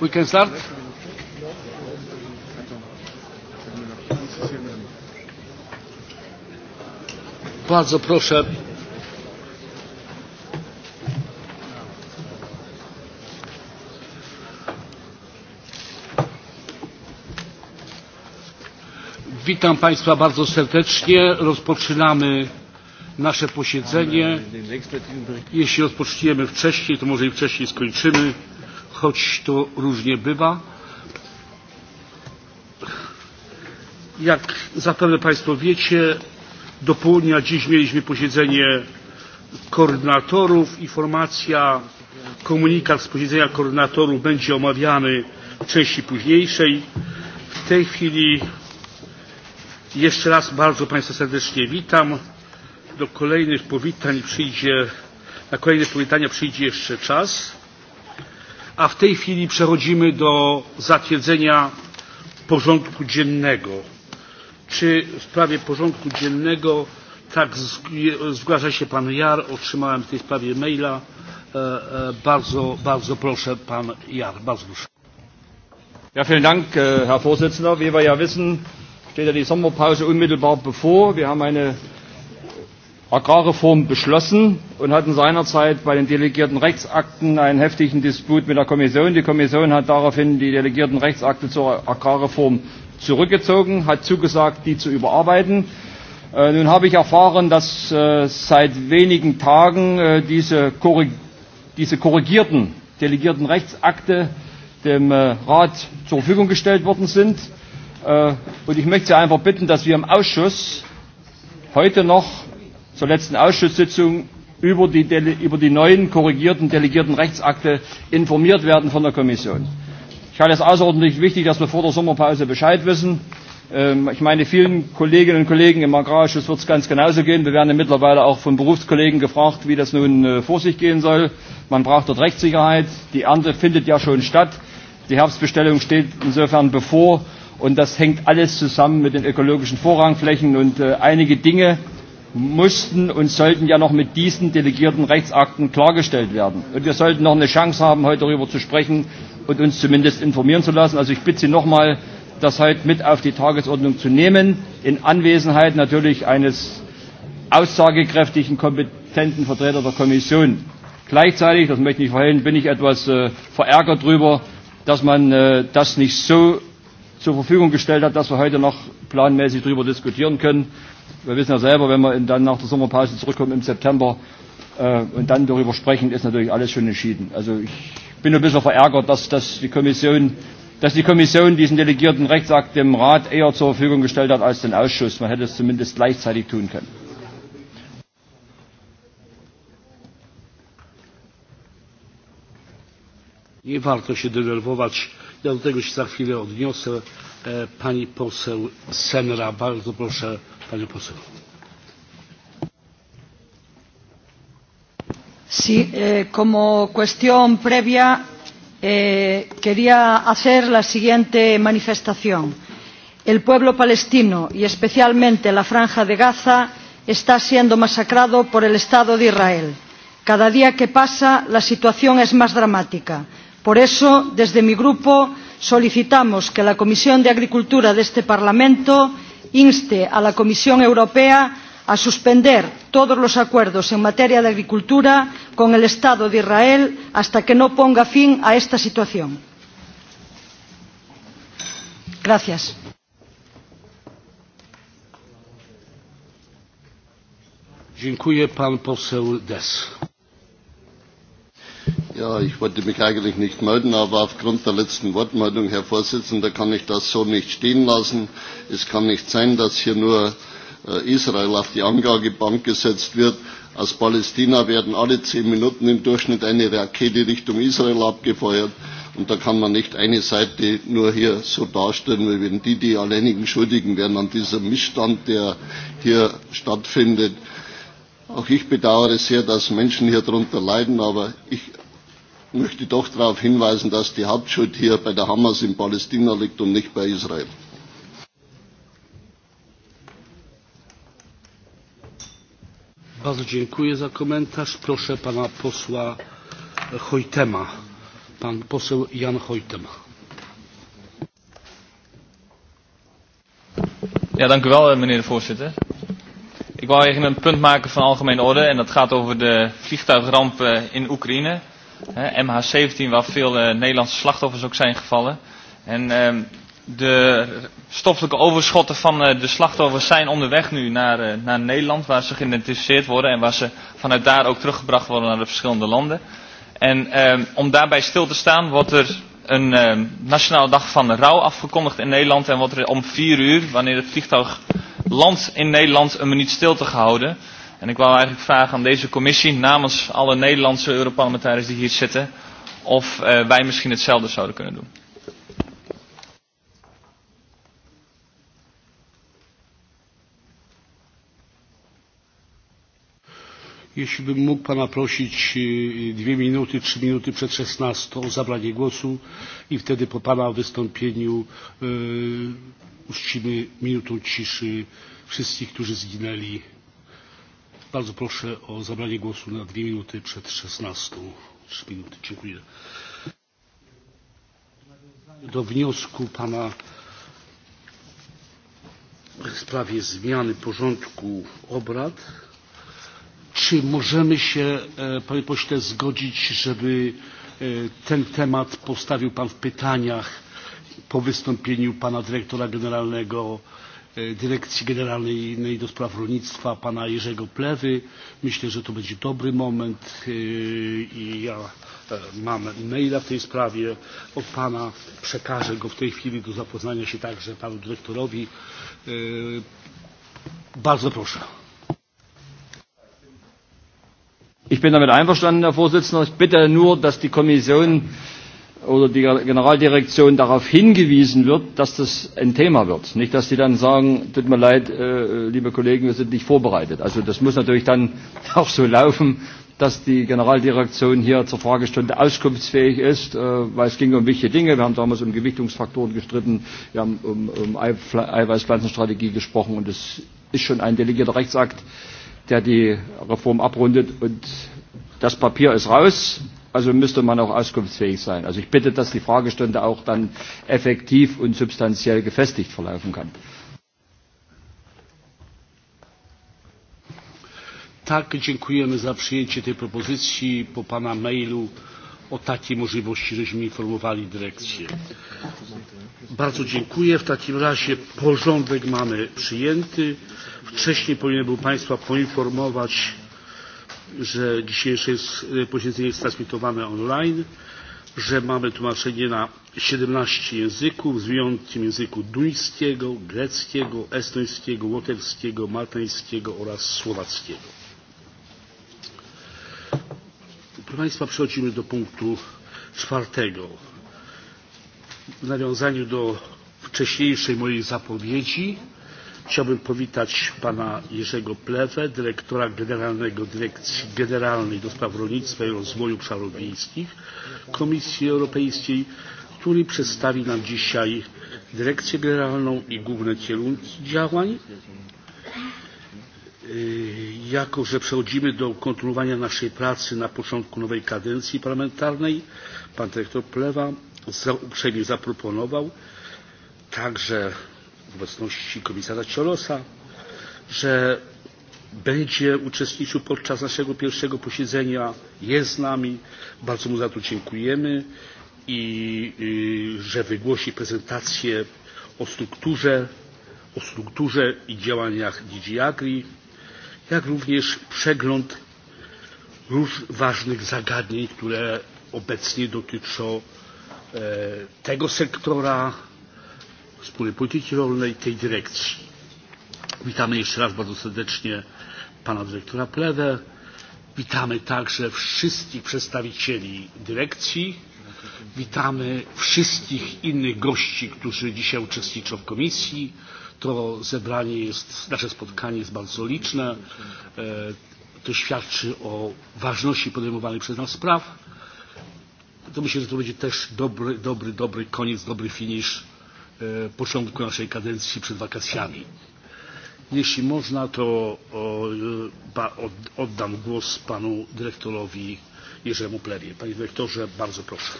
We can start. Bardzo proszę. Witam Państwa bardzo serdecznie. Rozpoczynamy nasze posiedzenie. Jeśli rozpoczniemy wcześniej, to może i wcześniej skończymy choć to różnie bywa. Jak zapewne Państwo wiecie, do południa dziś mieliśmy posiedzenie koordynatorów. Informacja, komunikat z posiedzenia koordynatorów będzie omawiany w części późniejszej. W tej chwili jeszcze raz bardzo Państwa serdecznie witam. Do kolejnych powitań przyjdzie, na kolejne powitania przyjdzie jeszcze czas a w tej chwili przechodzimy do zatwierdzenia porządku dziennego. Czy w sprawie porządku dziennego tak zgłasza się pan Jar? Otrzymałem w tej sprawie maila. E, e, bardzo, bardzo proszę pan Jar. Bardzo proszę. Ja, vielen Dank, e, Herr Vorsitzender. Wie wir ja wissen, steht ja die Sommerpause unmittelbar bevor. Wir haben eine Agrarreform beschlossen und hatten seinerzeit bei den delegierten Rechtsakten einen heftigen Disput mit der Kommission. Die Kommission hat daraufhin die delegierten Rechtsakte zur Agrarreform zurückgezogen, hat zugesagt, die zu überarbeiten. Äh, nun habe ich erfahren, dass äh, seit wenigen Tagen äh, diese, diese korrigierten delegierten Rechtsakte dem Rat zur Verfügung gestellt worden sind. Und ich möchte Sie einfach bitten, dass wir im Ausschuss heute noch zur letzten Ausschusssitzung über die, über die neuen korrigierten delegierten Rechtsakte informiert werden von der Kommission. Ich halte es außerordentlich wichtig, dass wir vor der Sommerpause Bescheid wissen. Ähm, ich meine, vielen Kolleginnen und Kollegen im Agrarausschuss wird es ganz genauso gehen. Wir werden ja mittlerweile auch von Berufskollegen gefragt, wie das nun äh, vor sich gehen soll. Man braucht dort Rechtssicherheit. Die Ernte findet ja schon statt. Die Herbstbestellung steht insofern bevor. Und das hängt alles zusammen mit den ökologischen Vorrangflächen. Und äh, einige Dinge, mussten und sollten ja noch mit diesen delegierten Rechtsakten klargestellt werden. Und wir sollten noch eine Chance haben, heute darüber zu sprechen und uns zumindest informieren zu lassen. Also ich bitte Sie nochmal, das heute mit auf die Tagesordnung zu nehmen, in Anwesenheit natürlich eines aussagekräftigen, kompetenten Vertreters der Kommission. Gleichzeitig, das möchte ich nicht verhehlen, bin ich etwas äh, verärgert darüber, dass man äh, das nicht so zur Verfügung gestellt hat, dass wir heute noch planmäßig darüber diskutieren können wir wissen ja selber, wenn wir dann nach der Sommerpause zurückkommen im September äh, und dann darüber sprechen, ist natürlich alles schon entschieden. Also ich bin ein bisschen verärgert, dass, dass, die, Kommission, dass die Kommission diesen delegierten Rechtsakt dem Rat eher zur Verfügung gestellt hat als den Ausschuss. Man hätte es zumindest gleichzeitig tun können. Nie warto się denerwować. Ja do tego się za chwilę odniosę. E, pani poseł Senra, bardzo proszę Panie poseł. Sí, eh, como cuestión previa eh, quería hacer la siguiente manifestación. El pueblo palestino y especialmente la franja de Gaza está siendo masacrado por el Estado de Israel. Cada día que pasa la situación es más dramática. Por eso, desde mi grupo, solicitamos que la Comisión de Agricultura de este Parlamento inste a la comisión europea a suspender todos los acuerdos en materia de agricultura con el estado de israel hasta que no ponga fin a esta situación. Gracias. Ja, ich wollte mich eigentlich nicht melden, aber aufgrund der letzten Wortmeldung, Herr Vorsitzender, kann ich das so nicht stehen lassen. Es kann nicht sein, dass hier nur äh, Israel auf die Anklagebank gesetzt wird. Aus Palästina werden alle zehn Minuten im Durchschnitt eine Rakete Richtung Israel abgefeuert. Und da kann man nicht eine Seite nur hier so darstellen, wie wenn die die alleinigen Schuldigen wären an diesem Missstand, der hier stattfindet. Auch ich bedauere sehr, dass Menschen hier darunter leiden, aber ich möchte doch darauf hinweisen, dass die Hauptschuld hier bei der Hamas in Palästina liegt und nicht bei Israel. Bardzo dziękuję za komentarz. Proszę pana posła Hojtema. Pan poseł Jan Hojtema. Ja, dank u wel, eh, meneer de voorzitter. Ik wou eigenlijk een punt maken van algemene orde en dat gaat over de vliegtuigrampen in Oekraïne. MH17, waar veel eh, Nederlandse slachtoffers ook zijn gevallen. En ehm, de stoffelijke overschotten van eh, de slachtoffers zijn onderweg nu naar, eh, naar Nederland, waar ze geïdentificeerd worden en waar ze vanuit daar ook teruggebracht worden naar de verschillende landen. En ehm, om daarbij stil te staan wordt er een Nationaal ehm, nationale dag van rouw afgekondigd in Nederland en wordt er om vier uur, wanneer het vliegtuig landt in Nederland, een minuut stilte gehouden. En ik wou eigenlijk vragen aan deze commissie namens alle Nederlandse Europarlementariërs die hier zitten of uh, wij misschien hetzelfde zouden kunnen doen. Jeśli bym mógł Pana prosić dwie minuty, trzy minuty przed 16 o zabranie głosu i wtedy po Pana wystąpieniu uczcimy minutą ciszy wszystkich, którzy zginęli Bardzo proszę o zabranie głosu na dwie minuty przed 16. Minuty. Dziękuję. Do wniosku pana w sprawie zmiany porządku obrad. Czy możemy się, e, panie pośle, zgodzić, żeby e, ten temat postawił pan w pytaniach po wystąpieniu pana dyrektora generalnego E, dyrekcji Generalnej do Spraw Rolnictwa pana Jerzego Plewy. Myślę, że to będzie dobry moment e, i ja e, mam maila w tej sprawie od pana. Przekażę go w tej chwili do zapoznania się także panu dyrektorowi. Bardzo proszę. Ich bin damit einverstanden, Herr Vorsitzender. Ich bitte nur, dass die Kommission oder die Generaldirektion darauf hingewiesen wird, dass das ein Thema wird. Nicht, dass sie dann sagen, tut mir leid, äh, liebe Kollegen, wir sind nicht vorbereitet. Also das muss natürlich dann auch so laufen, dass die Generaldirektion hier zur Fragestunde auskunftsfähig ist, äh, weil es ging um wichtige Dinge. Wir haben damals um Gewichtungsfaktoren gestritten, wir haben um, um Eiweißpflanzenstrategie gesprochen und es ist schon ein delegierter Rechtsakt, der die Reform abrundet und das Papier ist raus. Also müsste man auch auskunftsfähig sein. Also ich bitte, dass die Fragestunde auch dann effektiv und substanziell gefestigt verlaufen kann. Tak, dziękujemy za przyjęcie tej propozycji po Pana mailu o takiej możliwości żeśmy informowali dyrekcję. Bardzo dziękuję. W takim razie porządek mamy przyjęty. Wcześniej powinien był Państwa poinformować że dzisiejsze posiedzenie jest transmitowane online, że mamy tłumaczenie na 17 języków, z wyjątkiem języku duńskiego, greckiego, estońskiego, łotewskiego, maltańskiego oraz słowackiego. Proszę Państwa, przechodzimy do punktu czwartego. W nawiązaniu do wcześniejszej mojej zapowiedzi Chciałbym powitać pana Jerzego Plewę, dyrektora Generalnego Dyrekcji Generalnej ds. Rolnictwa i Rozwoju Obszarów Wiejskich Komisji Europejskiej, który przedstawi nam dzisiaj dyrekcję generalną i główne kierunki działań. Jako, że przechodzimy do kontynuowania naszej pracy na początku nowej kadencji parlamentarnej, pan dyrektor Plewa uprzejmie zaproponował także w obecności komisarza Ciolosa, że będzie uczestniczył podczas naszego pierwszego posiedzenia, jest z nami. Bardzo mu za to dziękujemy i że wygłosi prezentację o strukturze, o strukturze i działaniach DG Agri, jak również przegląd róż ważnych zagadnień, które obecnie dotyczą e, tego sektora, wspólnej polityki rolnej tej dyrekcji. Witamy jeszcze raz bardzo serdecznie pana dyrektora Plewę. Witamy także wszystkich przedstawicieli dyrekcji. Witamy wszystkich innych gości, którzy dzisiaj uczestniczą w komisji. To zebranie jest, nasze spotkanie jest bardzo liczne. E, to świadczy o ważności podejmowanych przez nas spraw. To myślę, że to będzie też dobry, dobry, dobry koniec, dobry finisz E, początku naszej kadencji przed wakacjami. Jeśli można, to oddam głos panu dyrektorowi Jerzemu Plewie. Panie dyrektorze, bardzo proszę.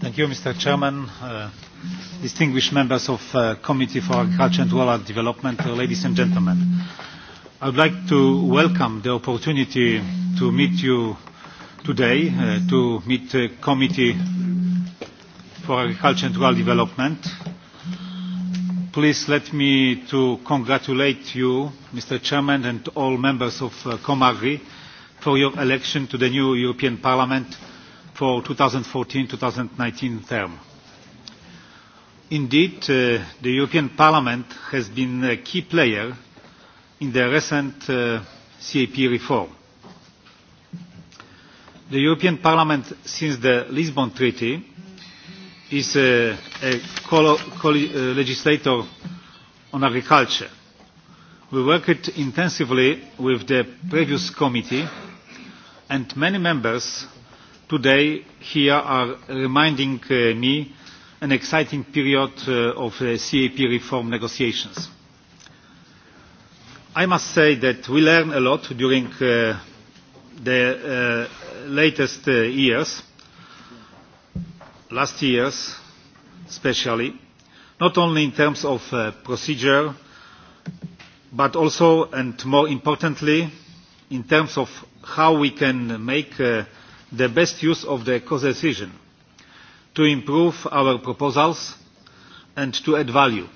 Thank you, Mr. Chairman. Uh, distinguished members of uh, Committee for Agriculture and Rural Development, uh, ladies and gentlemen. I would like to welcome the opportunity to meet you today, uh, to meet the committee for Agricultural Development. Please let me to congratulate you, Mr. Chairman, and all members of uh, Comagri for your election to the new European Parliament for 2014-2019 term. Indeed, uh, the European Parliament has been a key player in the recent uh, CAP reform. The European Parliament, since the Lisbon Treaty, is a, a co uh, legislator on agriculture. We worked intensively with the previous committee and many members today here are reminding uh, me an exciting period uh, of uh, CAP reform negotiations. I must say that we learned a lot during uh, the uh, latest years last years especially not only in terms of uh, procedure but also and more importantly in terms of how we can make uh, the best use of the co-decision to improve our proposals and to add value.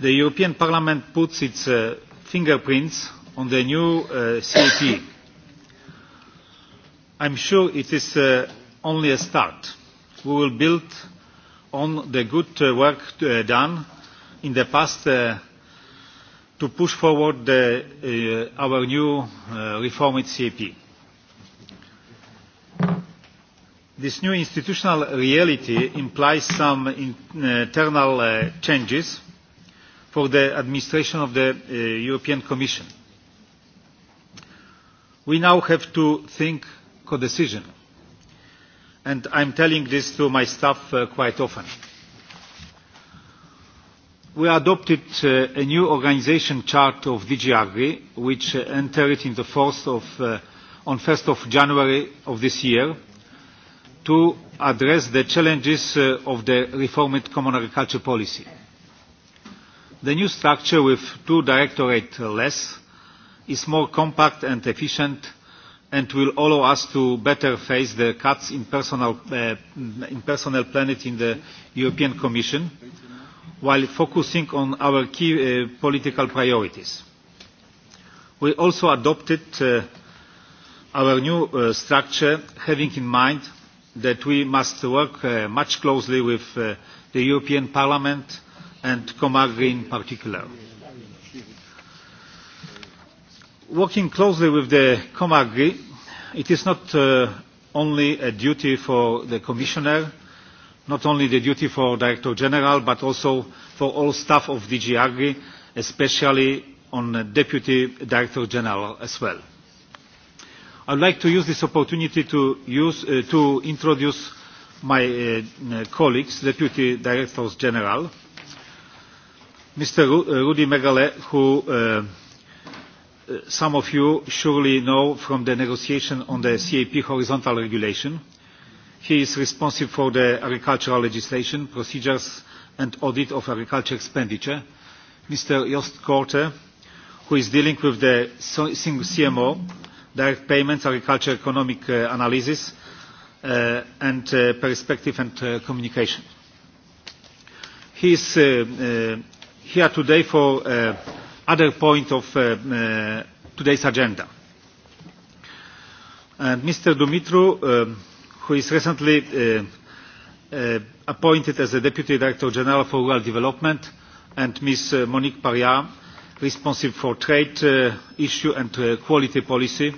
The European Parliament puts its uh, fingerprints on the new uh, CAP. I'm sure it is uh, only a start. We will build on the good uh, work uh, done in the past uh, to push forward the, uh, our new uh, reformed CAP. This new institutional reality implies some uh, internal changes for the administration of the European Commission. We now have to think co-decision and I am telling this to my staff uh, quite often. We adopted uh, a new organisation chart of DG Agri, which uh, entered into force of, uh, on 1st of January of this year to address the challenges of the reformed common agricultural policy. The new structure with two directorates less is more compact and efficient and will allow us to better face the cuts in personal, uh, in personnel planet in the European Commission while focusing on our key uh, political priorities. We also adopted uh, our new uh, structure having in mind that we must work uh, much closely with uh, the European Parliament and Comagri in particular. working closely with the comagri it is not uh, only a duty for the commissioner not only the duty for director general but also for all staff of dg agri especially on deputy director general as well i would like to use this opportunity to use uh, to introduce my uh, colleagues deputy directors general mr uh, rudy megale who Uh, some of you surely know from the negotiation on the CAP horizontal regulation. He is responsible for the agricultural legislation, procedures and audit of agriculture expenditure. Mr. Jost Korte, who is dealing with the CMO, direct payments, agriculture economic uh, analysis uh, and uh, perspective and uh, communication. He is uh, here today for other point of uh, uh, today's agenda. Uh, Mr. Dumitru, um, who is recently appointed as the Deputy Director General for Rural Development, and Ms. Monique Paria, responsible for trade issue and quality policy,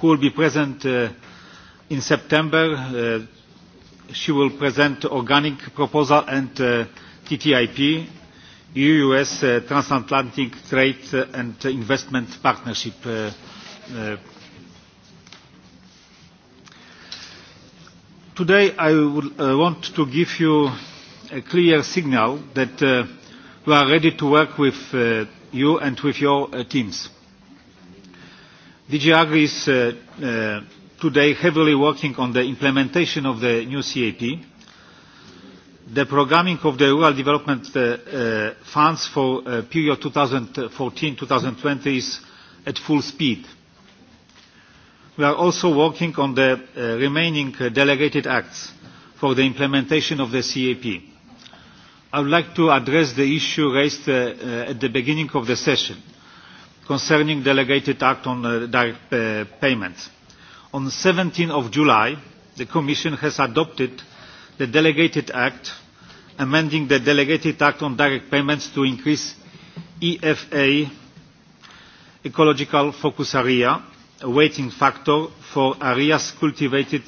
who will be present in September. She will present organic proposal and TTIP eu us uh, transatlantic trade and investment partnership uh, uh. today i would, want to give you a clear signal that we are ready to work with you and with your teams. dg agri is today heavily working on the implementation of the new cap the programming of the rural development uh, uh, funds for the uh, period 2014-2020 is at full speed. We are also working on the remaining delegated acts for the implementation of the CAP. I would like to address the issue raised at the beginning of the session concerning delegated act on direct payments. On 17 of July, the Commission has adopted the Delegated Act, amending the Delegated Act on direct payments to increase EFA ecological focus area, a weighting factor for areas cultivated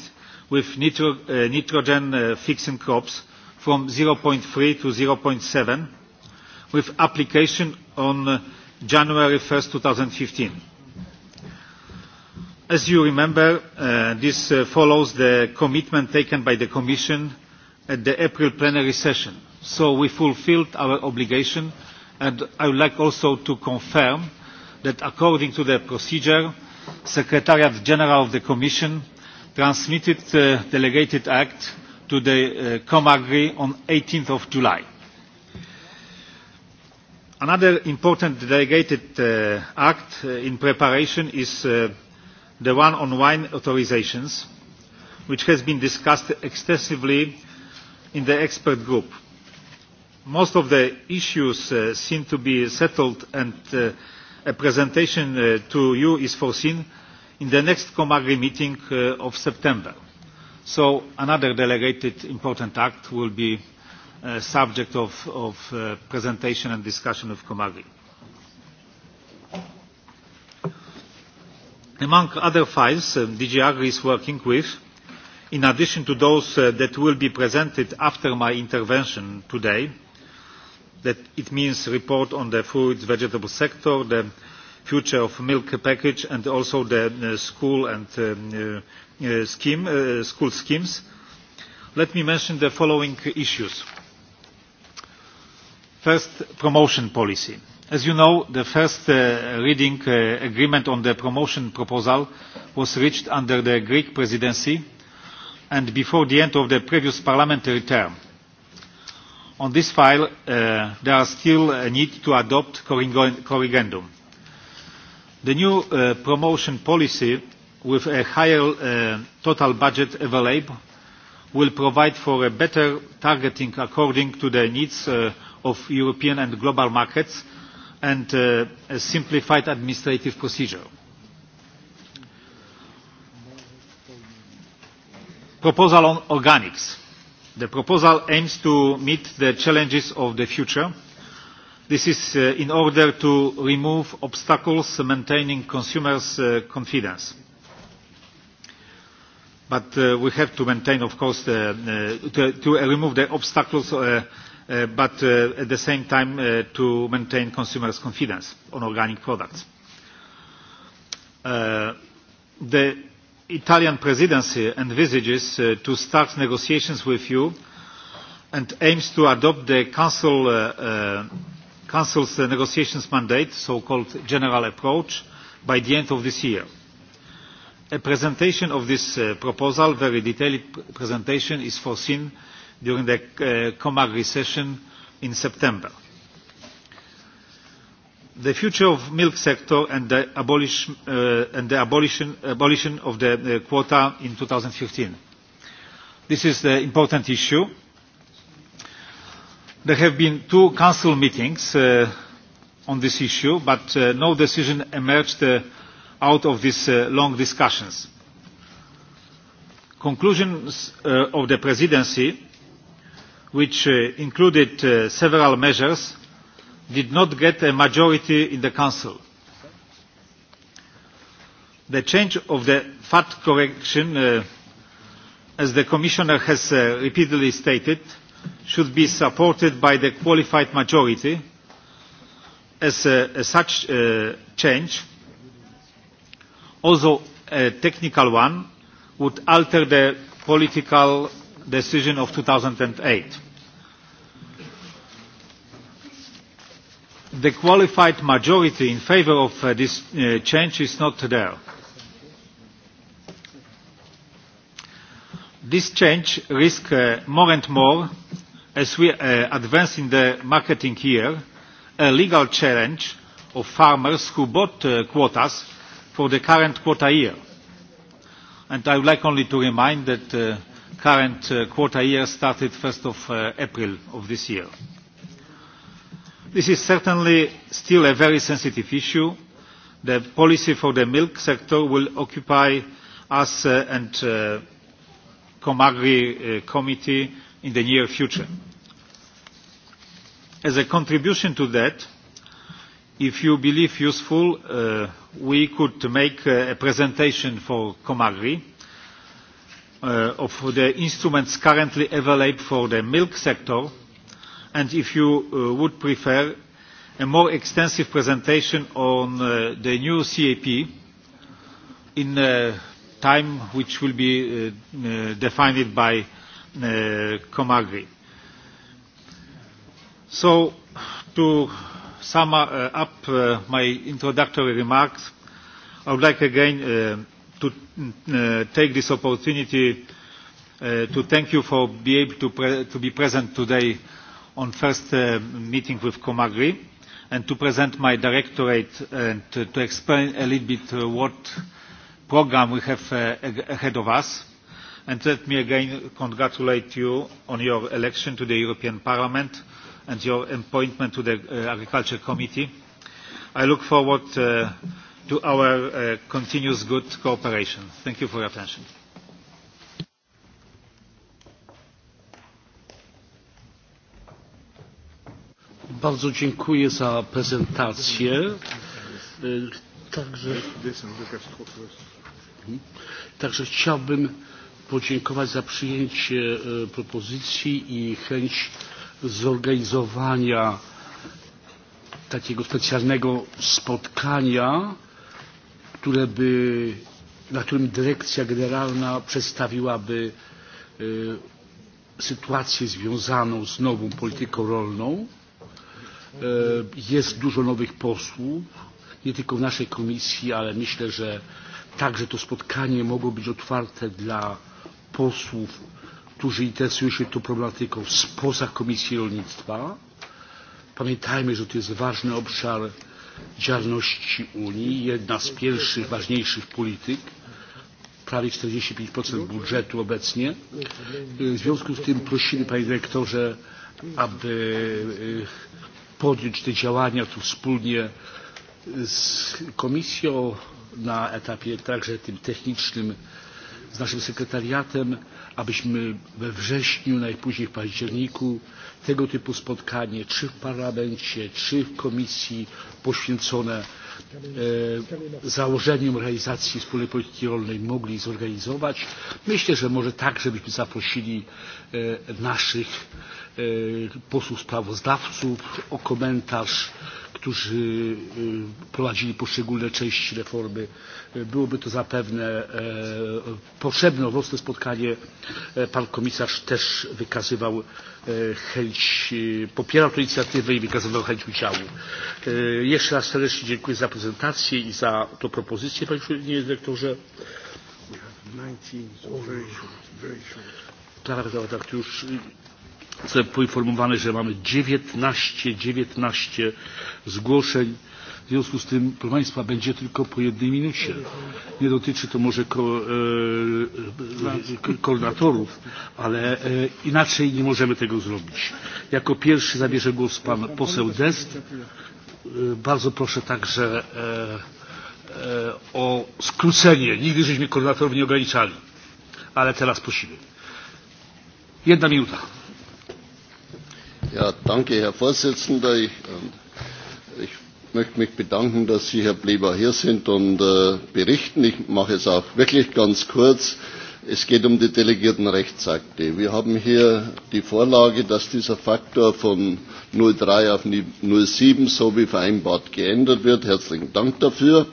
with nitro, uh, nitrogen uh, fixing crops from 0.3 to 0.7 with application on uh, January 1, 2015 as you remember uh, this uh, follows the commitment taken by the commission at the april plenary session so we fulfilled our obligation and i would like also to confirm that according to the procedure secretariat general of the commission transmitted the delegated act to the uh, comagri on 18th of july another important delegated act in preparation is the one on wine authorizations, which has been discussed extensively in the expert group. Most of the issues uh, seem to be settled and uh, a presentation uh, to you is foreseen in the next Comagri meeting uh, of September. So another delegated important act will be uh, subject of, of uh, presentation and discussion of Comagri. among other files um, dg agri is working with in addition to those uh, that will be presented after my intervention today that it means report on the food vegetable sector the future of milk package and also the uh, school and um, uh, scheme school schemes let me mention the following issues first promotion policy As you know, the first uh, reading uh, agreement on the promotion proposal was reached under the Greek presidency and before the end of the previous parliamentary term. On this file, uh, there is still a need to adopt corrigendum. The new uh, promotion policy with a higher total budget available will provide for a better targeting according to the needs of European and global markets and uh, a simplified administrative procedure. Proposal on organics. The proposal aims to meet the challenges of the future. This is uh, in order to remove obstacles maintaining consumers' uh, confidence. But we have to maintain, of course, the, to, to remove the obstacles Uh, but uh, at the same time uh, to maintain consumers' confidence on organic products. The Italian presidency envisages to start negotiations with you and aims to adopt the Council, Council's negotiations mandate, so-called general approach, by the end of this year. A presentation of this proposal, very detailed presentation, is foreseen during the uh, Comag recession in September. The future of milk sector and the abolition, uh, and the abolition, of the uh, quota in 2015. This is an important issue. There have been two council meetings on this issue, but no decision emerged out of these long discussions. Conclusions of the presidency which uh, included uh, several measures did not get a majority in the council the change of the fat correction uh, as the commissioner has uh, repeatedly stated should be supported by the qualified majority as, uh, such a uh, change although a technical one would alter the political decision of 2008 the qualified majority in favour of uh, this uh, change is not there. This change risks uh, more and more, as we uh, advance in the marketing year, a legal challenge of farmers who bought uh, quotas for the current quota year. And I would like only to remind that the uh, current quota year started 1st of April of this year. This is certainly still a very sensitive issue. The policy for the milk sector will occupy us uh, and the uh, Comagri uh, committee in the near future. As a contribution to that, if you believe useful, we could make a presentation for Comagri uh, of the instruments currently available for the milk sector and if you uh, would prefer a more extensive presentation on uh, the new CAP in a uh, time which will be defined by Comagri. So to sum up my introductory remarks, I would like again to take this opportunity to thank you for being able to be present today on first uh, meeting with Comagri and to present my directorate and to, explain a little bit uh, what program we have uh, ahead of us. And let me again congratulate you on your election to the European Parliament and your appointment to the Agriculture Committee. I look forward to our continuous good cooperation. Thank you for your attention. Bardzo dziękuję za prezentację. Także, także chciałbym podziękować za przyjęcie propozycji i chęć zorganizowania takiego specjalnego spotkania, które by, na którym dyrekcja generalna przedstawiłaby sytuację związaną z nową polityką rolną E, jest dużo nowych posłów, nie tylko w naszej komisji, ale myślę, że także to spotkanie mogło być otwarte dla posłów, którzy interesują się tą problematyką spoza Komisji Rolnictwa. Pamiętajmy, że to jest ważny obszar działalności Unii, jedna z pierwszych, ważniejszych polityk, prawie 45% budżetu obecnie. E, w związku z tym prosimy, panie dyrektorze, aby e, podjąć te działania tu wspólnie z komisją na etapie także tym technicznym z naszym sekretariatem abyśmy we wrześniu najpóźniej w październiku tego typu spotkanie czy w parlamencie czy w komisji poświęcone e, założeniom realizacji wspólnej polityki rolnej mogli zorganizować. myślę że może tak, żebyśmy zaprosili e, naszych E, posłów sprawozdawców o komentarz, którzy e, prowadzili poszczególne części reformy. E, byłoby to zapewne potrzebne. Owocne spotkanie pan komisarz też wykazywał chęć, popierał tę inicjatywę i wykazywał chęć udziału. Jeszcze raz serdecznie dziękuję za prezentację i za tę propozycję, panie dyrektorze. 19 is już chcę poinformowany, że mamy 19, 19 zgłoszeń. W związku z tym, proszę Państwa, będzie tylko po jednej minucie. Nie dotyczy to może ko, e, e, koordynatorów, ale e, inaczej nie możemy tego zrobić. Jako pierwszy zabierze głos Pan poseł Dest. Bardzo proszę także o skrócenie. Nigdy żeśmy koordynatorów nie ograniczali, ale teraz prosimy. Jedna minuta. Ja, danke, Herr Vorsitzender. Ähm, ich, möchte mich bedanken, dass Sie, Herr Bleber, hier sind und äh, berichten. Ich mache es auch wirklich ganz kurz. Es geht um die delegierten Rechtsakte. Wir haben hier die Vorlage, dass dieser Faktor von 03 auf 07 so wie vereinbart geändert wird. Herzlichen Dank dafür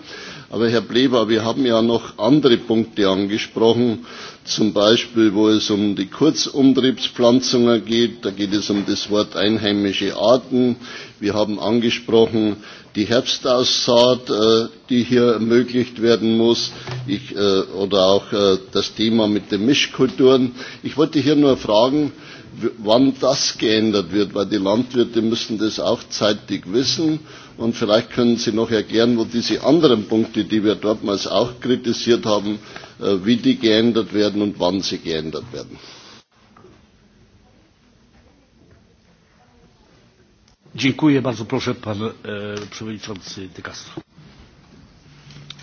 aber herr Bleber, wir haben ja noch andere punkte angesprochen zum beispiel wo es um die kurzumtriebspflanzungen geht da geht es um das wort einheimische arten wir haben angesprochen die herbstaussaat äh, die hier ermöglicht werden muss ich, äh, oder auch äh, das thema mit den mischkulturen. ich wollte hier nur fragen wann das geändert wird weil die landwirte müssen das auch zeitig wissen Und vielleicht können Sie noch erklären, wo diese anderen Punkte, die wir dortmals auch kritisiert haben, äh, wie die geändert werden und wann sie geändert werden. Dziękuję bardzo. Proszę pan e, przewodniczący De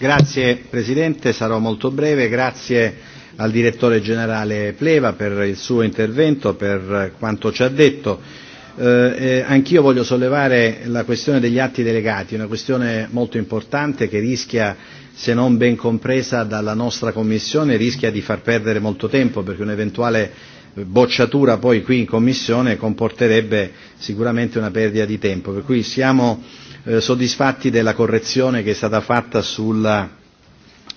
Grazie Presidente, sarò molto breve. Grazie al Direttore Generale Pleva per il suo intervento, per quanto ci ha detto. Eh, e Anch'io voglio sollevare la questione degli atti delegati, una questione molto importante che rischia, se non ben compresa dalla nostra Commissione, rischia di far perdere molto tempo perché un'eventuale eh, bocciatura poi qui in Commissione comporterebbe sicuramente una perdita di tempo. Per cui siamo eh, soddisfatti della correzione che è stata fatta sulla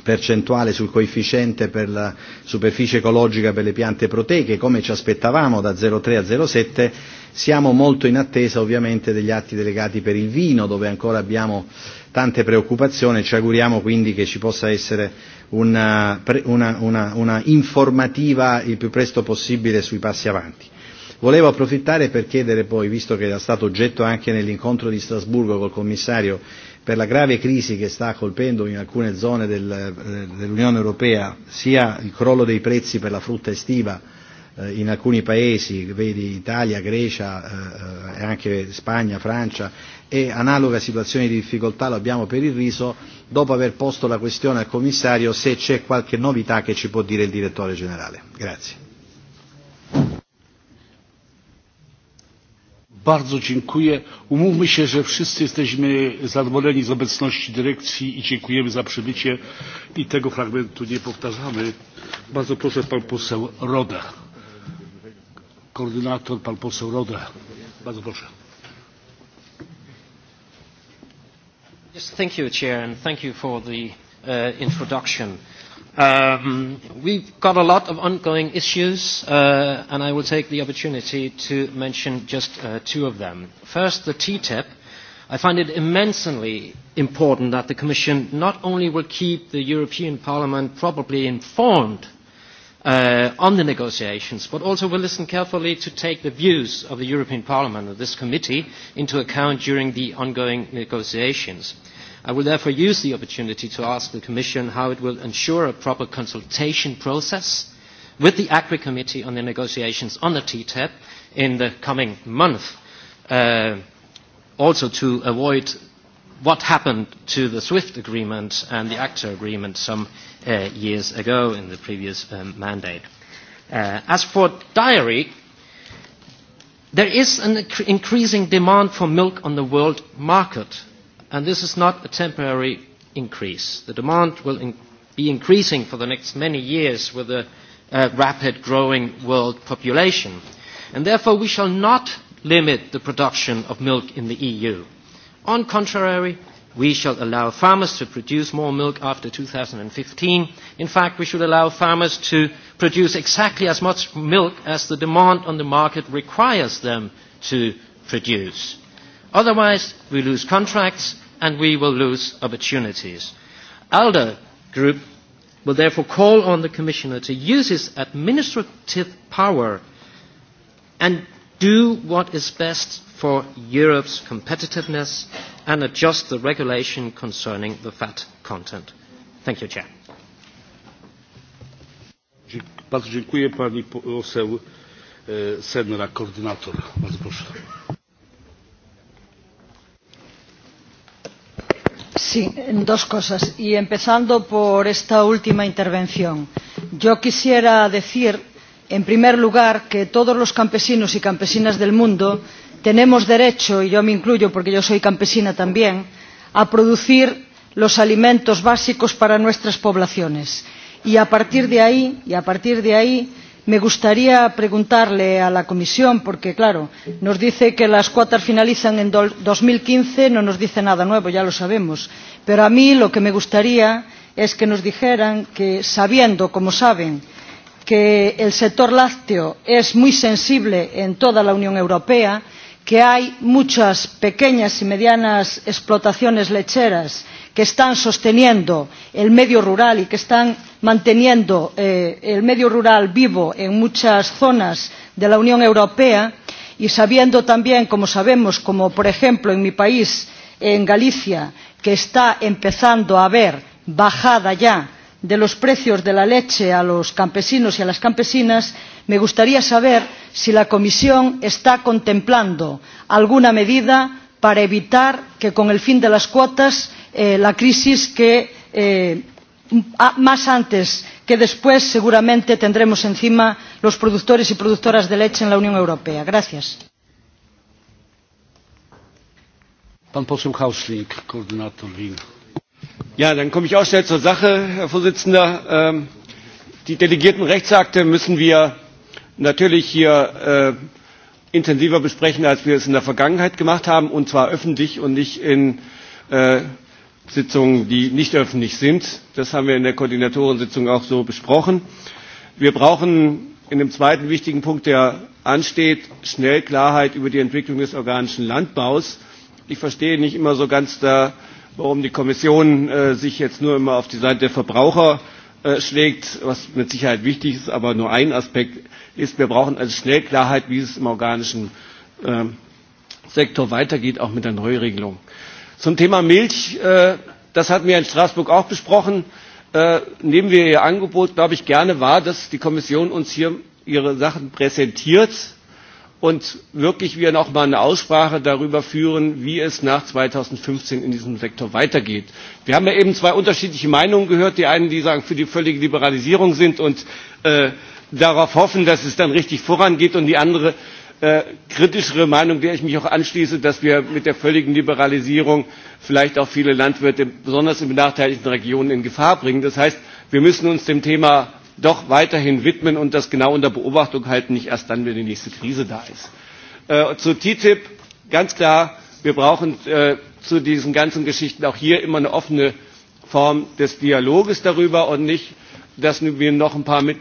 percentuale sul coefficiente per la superficie ecologica per le piante proteiche, come ci aspettavamo da 0,3 a 0,7, siamo molto in attesa ovviamente degli atti delegati per il vino, dove ancora abbiamo tante preoccupazioni, ci auguriamo quindi che ci possa essere una, una, una, una informativa il più presto possibile sui passi avanti. Volevo approfittare per chiedere poi, visto che era stato oggetto anche nell'incontro di Strasburgo col commissario per la grave crisi che sta colpendo in alcune zone eh, dell'Unione Europea sia il crollo dei prezzi per la frutta estiva eh, in alcuni paesi, vedi Italia, Grecia eh, e anche Spagna, Francia e analoga situazione di difficoltà lo abbiamo per il riso, dopo aver posto la questione al commissario se c'è qualche novità che ci può dire il direttore generale. Grazie. Bardzo dziękuję. Umówmy się, że wszyscy jesteśmy zadowoleni z obecności dyrekcji i dziękujemy za przybycie i tego fragmentu nie powtarzamy. Bardzo proszę pan poseł Roda. Koordynator pan poseł Roda. Bardzo proszę. Yes, thank you, Chair, and thank you for the uh, introduction. Um, we've got a lot of ongoing issues, uh, and I will take the opportunity to mention just uh, two of them. First, the TTIP. E I find it immensely important that the Commission not only will keep the European Parliament properly informed uh, on the negotiations, but also will listen carefully to take the views of the European Parliament of this committee into account during the ongoing negotiations. I will therefore use the opportunity to ask the Commission how it will ensure a proper consultation process with the ACRI Committee on the negotiations on the TTIP e in the coming month, uh, also to avoid what happened to the SWIFT agreement and the ACTA agreement some uh, years ago in the previous um, mandate. Uh, as for diary, there is an increasing demand for milk on the world market and this is not a temporary increase. The demand will be increasing for the next many years with a uh, rapid growing world population. And therefore we shall not limit the production of milk in the EU. On contrary, we shall allow farmers to produce more milk after 2015. In fact, we should allow farmers to produce exactly as much milk as the demand on the market requires them to produce. Otherwise, we lose contracts and we will lose opportunities. ALDE Group will therefore call on the Commissioner to use his administrative power and do what is best for Europe's competitiveness and adjust the regulation concerning the fat content. Thank you, Chair. dziękuję poseł e, Sí, dos cosas. Y empezando por esta última intervención. Yo quisiera decir, en primer lugar, que todos los campesinos y campesinas del mundo tenemos derecho, y yo me incluyo porque yo soy campesina también, a producir los alimentos básicos para nuestras poblaciones. Y a partir de ahí, y a partir de ahí me gustaría preguntarle a la comisión porque claro nos dice que las cuotas finalizan en dos mil quince no nos dice nada nuevo ya lo sabemos pero a mí lo que me gustaría es que nos dijeran que sabiendo como saben que el sector lácteo es muy sensible en toda la unión europea que hay muchas pequeñas y medianas explotaciones lecheras que están sosteniendo el medio rural y que están manteniendo eh, el medio rural vivo en muchas zonas de la unión europea y sabiendo también como sabemos como por ejemplo en mi país en galicia que está empezando a haber bajada ya de los precios de la leche a los campesinos y a las campesinas me gustaría saber si la comisión está contemplando alguna medida para evitar que con el fin de las cuotas Eh, la crisis que eh, más antes que después seguramente tendremos encima los productores y productoras de leche en la unión europea. gracias. Pan ja, dann komme ich auch schnell zur sache herr ähm, die delegierten rechtsakte müssen wir natürlich hier äh, intensiver besprechen als wir es in der vergangenheit gemacht haben und zwar öffentlich und nicht in äh, Sitzungen, die nicht öffentlich sind. Das haben wir in der Koordinatorensitzung auch so besprochen. Wir brauchen in dem zweiten wichtigen Punkt, der ansteht, schnell Klarheit über die Entwicklung des organischen Landbaus. Ich verstehe nicht immer so ganz, da, warum die Kommission äh, sich jetzt nur immer auf die Seite der Verbraucher äh, schlägt, was mit Sicherheit wichtig ist, aber nur ein Aspekt ist, wir brauchen also schnell Klarheit, wie es im organischen äh, Sektor weitergeht, auch mit der Neuregelung. Zum Thema Milch, äh, das hatten wir in Straßburg auch besprochen, äh, nehmen wir Ihr Angebot, glaube ich, gerne wahr, dass die Kommission uns hier ihre Sachen präsentiert und wirklich wir noch mal eine Aussprache darüber führen, wie es nach 2015 in diesem Sektor weitergeht. Wir haben ja eben zwei unterschiedliche Meinungen gehört, die einen, die sagen, für die völlige Liberalisierung sind und äh, darauf hoffen, dass es dann richtig vorangeht und die andere, eine äh, kritischere meinung der ich mich auch anschließe dass wir mit der völligen liberalisierung vielleicht auch viele landwirte besonders in benachteiligten regionen in gefahr bringen. das heißt wir müssen uns dem thema doch weiterhin widmen und das genau unter beobachtung halten nicht erst dann wenn die nächste krise da ist. Äh, zu ttip ganz klar wir brauchen äh, zu diesen ganzen geschichten auch hier immer eine offene form des dialoges darüber und nicht dass wir noch ein paar mit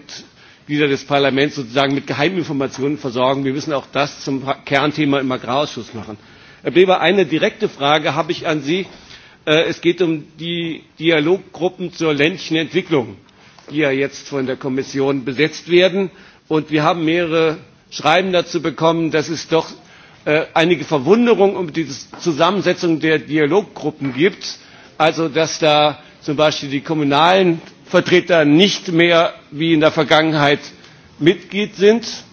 Mitglieder des Parlaments sozusagen mit Geheiminformationen versorgen. Wir müssen auch das zum Kernthema im Agrarausschuss machen. Herr weber eine direkte Frage habe ich an Sie. Äh, es geht um die Dialoggruppen zur ländlichen Entwicklung, die ja jetzt von der Kommission besetzt werden. Und wir haben mehrere Schreiben dazu bekommen, dass es doch äh, einige Verwunderung um die Zusammensetzung der Dialoggruppen gibt. Also dass da zum Beispiel die kommunalen vertreter nicht mehr wie in der vergangenheit mitglied sind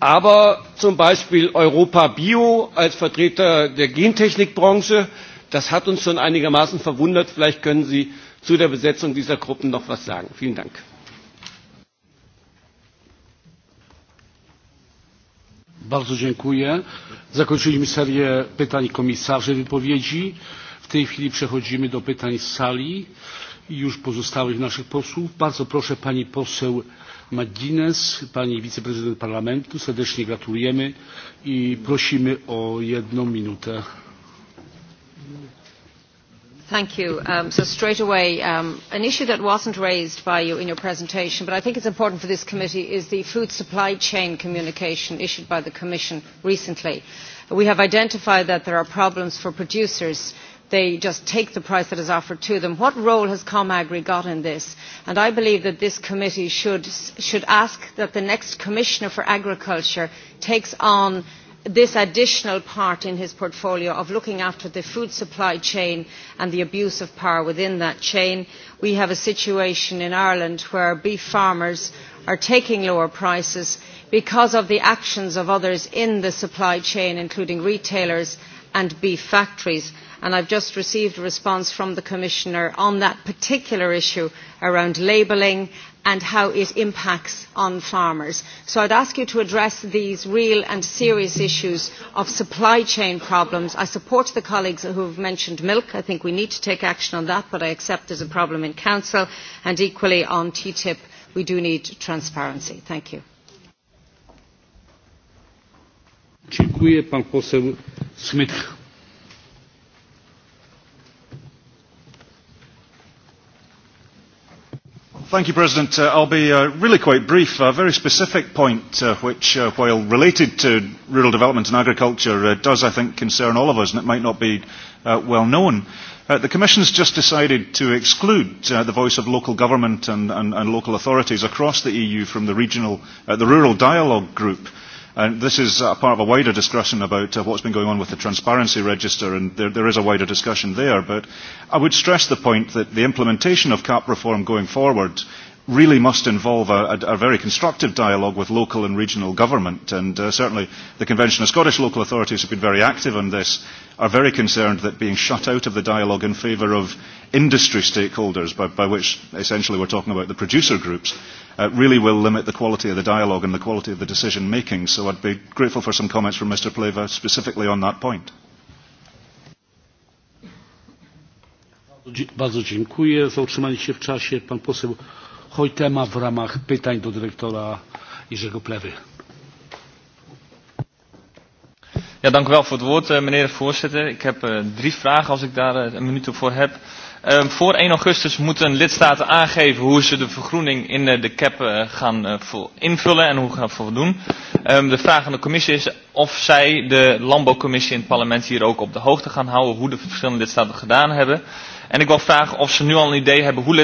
aber zum beispiel europa bio als vertreter der gentechnikbranche das hat uns schon einigermaßen verwundert vielleicht können sie zu der besetzung dieser gruppen noch etwas sagen. vielen dank. Bardzo dziękuję. Zakończyliśmy serię pytań wypowiedzi. W tej chwili przechodzimy do pytań z sali i już pozostałych naszych posłów. Bardzo proszę pani poseł McGuinness, pani wiceprezydent parlamentu. Serdecznie gratulujemy i prosimy o jedną minutę. Thank you. Um, so straight away, um, an issue that wasn't raised by you in your presentation, but I think it's important for this committee, is the food supply chain communication issued by the Commission recently. We have identified that there are problems for producers they just take the price that is offered to them. What role has ComAgri got in this? And I believe that this committee should, should ask that the next Commissioner for Agriculture takes on this additional part in his portfolio of looking after the food supply chain and the abuse of power within that chain. We have a situation in Ireland where beef farmers are taking lower prices because of the actions of others in the supply chain, including retailers and beef factories and I've just received a response from the Commissioner on that particular issue around labelling and how it impacts on farmers. So I'd ask you to address these real and serious issues of supply chain problems. I support the colleagues who have mentioned milk. I think we need to take action on that, but I accept as a problem in Council and equally on TTIP we do need transparency. Thank you. Mr President. I uh, will be uh, really quite brief. A very specific point, uh, which, while related to rural development and agriculture, does, I think, concern all of us, and it might not be well known. the Commission has just decided to exclude the voice of local government and, local authorities across the EU from the the rural dialogue group And this is uh, part of a wider discussion about uh, what's been going on with the transparency register, and there, there is a wider discussion there. But I would stress the point that the implementation of CAP reform going forward really must involve a, a, very constructive dialogue with local and regional government and uh, certainly the Convention of Scottish Local Authorities have been very active on this, are very concerned that being shut out of the dialogue in favour of industry stakeholders, by, which essentially we're talking about the producer groups, uh, really will limit the quality of the dialogue and the quality of the decision making. So I'd be grateful for some comments from Mr Pleva specifically on that point. Bardzo dziękuję za utrzymanie się w czasie. Pan poseł Hojtema w ramach pytań do dyrektora Jerzego Plewy. Ja, dank u wel voor het woord, eh, meneer de voorzitter. Ik heb uh, drie vragen, als ik daar uh, een minuut voor heb. Ehm, voor 1 augustus moeten lidstaten aangeven hoe ze de vergroening in eh, de cap eh, gaan eh, invullen en hoe gaan voldoen. Ehm, de vraag aan de commissie is of zij de landbouwcommissie in het parlement hier ook op de hoogte gaan houden hoe de verschillende lidstaten gedaan hebben. En ik wil vragen of ze nu al een idee hebben hoe,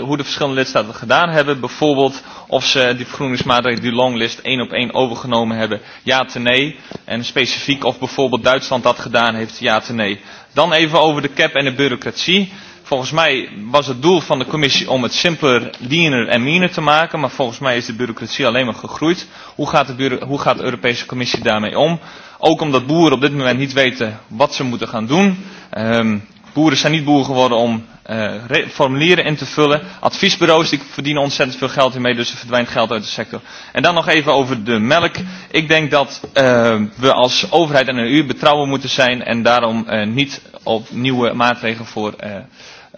hoe de verschillende lidstaten gedaan hebben. Bijvoorbeeld of ze die vergroeningsmaatregelen, die longlist, één op één overgenomen hebben. Ja te nee. En specifiek of bijvoorbeeld Duitsland dat gedaan heeft. Ja te nee. Dan even over de cap en de bureaucratie. Volgens mij was het doel van de commissie om het simpeler, diener en miner te maken. Maar volgens mij is de bureaucratie alleen maar gegroeid. Hoe gaat, de hoe gaat Europese commissie daarmee om? Ook omdat boeren op dit moment niet weten wat ze moeten gaan doen. Um, boeren zijn niet boeren geworden om eh, formulieren in te vullen. Adviesbureaus die verdienen ontzettend veel geld hiermee, dus er verdwijnt geld uit de sector. En dan nog even over de melk. Ik denk dat ehm, we als overheid en EU betrouwen moeten zijn en daarom eh, niet op nieuwe maatregelen voor... Eh,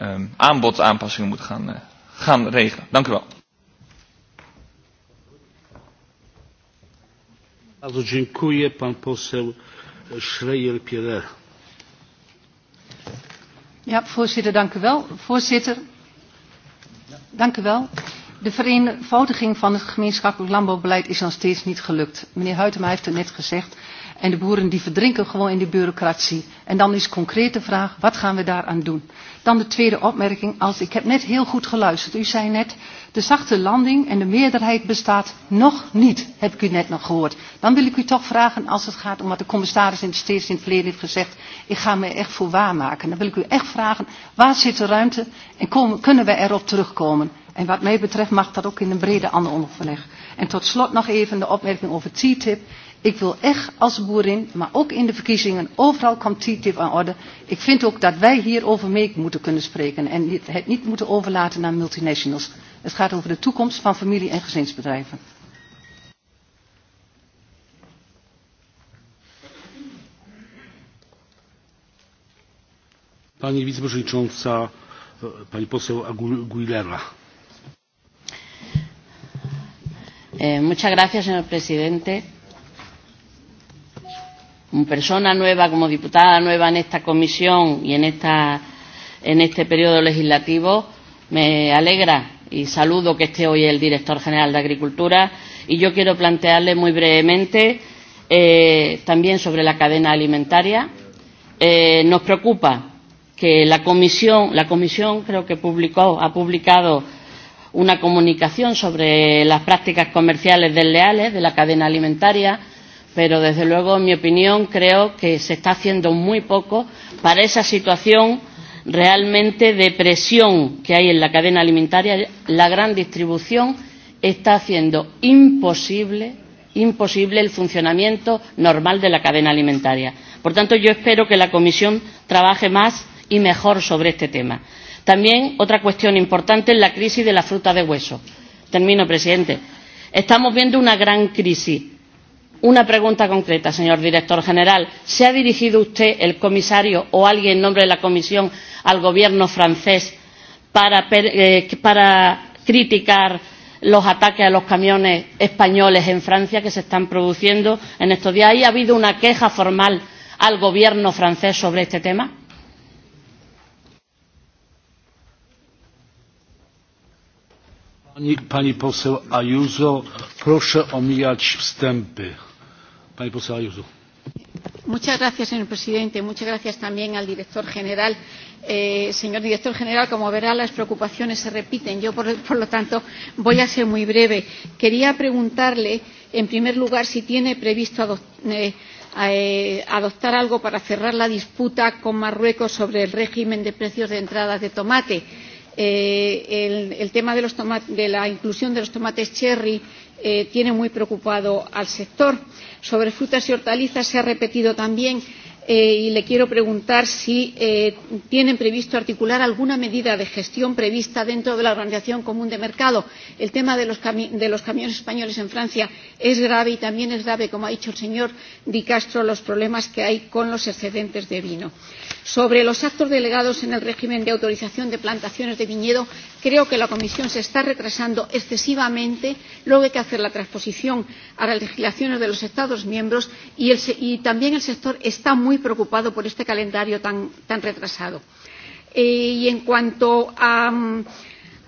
...aanbod, ehm, aanbodsaanpassingen moet gaan, uh, gaan regelen. Dank u wel. Ja, voorzitter, dank u wel. Voorzitter, dank u wel. De vereenvoudiging van het gemeenschappelijk landbouwbeleid is nog steeds niet gelukt. Meneer Huytema heeft het net gezegd. En de boeren die verdrinken gewoon in de bureaucratie. En dan is concrete vraag, wat gaan we daaraan doen? Dan de tweede opmerking als ik heb net heel goed geluisterd. U zei net de zachte landing en de meerderheid bestaat nog niet, heb ik u net nog gehoord. Dan wil ik u toch vragen als het gaat om wat de commissaris in steeds in het verleden heeft gezegd. Ik ga me echt voor maken. Dan wil ik u echt vragen waar zit de ruimte en kunnen we erop terugkomen? En wat mij betreft mag dat ook in een brede ander onderverleg. En tot slot nog even de opmerking over TTIP. Ik wil echt als boerin, maar ook in de verkiezingen, overal competitief aan orde. Ik vind ook dat wij hierover mee moeten kunnen spreken en het niet moeten overlaten naar multinationals. Het gaat over de toekomst van familie- en gezinsbedrijven. Pani wiceprzewodnicząca, pani poseł Aguilera. Eh, muchas gracias, señor presidente persona nueva, como diputada nueva en esta comisión y en, esta, en este periodo legislativo, me alegra y saludo que esté hoy el director general de Agricultura y yo quiero plantearle muy brevemente eh, también sobre la cadena alimentaria. Eh, nos preocupa que la comisión, la comisión creo que publicó, ha publicado una comunicación sobre las prácticas comerciales desleales de la cadena alimentaria pero desde luego en mi opinión creo que se está haciendo muy poco para esa situación realmente de presión que hay en la cadena alimentaria la gran distribución está haciendo imposible imposible el funcionamiento normal de la cadena alimentaria por tanto yo espero que la comisión trabaje más y mejor sobre este tema también otra cuestión importante es la crisis de la fruta de hueso termino presidente estamos viendo una gran crisis una pregunta concreta señor director general se ha dirigido usted el comisario o alguien en nombre de la comisión al gobierno francés eh, para, criticar los ataques a los camiones españoles en francia que se están produciendo en estos días? ha habido una queja formal al gobierno francés sobre este tema? Muchas gracias, señor presidente. Muchas gracias también al director general. Eh, señor director general, como verá, las preocupaciones se repiten. Yo, por, lo tanto, voy a ser muy breve. Quería preguntarle, en primer lugar, si tiene previsto eh, eh, adoptar. algo para cerrar la disputa con Marruecos sobre el régimen de precios de entrada de tomate. el, tema de, de la inclusión de los tomates cherry Eh, tiene muy preocupado al sector. Sobre frutas y hortalizas se ha repetido también eh, y le quiero preguntar si eh, tienen previsto articular alguna medida de gestión prevista dentro de la Organización Común de Mercado. El tema de los, de los camiones españoles en Francia es grave y también es grave, como ha dicho el señor Di Castro, los problemas que hay con los excedentes de vino sobre los actos delegados en el régimen de autorización de plantaciones de viñedo creo que la comisión se está retrasando excesivamente luego hay que hacer la transposición a las legislaciones de los estados miembros y, también el sector está muy preocupado por este calendario tan, retrasado. Eh, y en cuanto a mm,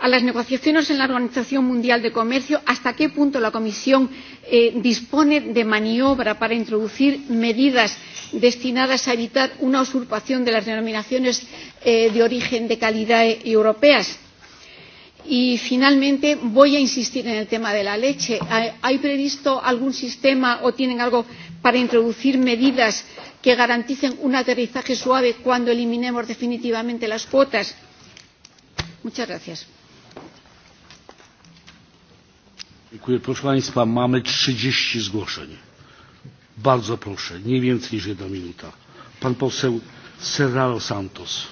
a las negociaciones en la Organización Mundial de Comercio, hasta qué punto la Comisión eh, dispone de maniobra para introducir medidas destinadas a evitar una usurpación de las denominaciones eh, de origen de calidad eh, europeas. Y finalmente voy a insistir en el tema de la leche. ¿Hay previsto algún sistema o tienen algo para introducir medidas que garanticen un aterrizaje suave cuando eliminemos definitivamente las cuotas? Muchas gracias. Dziękuję. Proszę Państwa, mamy 30 zgłoszeń. Bardzo proszę, nie więcej niż jedna minuta. Pan poseł Serralo Santos.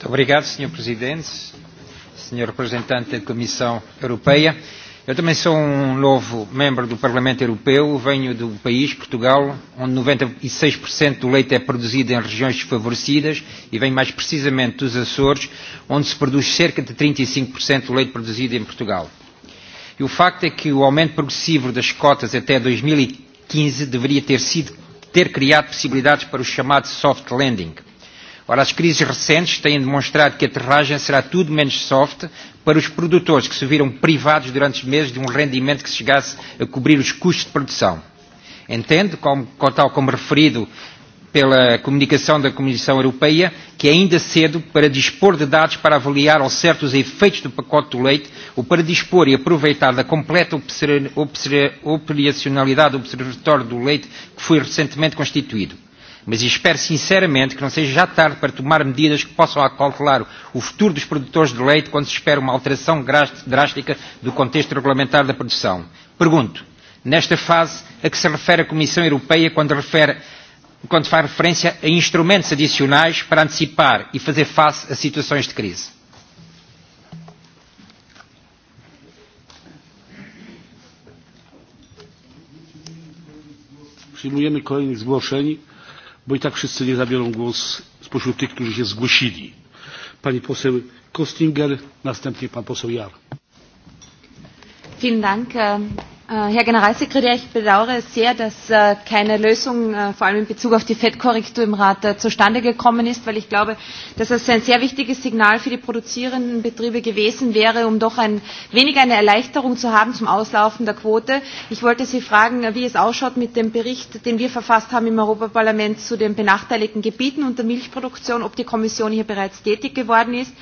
Dobry obrigado, prezydencie, Presidente, Sr. Komisji Europejskiej. Eu também sou um novo membro do Parlamento Europeu, venho do país, Portugal, onde 96% e do leite é produzido em regiões desfavorecidas e venho mais precisamente dos Açores, onde se produz cerca de 35% e do leite produzido em Portugal. E o facto é que o aumento progressivo das cotas até 2015 e deveria ter sido ter criado possibilidades para o chamado soft lending. Ora, as crises recentes têm demonstrado que a aterragem será tudo menos soft para os produtores que se viram privados durante os meses de um rendimento que chegasse a cobrir os custos de produção. Entendo, como, tal como referido pela comunicação da Comissão Europeia, que é ainda cedo para dispor de dados para avaliar ao certo os efeitos do pacote do leite ou para dispor e aproveitar da completa operacionalidade do observatório do leite que foi recentemente constituído mas espero sinceramente que não seja já tarde para tomar medidas que possam acalcular o futuro dos produtores de leite quando se espera uma alteração drástica do contexto regulamentar da produção. Pergunto, nesta fase, a que se refere a Comissão Europeia quando, refere, quando faz referência a instrumentos adicionais para antecipar e fazer face a situações de crise? Przyjmujemy kolejnych zgłoszeń bo i tak wszyscy nie zabiorą głos spośród tych, którzy się zgłosili. Pani poseł Kostinger, następnie pan poseł Jar. Äh, Herr Generalsekretär, ich bedauere es sehr, dass äh, keine Lösung äh, vor allem in Bezug auf die Fettkorrektur im Rat zustande gekommen ist, weil ich glaube, dass es ein sehr wichtiges Signal für die produzierenden Betriebe gewesen wäre, um doch ein wenig eine Erleichterung zu haben zum Auslaufen der Quote. Ich wollte Sie fragen, wie es ausschaut mit dem Bericht, den wir verfasst haben im Europaparlament zu den benachteiligten Gebieten und der Milchproduktion, ob die Kommission hier bereits tätig geworden ist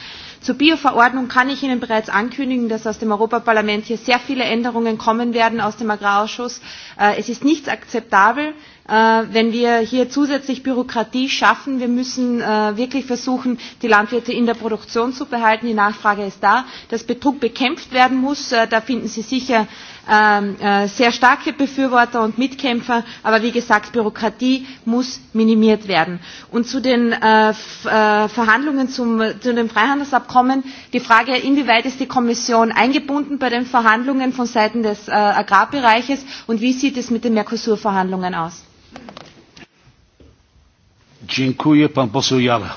Zur Bioverordnung kann ich Ihnen bereits ankündigen, dass aus dem Europaparlament hier sehr viele Änderungen kommen werden aus dem Agrarausschuss. Äh, es ist nichts akzeptabel, äh, wenn wir hier zusätzlich Bürokratie schaffen. Wir müssen äh, wirklich versuchen, die Landwirte in der Produktion zu behalten. Die Nachfrage ist da. Dass Betrug bekämpft werden muss, da finden Sie sicher Ähm, äh, sehr starke Befürworter und Mitkämpfer. Aber wie gesagt, Bürokratie muss minimiert werden. Und zu den äh, äh, Verhandlungen zum, zu dem Freihandelsabkommen, die Frage, inwieweit ist die Kommission eingebunden bei den Verhandlungen von Seiten des Agrarbereiches und wie sieht es mit den Mercosur-Verhandlungen aus? Dziękuję, pan poseł Jala.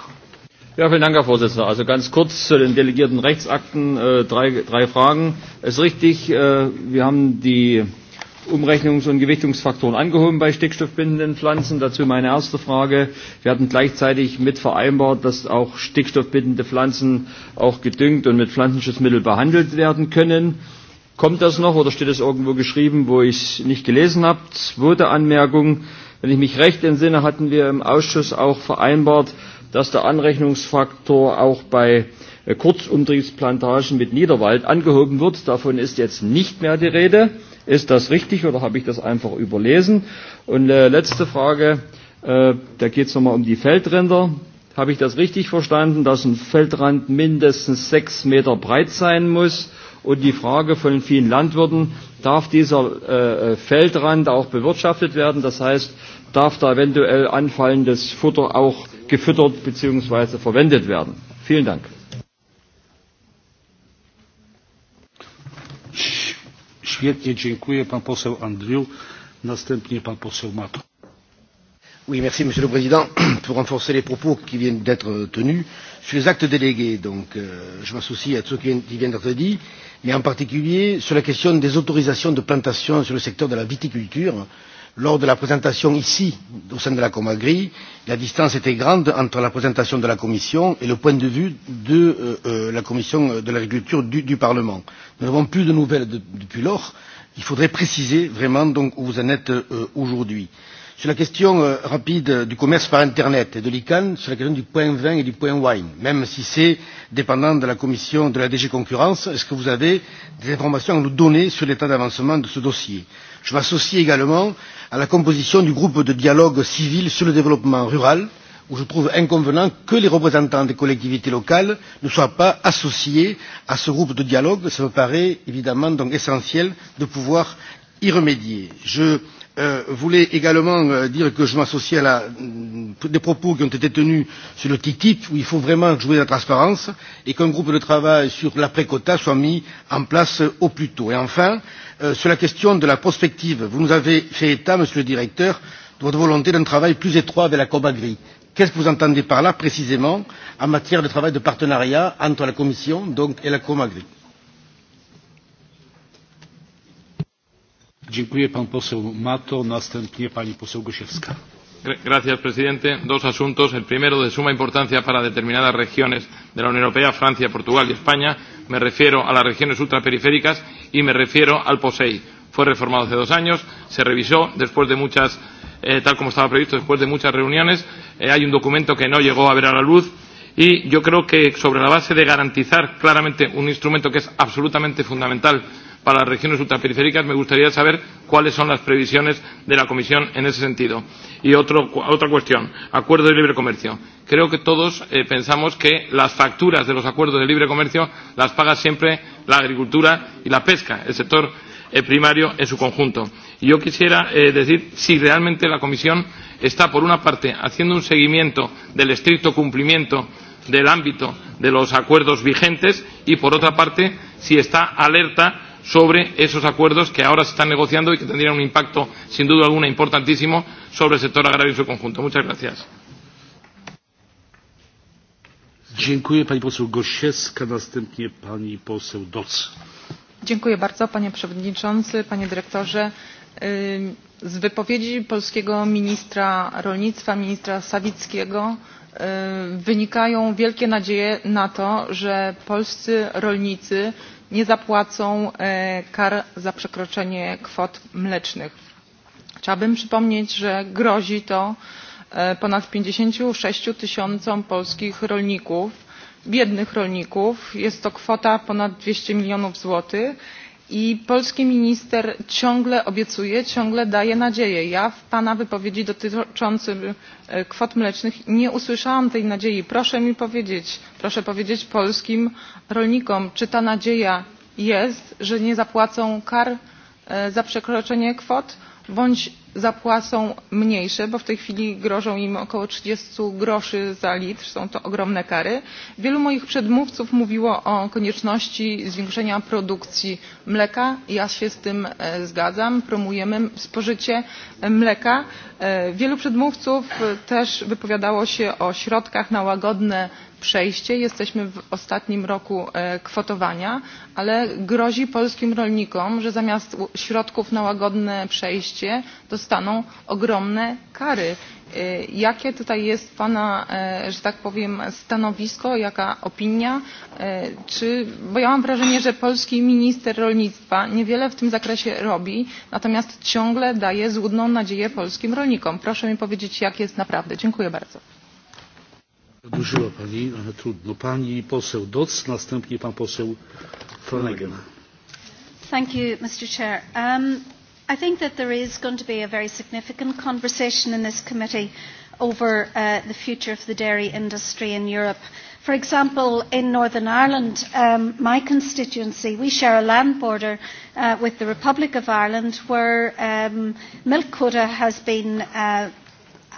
Ja, vielen Dank, Herr Vorsitzender. Also ganz kurz zu den delegierten Rechtsakten äh, drei, drei Fragen. Es ist richtig, äh, wir haben die Umrechnungs- und Gewichtungsfaktoren angehoben bei stickstoffbindenden Pflanzen. Dazu meine erste Frage. Wir hatten gleichzeitig mit vereinbart, dass auch stickstoffbindende Pflanzen auch gedüngt und mit Pflanzenschutzmittel behandelt werden können. Kommt das noch oder steht es irgendwo geschrieben, wo ich es nicht gelesen habe? Zweite Anmerkung. Wenn ich mich recht entsinne, hatten wir im Ausschuss auch vereinbart, dass der Anrechnungsfaktor auch bei äh, Kurzumtriebsplantagen mit Niederwald angehoben wird. Davon ist jetzt nicht mehr die Rede. Ist das richtig oder habe ich das einfach überlesen? Und äh, letzte Frage, äh, da geht es nochmal um die Feldränder. Habe ich das richtig verstanden, dass ein Feldrand mindestens sechs Meter breit sein muss? Und die Frage von vielen Landwirten, darf dieser Feldrand auch bewirtschaftet werden? Das heißt, darf da eventuell anfallendes Futter auch gefüttert bzw. verwendet werden. Vielen Dank. Świetnie dziękuję pan poseł Andriu. Następnie pan poseł Mato. Oui, merci Monsieur le Président. Pour renforcer les propos qui viennent d'être tenus, sur les actes délégués, donc euh, je m'associe à ceux qui viennent d'être dit, mais en particulier sur la question des autorisations de plantation sur le secteur de la viticulture lors de la présentation ici au sein de la comagri la distance était grande entre la présentation de la commission et le point de vue de euh, euh, la commission de l'agriculture du, parlement. nous n'avons plus de nouvelles depuis lors. il faudrait préciser vraiment donc où vous en êtes euh, aujourd'hui. sur la question rapide du commerce par internet et de l'icann sur la question du point vin et du point wine même si c'est dépendant de la commission de la dg concurrence est ce que vous avez des informations à nous donner sur l'état d'avancement de ce dossier? je m'associe également à la composition du groupe de dialogue civil sur le développement rural où je trouve inconvenant que les représentants des collectivités locales ne soient pas associés à ce groupe de dialogue. cela me paraît évidemment donc essentiel de pouvoir y remédier. je Euh, voulais également euh, dire que je m'associe à mm, des propos qui ont été tenus sur le TTIP, où il faut vraiment jouer la transparence et qu'un groupe de travail sur l'après quota soit mis en place euh, au plus tôt. Et enfin, sur la question de la prospective, vous nous avez fait état, Monsieur le Directeur, de votre volonté d'un travail plus étroit avec la Comagri. Qu'est ce que vous entendez par là précisément en matière de travail de partenariat entre la Commission donc, et la Comagri? Señor presidente. Dos asuntos. El primero, de suma importancia para determinadas regiones de la Unión Europea, Francia, Portugal y España. Me refiero a las regiones ultraperiféricas y me refiero al POSEI. Fue reformado hace dos años, se revisó después de muchas, eh, tal como estaba previsto, después de muchas reuniones. Eh, hay un documento que no llegó a ver a la luz y yo creo que sobre la base de garantizar claramente un instrumento que es absolutamente fundamental para las regiones ultraperiféricas me gustaría saber cuáles son las previsiones de la comisión en ese sentido. y otro, otra cuestión acuerdo de libre comercio. creo que todos eh, pensamos que las facturas de los acuerdos de libre comercio las paga siempre la agricultura y la pesca el sector eh, primario en su conjunto. y yo quisiera eh, decir si realmente la comisión está por una parte haciendo un seguimiento del estricto cumplimiento del ámbito de los acuerdos vigentes y por otra parte si está alerta sobre esos acuerdos que ahora se están negociando y que tendrían un impacto sin duda alguna importantísimo sobre el sector agrario en su conjunto. Muchas gracias. Dziękuję pani poseł pani poseł Doc. Dziękuję bardzo panie przewodniczący, panie dyrektorze. Z wypowiedzi polskiego ministra rolnictwa, ministra Sawickiego wynikają wielkie nadzieje na to, że polscy rolnicy nie zapłacą e, kar za przekroczenie kwot mlecznych. Chciałabym przypomnieć, że grozi to e, ponad 56 tysiącom polskich rolników, biednych rolników. Jest to kwota ponad 200 milionów złotych i polski minister ciągle obiecuje ciągle daje nadzieję. ja w pana wypowiedzi dotyczącym e, kwot mlecznych nie usłyszałam tej nadziei. proszę mi powiedzieć proszę powiedzieć polskim rolnikom czy ta nadzieja jest że nie zapłacą kar e, za przekroczenie kwot? bądź zapłacą mniejsze bo w tej chwili grożą im około 30 groszy za litr są to ogromne kary. wielu moich przedmówców mówiło o konieczności zwiększenia produkcji mleka ja się z tym e, zgadzam promujemy spożycie mleka. E, wielu przedmówców też wypowiadało się o środkach na łagodne przejście jesteśmy w ostatnim roku e, kwotowania ale grozi polskim rolnikom że zamiast środków na łagodne przejście dostaną ogromne kary. E, jakie tutaj jest pana e, że tak powiem stanowisko jaka opinia czy bo ja mam wrażenie że polski minister rolnictwa niewiele w tym zakresie robi natomiast ciągle daje złudną nadzieję polskim rolnikom. proszę mi powiedzieć jak jest naprawdę. dziękuję bardzo pani, trudno. Pani poseł następnie pan poseł Flanagan. Thank you, Mr. Chair. Um, I think that there is going to be a very significant conversation in this committee over uh, the future of the dairy industry in Europe. For example, in Northern Ireland, um, my constituency, we share a land border uh, with the Republic of Ireland where um, milk quota has been uh,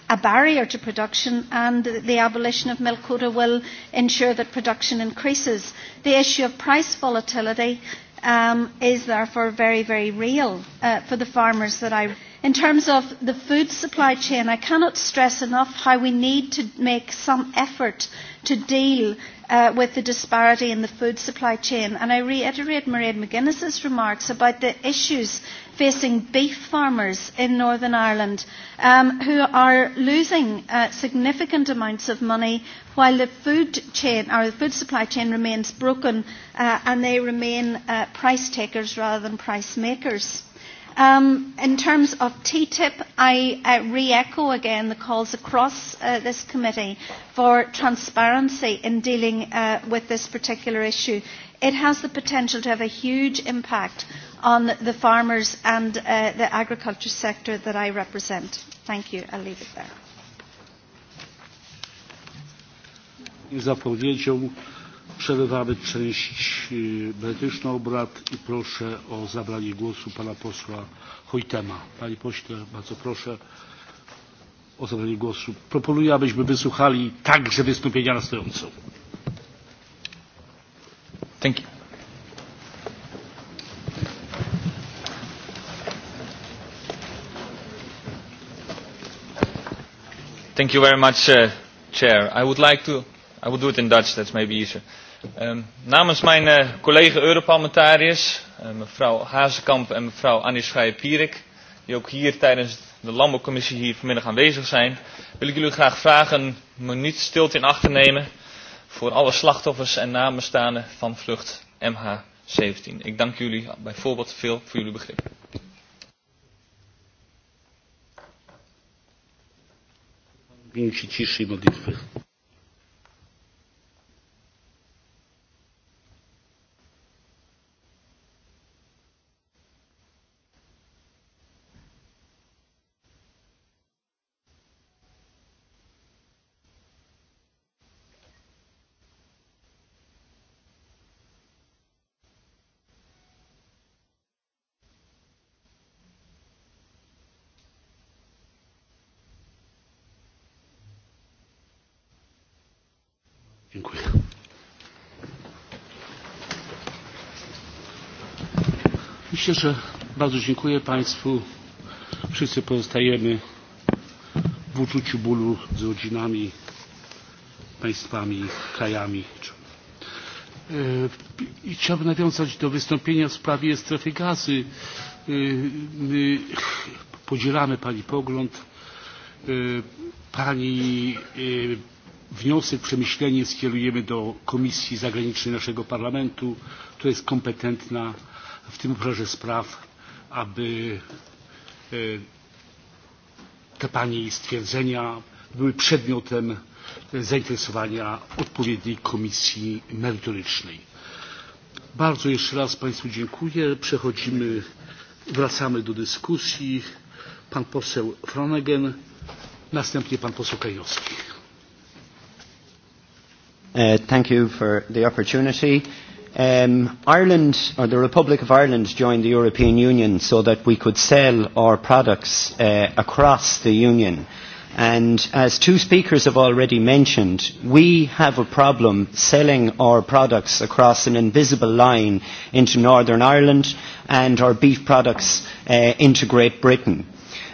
a barrier to production and the abolition of milk quota will ensure that production increases. The issue of price volatility um, is therefore very, very real uh, for the farmers that I... In terms of the food supply chain, I cannot stress enough how we need to make some effort to deal uh, with the disparity in the food supply chain. And I reiterate Mairead McGuinness's remarks about the issues facing beef farmers in Northern Ireland um, who are losing uh, significant amounts of money while the food chain or the food supply chain remains broken uh, and they remain uh, price takers rather than price makers. Um, in terms of TTIP, I uh, re-echo again the calls across uh, this committee for transparency in dealing uh, with this particular issue it has the potential to have a huge impact on the farmers and uh, the agriculture sector that I represent. Thank you. I'll leave it there. przerywamy część obrad i proszę o zabranie głosu pana posła Hojtema. Panie pośle, bardzo proszę o zabranie głosu. Proponuję, abyśmy wysłuchali także wystąpienia następującego. Thank you. Thank you very much, uh, Chair. I would like to, I would do it in Dutch, that's maybe easier. Um, namens mijn uh, collega Europarlementariërs, uh, mevrouw Hazekamp en mevrouw Anishaya Pierik, die ook hier tijdens de landbouwcommissie hier vanmiddag aanwezig zijn, wil ik jullie graag vragen een minuut stilte in acht te nemen voor alle slachtoffers en namenstaanden van vlucht MH17. Ik dank jullie bijvoorbeeld veel voor jullie begrip. cieszę, bardzo dziękuję Państwu. Wszyscy pozostajemy w uczuciu bólu z rodzinami, państwami, krajami. E, I chciałbym nawiązać do wystąpienia w sprawie strefy gazy. E, my podzielamy Pani pogląd. E, pani wniosek, przemyślenie skierujemy do Komisji Zagranicznej naszego Parlamentu, która jest kompetentna w tym obszarze spraw, aby e, te Pani stwierdzenia były przedmiotem zainteresowania odpowiedniej komisji merytorycznej. Bardzo jeszcze raz Państwu dziękuję. Przechodzimy, wracamy do dyskusji. Pan poseł Flanagan, następnie pan poseł Kajowski. E, thank you for the opportunity. Um, Ireland, or the Republic of Ireland, joined the European Union so that we could sell our products uh, across the Union. And as two speakers have already mentioned, we have a problem selling our products across an invisible line into Northern Ireland and our beef products uh, into Great Britain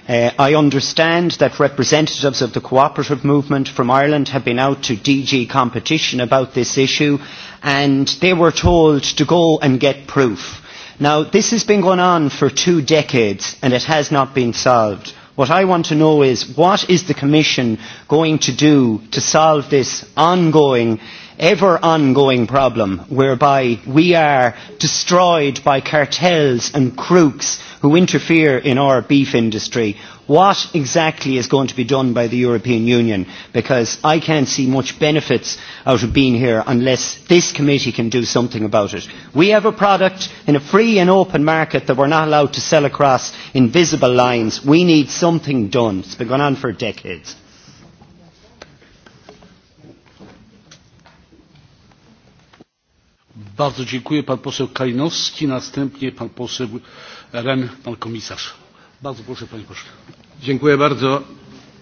Uh, I understand that representatives of the cooperative movement from Ireland have been out to DG competition about this issue and they were told to go and get proof. Now, this has been going on for two decades and it has not been solved. What I want to know is what is the Commission going to do to solve this ongoing ever ongoing problem whereby we are destroyed by cartels and crooks who interfere in our beef industry what exactly is going to be done by the European Union because I can't see much benefits out of being here unless this committee can do something about it. We have a product in a free and open market that we're not allowed to sell across invisible lines. We need something done. It's been going on for decades. Bardzo dziękuję pan poseł Kalinowski, następnie pan poseł Ren, pan komisarz. Bardzo proszę panie pośle. Dziękuję bardzo.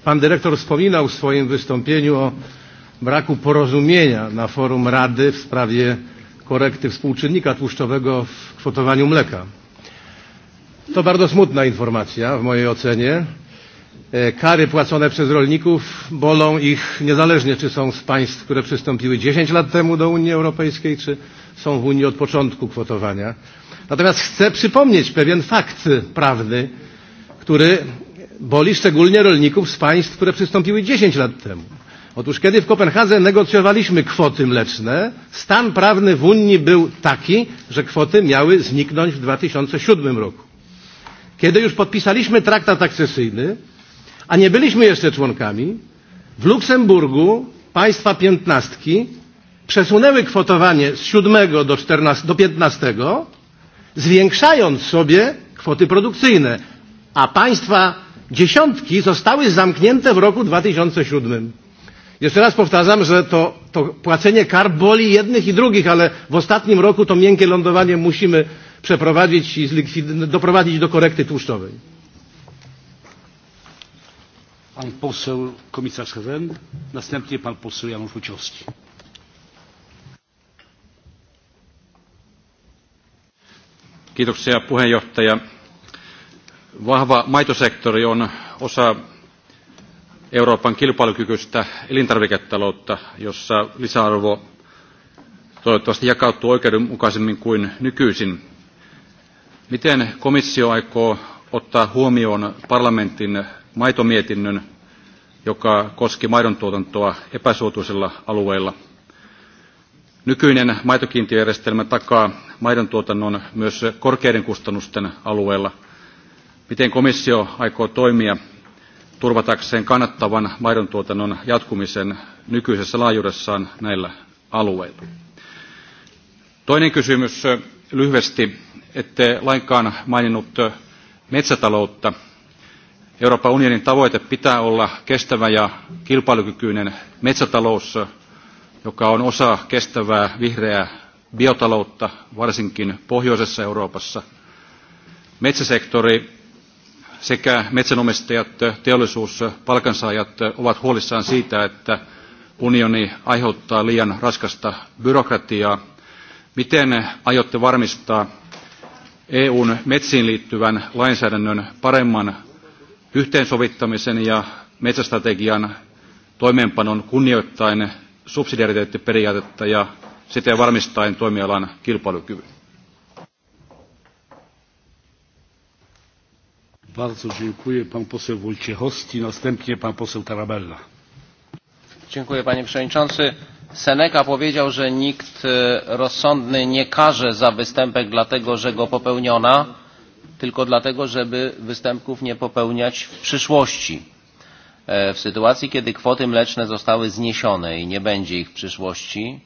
Pan dyrektor wspominał w swoim wystąpieniu o braku porozumienia na forum Rady w sprawie korekty współczynnika tłuszczowego w kwotowaniu mleka. To bardzo smutna informacja w mojej ocenie. E, kary płacone przez rolników bolą ich niezależnie, czy są z państw, które przystąpiły 10 lat temu do Unii Europejskiej, czy są w Unii od początku kwotowania. Natomiast chcę przypomnieć pewien fakt prawny, który boli szczególnie rolników z państw, które przystąpiły 10 lat temu. Otóż kiedy w Kopenhadze negocjowaliśmy kwoty mleczne, stan prawny w Unii był taki, że kwoty miały zniknąć w 2007 roku. Kiedy już podpisaliśmy traktat akcesyjny, a nie byliśmy jeszcze członkami, w Luksemburgu państwa piętnastki przesunęły kwotowanie z 7 do, 14, do 15, zwiększając sobie kwoty produkcyjne, a państwa dziesiątki zostały zamknięte w roku 2007. Jeszcze raz powtarzam, że to, to płacenie kar boli jednych i drugich, ale w ostatnim roku to miękkie lądowanie musimy przeprowadzić i doprowadzić do korekty tłuszczowej. Pan poseł komisarz Hewen, następnie pan poseł Janusz Uciowski. Arvoisa puheenjohtaja. Vahva maitosektori on osa Euroopan kilpailukykyistä elintarviketaloutta, jossa lisäarvo toivottavasti jakautuu oikeudenmukaisemmin kuin nykyisin. Miten komissio aikoo ottaa huomioon parlamentin maitomietinnön, joka koski maidontuotantoa epäsuotuisilla alueilla? nykyinen maitokiintiöjärjestelmä takaa maidontuotannon myös korkeiden kustannusten alueella. miten komissio aikoo toimia turvatakseen kannattavan maidontuotannon jatkumisen nykyisessä laajuudessaan näillä alueilla? toinen kysymys lyhyesti ette lainkaan maininnut metsätaloutta. euroopan unionin tavoite pitää olla kestävä ja kilpailukykyinen metsätalous joka on osa kestävää vihreää biotaloutta, varsinkin pohjoisessa Euroopassa. Metsäsektori sekä metsänomistajat, teollisuus, palkansaajat ovat huolissaan siitä, että unioni aiheuttaa liian raskasta byrokratiaa. Miten aiotte varmistaa EUn metsiin liittyvän lainsäädännön paremman yhteensovittamisen ja metsästrategian toimeenpanon kunnioittain subsidiariteettiperiaatetta ja siten varmistaen toimialan kilpailukyvyn. Bardzo dziękuję. Pan poseł Wojciechowski, następnie pan poseł Tarabella. Dziękuję panie przewodniczący. Seneca powiedział, że nikt e, rozsądny nie każe za występek dlatego, że go popełniona, tylko dlatego, żeby występków nie popełniać w przyszłości E, w sytuacji, kiedy kwoty mleczne zostały zniesione i nie będzie ich w przyszłości,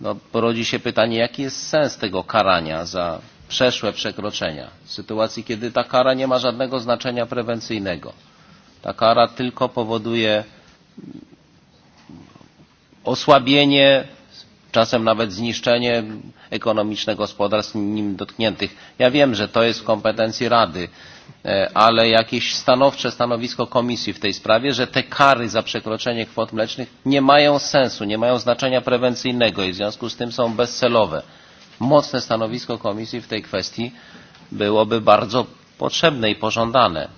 no, porodzi się pytanie, jaki jest sens tego karania za przeszłe przekroczenia. W sytuacji, kiedy ta kara nie ma żadnego znaczenia prewencyjnego. Ta kara tylko powoduje osłabienie, czasem nawet zniszczenie ekonomiczne gospodarstw nim dotkniętych. Ja wiem, że to jest w kompetencji Rady E, ale jakieś stanowcze stanowisko komisji w tej sprawie, że te kary za przekroczenie kwot mlecznych nie mają sensu, nie mają znaczenia prewencyjnego i w związku z tym są bezcelowe. Mocne stanowisko komisji w tej kwestii byłoby bardzo potrzebne i pożądane.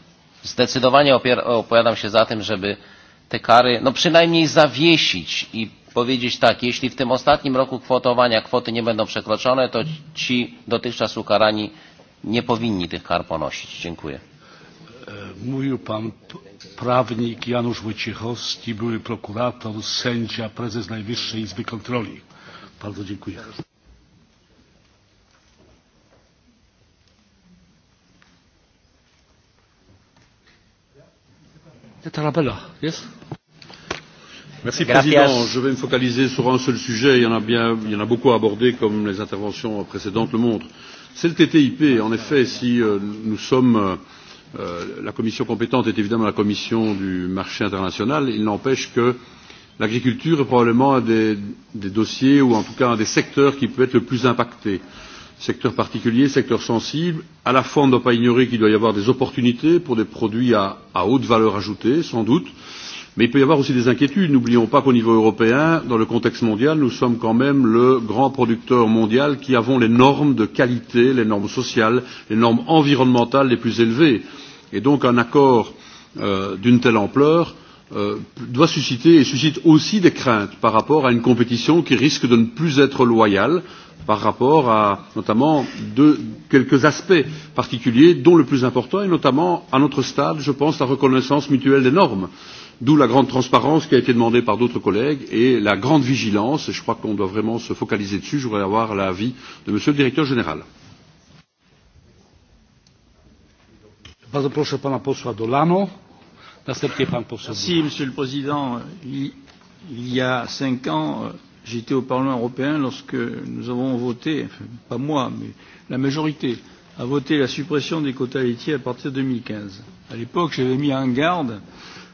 Zdecydowanie opowiadam się za tym, żeby te kary no przynajmniej zawiesić i powiedzieć tak, jeśli w tym ostatnim roku kwotowania kwoty nie będą przekroczone, to ci dotychczas ukarani nie powinni tych kar ponosić. Dziękuję. E, mówił pan prawnik Janusz Wojciechowski, były prokurator, sędzia, prezes Najwyższej Izby Kontroli. Bardzo dziękuję. Tarabella, jest? Merci Gracias. Président. Je vais me focaliser sur un seul sujet. Il y en a, bien, il y en a beaucoup à aborder, comme les interventions précédentes le montrent C'est le TTIP. En effet, si euh, nous sommes euh, euh, la commission compétente est évidemment la commission du marché international, il n'empêche que l'agriculture est probablement un des, dossiers ou en tout cas un des secteurs qui peut être le plus impacté secteur particulier, secteur sensible. À la fois, on ne doit pas ignorer qu'il doit y avoir des opportunités pour des produits à, à haute valeur ajoutée, sans doute, mais il peut y avoir aussi des inquiétudes n'oublions pas qu'au niveau européen dans le contexte mondial nous sommes quand même le grand producteur mondial qui avons les normes de qualité les normes sociales les normes environnementales les plus élevées et donc un accord euh, d'une telle ampleur euh, doit susciter et suscite aussi des craintes par rapport à une compétition qui risque de ne plus être loyale par rapport à notamment de, quelques aspects particuliers dont le plus important est notamment à notre stade je pense la reconnaissance mutuelle des normes d'où la grande transparence qui a été demandée par d'autres collègues et la grande vigilance et je crois qu'on doit vraiment se focaliser dessus. je voudrais avoir l'avis de monsieur le directeur général. Merci, monsieur le président il y a cinq ans euh, j'étais au parlement européen lorsque nous avons voté enfin, pas moi mais la majorité a voté la suppression des quotas laitiers à partir de. 2015. à l'époque j'avais mis en garde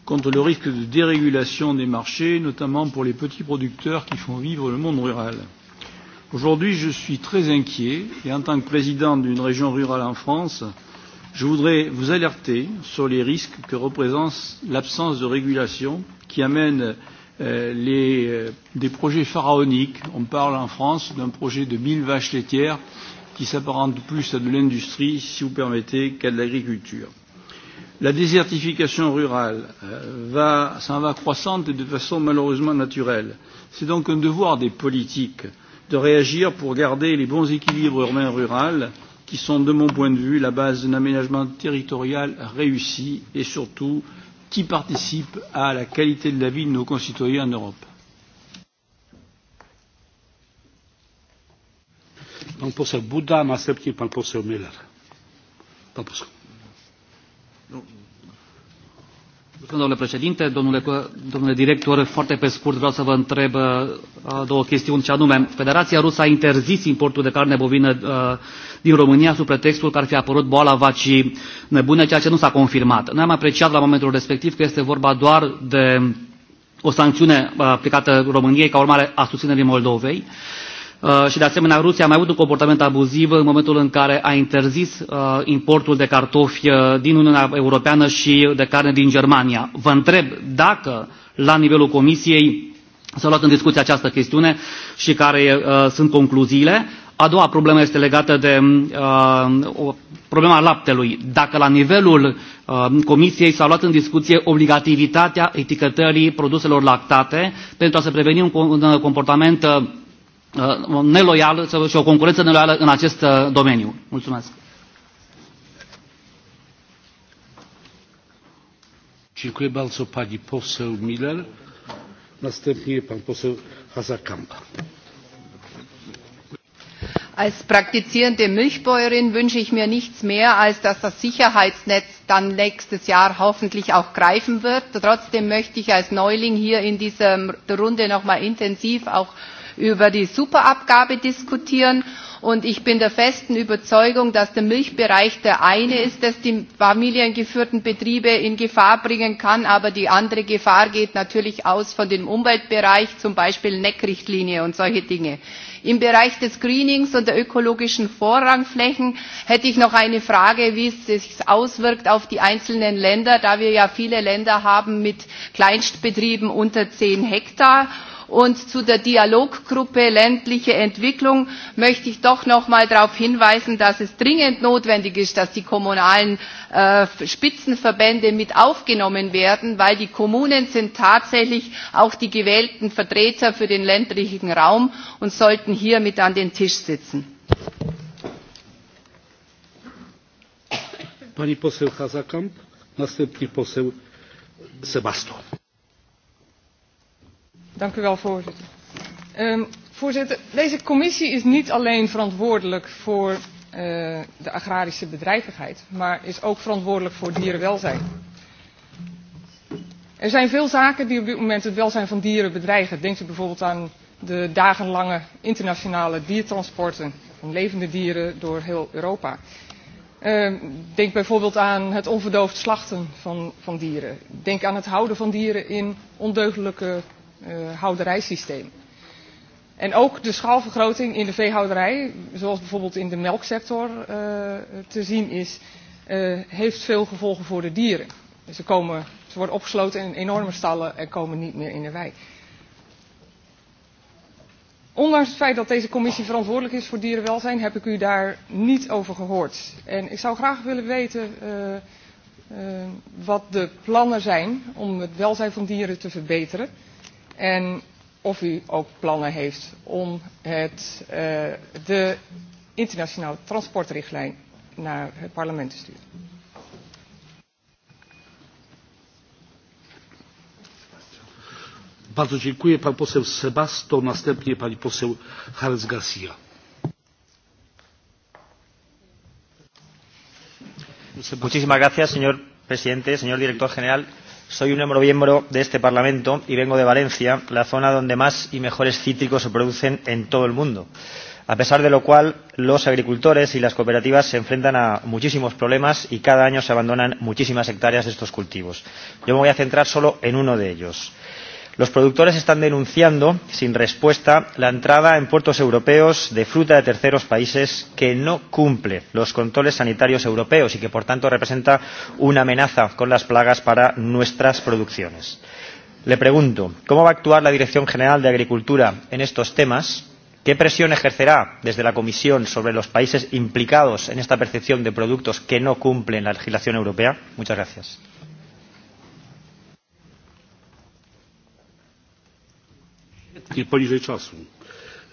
contre le risque de dérégulation des marchés, notamment pour les petits producteurs qui font vivre le monde rural. Aujourd'hui, je suis très inquiet et en tant que président d'une région rurale en France, je voudrais vous alerter sur les risques que représente l'absence de régulation qui amène euh, les, euh, des projets pharaoniques. On parle en France d'un projet de mille vaches laitières qui s'apparente plus à de l'industrie, si vous permettez, qu'à de l'agriculture. La désertification rurale euh, va, s'en va croissante et de façon malheureusement naturelle. C'est donc un devoir des politiques de réagir pour garder les bons équilibres urbains rural qui sont, de mon point de vue, la base d'un aménagement territorial réussi et surtout qui participe à la qualité de la vie de nos concitoyens en Europe. Pan poseł Buda, następnie pan poseł Miller. Pan poseł. Domnule președinte, domnule, domnule director, foarte pe scurt vreau să vă întreb uh, uh, două chestiuni, ce anume, Federația Rusă a interzis importul de carne bovină uh, din România sub pretextul că ar fi apărut boala vacii nebune, ceea ce nu s-a confirmat. Noi am apreciat la momentul respectiv că este vorba doar de o sancțiune aplicată României ca urmare a susținerii Moldovei. Uh, Uh, și de asemenea Rusia a mai avut un comportament abuziv în momentul în care a interzis uh, importul de cartofi uh, din Uniunea Europeană și de carne din Germania. Vă întreb dacă la nivelul Comisiei s-a luat în discuție această chestiune și care sunt concluziile. A doua problemă este legată de uh, problema laptelui. Dacă la nivelul uh, Comisiei s-a luat în discuție obligativitatea etichetării produselor lactate pentru a se preveni un, comportament Uh, neloială și o concurență neloială în acest uh, domeniu. Mulțumesc. Dziękuję bardzo pani poseł Miller. Następnie pan poseł Hazakampa. Als praktizierende Milchbäuerin wünsche ich mir nichts mehr, als dass das Sicherheitsnetz dann nächstes Jahr hoffentlich auch greifen wird. Trotzdem möchte ich als Neuling hier in dieser Runde noch mal intensiv auch über die Superabgabe diskutieren. Und ich bin der festen Überzeugung, dass der Milchbereich der eine ist, das die familiengeführten Betriebe in Gefahr bringen kann, aber die andere Gefahr geht natürlich aus von dem Umweltbereich, zum Beispiel Neckrichtlinie und solche Dinge. Im Bereich des Greenings und der ökologischen Vorrangflächen hätte ich noch eine Frage, wie es sich auswirkt auf die einzelnen Länder, da wir ja viele Länder haben mit Kleinstbetrieben unter zehn Hektar und zu der dialoggruppe ländliche entwicklung möchte ich doch noch mal darauf hinweisen dass es dringend notwendig ist dass die kommunalen äh, spitzenverbände mit aufgenommen werden weil die kommunen sind tatsächlich auch die gewählten vertreter für den ländlichen raum und sollten hier mit an den tisch sitzen. Pani poseł Hazakamp, poseł Dank u wel, voorzitter. Ehm, voorzitter, deze commissie is niet alleen verantwoordelijk voor eh, de agrarische bedrijvigheid, maar is ook verantwoordelijk voor dierenwelzijn. Er zijn veel zaken die op dit moment het welzijn van dieren bedreigen. Denk u bijvoorbeeld aan de dagenlange internationale diertransporten van levende dieren door heel Europa. Ehm, denk bijvoorbeeld aan het onverdoofd slachten van, van dieren. Denk aan het houden van dieren in ondeugdelijke Eh, houderijsysteem. En ook de schaalvergroting in de veehouderij, zoals bijvoorbeeld in de melksector eh, te zien is, eh, heeft veel gevolgen voor de dieren. Ze, komen, ze worden opgesloten in enorme stallen en komen niet meer in de wei. Ondanks het feit dat deze commissie verantwoordelijk is voor dierenwelzijn, heb ik u daar niet over gehoord. En ik zou graag willen weten uh, wat de plannen zijn om het welzijn van dieren te verbeteren en of u ook plannen heeft om het, uh, de internationale transportrichtlijn naar het parlement te sturen. Bardzo dziękuję. Pan poseł Sebasto, następnie pani poseł Harris Garcia. Muchísimas gracias, señor presidente, señor director general. Soy un miembro de este Parlamento y vengo de Valencia, la zona donde más y mejores cítricos se producen en todo el mundo. A pesar de lo cual, los agricultores y las cooperativas se enfrentan a muchísimos problemas y cada año se abandonan muchísimas hectáreas de estos cultivos. Yo me voy a centrar solo en uno de ellos los productores están denunciando sin respuesta la entrada en puertos europeos de fruta de terceros países que no cumple los controles sanitarios europeos y que por tanto representa una amenaza con las plagas para nuestras producciones. le pregunto cómo va a actuar la dirección general de agricultura en estos temas? qué presión ejercerá desde la comisión sobre los países implicados en esta percepción de productos que no cumplen la legislación europea? muchas gracias. poniżej czasu.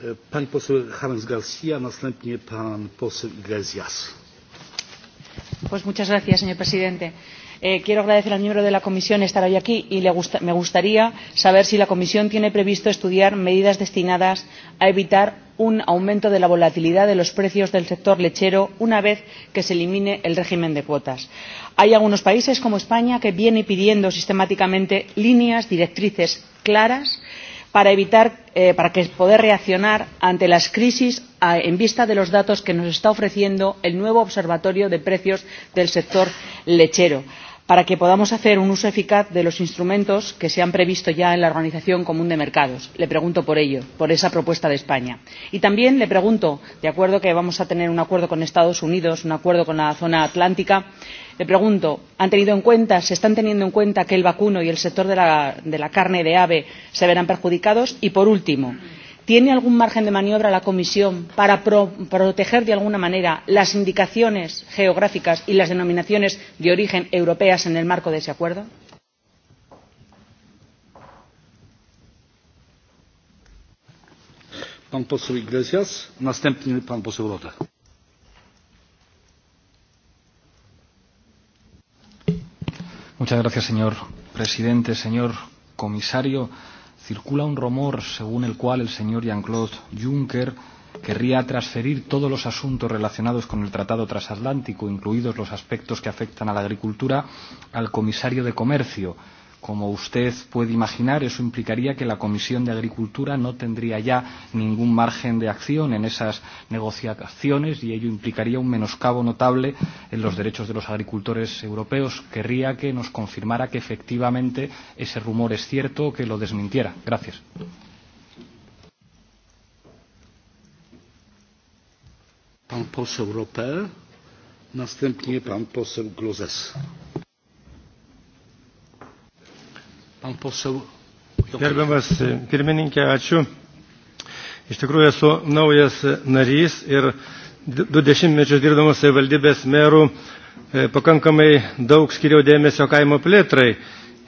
E, señor presidente. Eh, quiero agradecer al miembro de la comisión estar hoy aquí y me gustaría saber si la comisión tiene previsto estudiar medidas destinadas a evitar un aumento de la volatilidad de los precios del sector lechero una vez que se elimine el régimen de cuotas. hay algunos países como españa que vienen pidiendo sistemáticamente líneas directrices claras para evitar eh, para que poder reaccionar ante las crisis en vista de los datos que nos está ofreciendo el nuevo observatorio de precios del sector lechero para que podamos hacer un uso eficaz de los instrumentos que se han previsto ya en la organización común de mercados le pregunto por ello por esa propuesta de españa y también le pregunto de acuerdo con que vamos a tener un acuerdo con los estados unidos un acuerdo con la zona atlántica le pregunto han tenido en cuenta se están teniendo en cuenta que el vacuno y el sector de la, de la carne de ave se verán perjudicados? y por último tiene algún margen de maniobra la comisión para proteger de alguna manera las indicaciones geográficas y las denominaciones de origen europeas en el marco de ese acuerdo? Pan pan Muchas gracias, señor presidente, señor comisario circula un rumor según el cual el señor Jean-Claude Juncker querría transferir todos los asuntos relacionados con el Tratado Transatlántico, incluidos los aspectos que afectan a la agricultura, al comisario de Comercio, Como usted puede imaginar, eso implicaría que la Comisión de Agricultura no tendría ya ningún margen de acción en esas negociaciones y ello implicaría un menoscabo notable en los derechos de los agricultores europeos. Querría que nos confirmara que efectivamente ese rumor es cierto o que lo desmintiera. Gracias. Pan poseł Roper, następnie pan poseł Pan Gerbiamas e, pirmininkė, ačiū. Iš tikrųjų esu naujas narys ir du dešimtmečius dirbdamas savivaldybės merų e, pakankamai daug skiriau dėmesio kaimo plėtrai.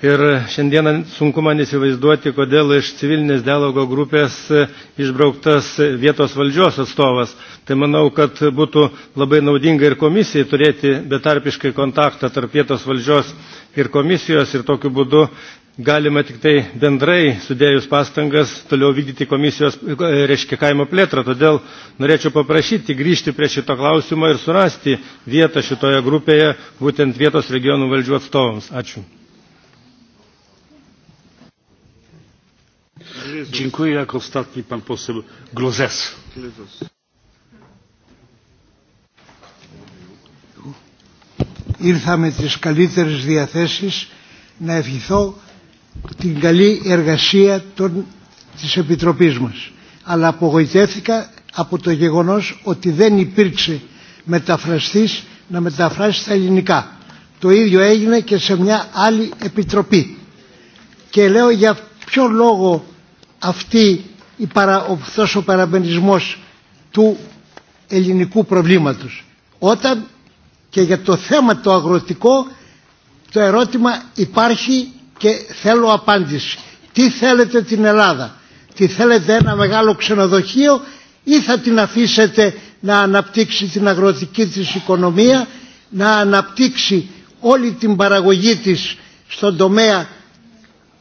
Ir šiandieną sunku man įsivaizduoti, kodėl iš civilinės dialogo grupės e, išbrauktas vietos valdžios atstovas. Tai manau, kad būtų labai naudinga ir komisijai turėti betarpiškai kontaktą tarp vietos valdžios ir komisijos ir tokiu būdu galima tik tai bendrai sudėjus pastangas toliau vykdyti komisijos e, reiškia kaimo plėtrą todėl norėčiau paprašyti grįžti prie šito klausimo ir surasti vietą šitoje grupėje būtent vietos regionų valdžių atstovams ačiū Dziękuję. Jako ostatni pan poseł τις καλύτερες διαθέσεις να ευχηθώ την καλή εργασία των, της Επιτροπής μας. Αλλά απογοητεύτηκα από το γεγονός ότι δεν υπήρξε μεταφραστής να μεταφράσει τα ελληνικά. Το ίδιο έγινε και σε μια άλλη επιτροπή. Και λέω για ποιο λόγο αυτή η παρα, αυτός ο παραμενισμός του ελληνικού προβλήματος. Όταν και για το θέμα το αγροτικό το ερώτημα υπάρχει και θέλω απάντηση. Τι θέλετε την Ελλάδα, τι θέλετε ένα μεγάλο ξενοδοχείο ή θα την αφήσετε να αναπτύξει την αγροτική της οικονομία, να αναπτύξει όλη την παραγωγή της στον τομέα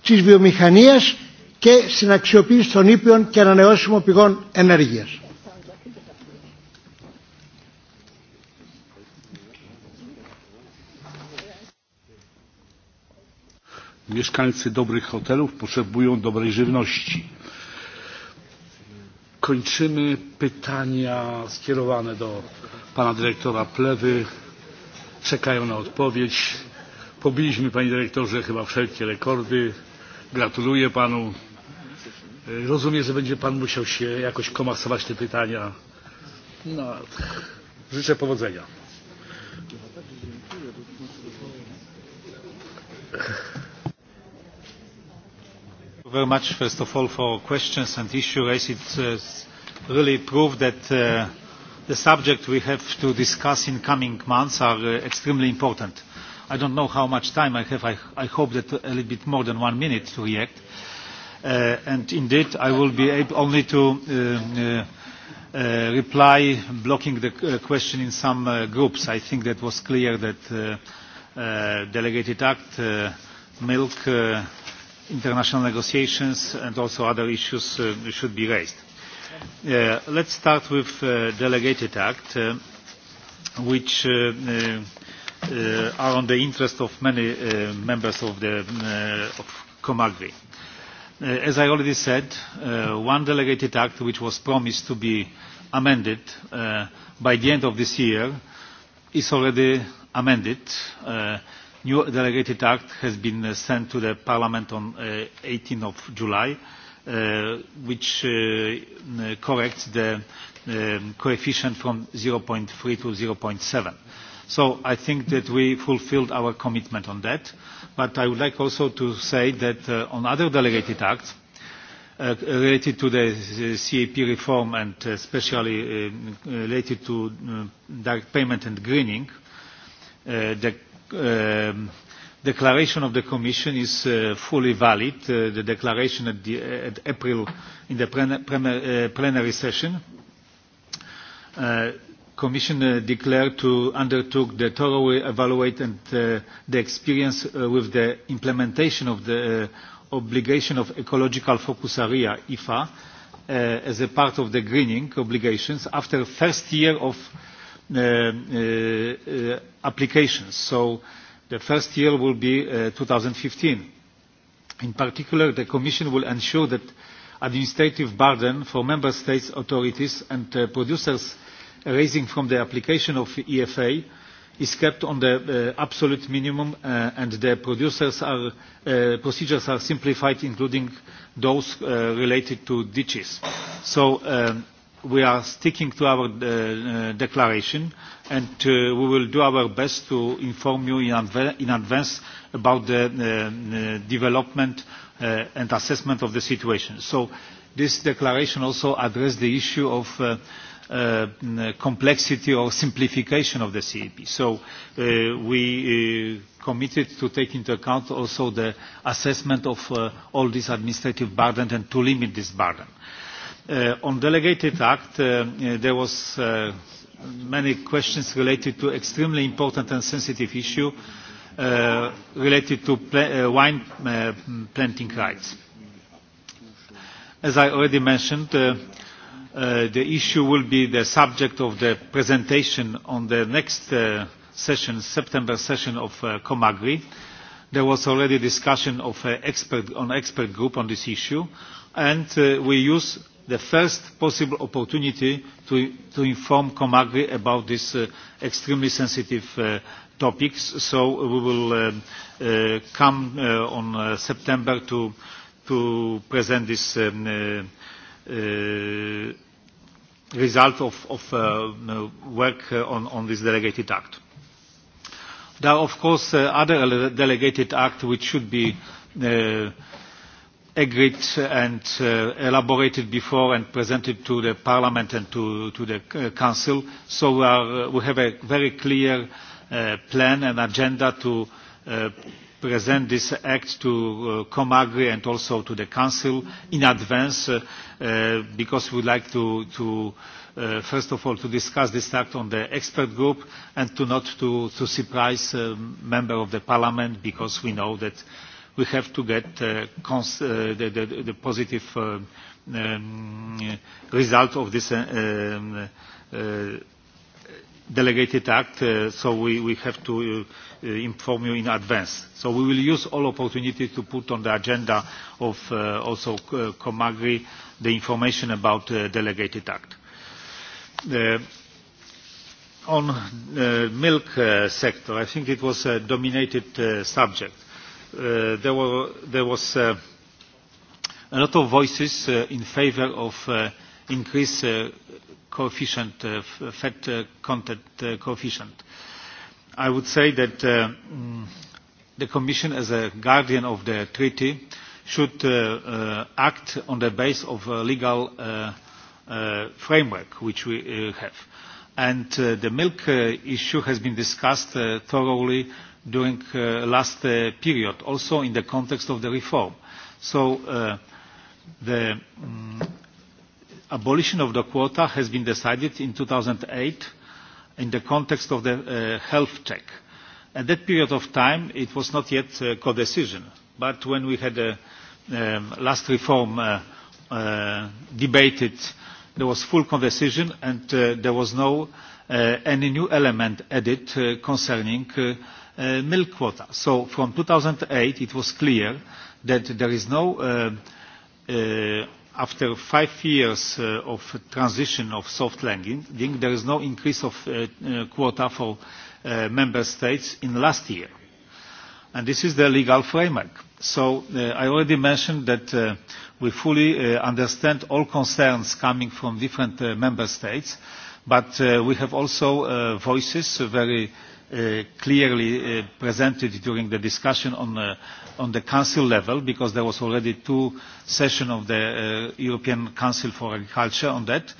της βιομηχανίας και στην αξιοποίηση των ήπιων και ανανεώσιμων πηγών ενέργειας. mieszkańcy dobrych hotelów potrzebują dobrej żywności. kończymy pytania skierowane do pana dyrektora plewy czekają na odpowiedź. pobiliśmy panie dyrektorze chyba wszelkie rekordy. gratuluję panu. rozumiem że będzie pan musiał się jakoś komasować te pytania. No, życzę powodzenia very much, first of all, for questions and issues. It uh, really proved that uh, the subject we have to discuss in coming months are uh, extremely important. I don't know how much time I have. I, I hope that a little bit more than one minute to react. Uh, and indeed, I will be able only to um, uh, uh, reply blocking the question in some groups. I think that was clear that delegated act, milk, international negotiations and also other issues uh, should be raised. Uh, let's start with uh, delegated act uh, which uh, uh, are on the interest of many members of the of comagri. As I already said, one delegated act which was promised to be amended by the end of this year is already amended new delegated act has been uh, sent to the parliament on 18 uh, of july uh, which corrects the um, coefficient from 0.3 to 0.7 so i think that we fulfilled our commitment on that but i would like also to say that on other delegated acts related to the cap reform and especially um, related to direct payment and greening the Um, declaration of the Commission is uh, fully valid, uh, the declaration uh, at, April in the plenary session. Uh, Commission declared to undertook the thorough evaluate and the experience with the implementation of the obligation of ecological focus area IFA as a part of the greening obligations after first year of Uh, uh, uh, applications so the first year will be 2015 in particular the commission will ensure that administrative burden for member states authorities and producers arising from the application of efa is kept on the uh, absolute minimum uh, and the producers are, uh, procedures are simplified including those related to ditches. So um, we are sticking to our uh, uh, declaration and uh, we will do our best to inform you in, adv in advance about the uh, uh development uh, and assessment of the situation. So this declaration also addressed the issue of complexity or simplification of the CEP. So we committed to take into account also the assessment of all this administrative burden and to limit this burden on uh, on delegated act, uh, uh, there were many questions related to extremely important and sensitive issue related to wine planting rights. As I already mentioned, the issue will be the subject of the presentation on the next session, September session of Comagri. There was already discussion of expert, on expert group on this issue, and we use the first possible opportunity to, to inform Comagri about this uh, extremely sensitive uh, topics. So we will um, uh, come uh, on uh, September to, to present this um, result of, of work on, on this delegated act. There are, of course, other delegated acts which should be Uh, agreed and uh, elaborated before and presented to the Parliament and to, the uh, Council. So uh, we, have a very clear plan and agenda to present this act to uh, Comagri and also to the Council in advance because we would like to, first of all to discuss this act on the expert group and to not to, to surprise member of the Parliament because we know that we have to get uh, cons uh, the, the, the positive uh, um, result of this uh, um, delegated act, so we, we have to inform you in advance. So we will use all opportunities to put on the agenda of also Comagri the information about the delegated act. On the milk sector, I think it was a dominated subject Uh, there, were, there was uh, a lot of voices uh, in favour of increased coefficient, fat content coefficient. I would say that mm, the Commission, as a guardian of the treaty, should act on the basis of a legal framework which we have. And the milk issue has been discussed thoroughly during the uh, last uh, period, also in the context of the reform. So uh, the um, abolition of the quota has been decided in 2008 in the context of the health check. At that period of time, it was not yet a co-decision. But when we had the um, last reform uh, uh, debated, there was full co-decision and uh, there was no any new element added concerning Uh, milk quota. So from 2008 it was clear that there is no, uh, uh, after five years of transition of soft landing, there is no increase of quota for member states in last year. And this is the legal framework. So I already mentioned that we fully understand all concerns coming from different member states, but we have also voices, very Uh, clearly uh, presented during the discussion on, uh, on the council level because there was already two sessions of the uh, European Council for Agriculture on that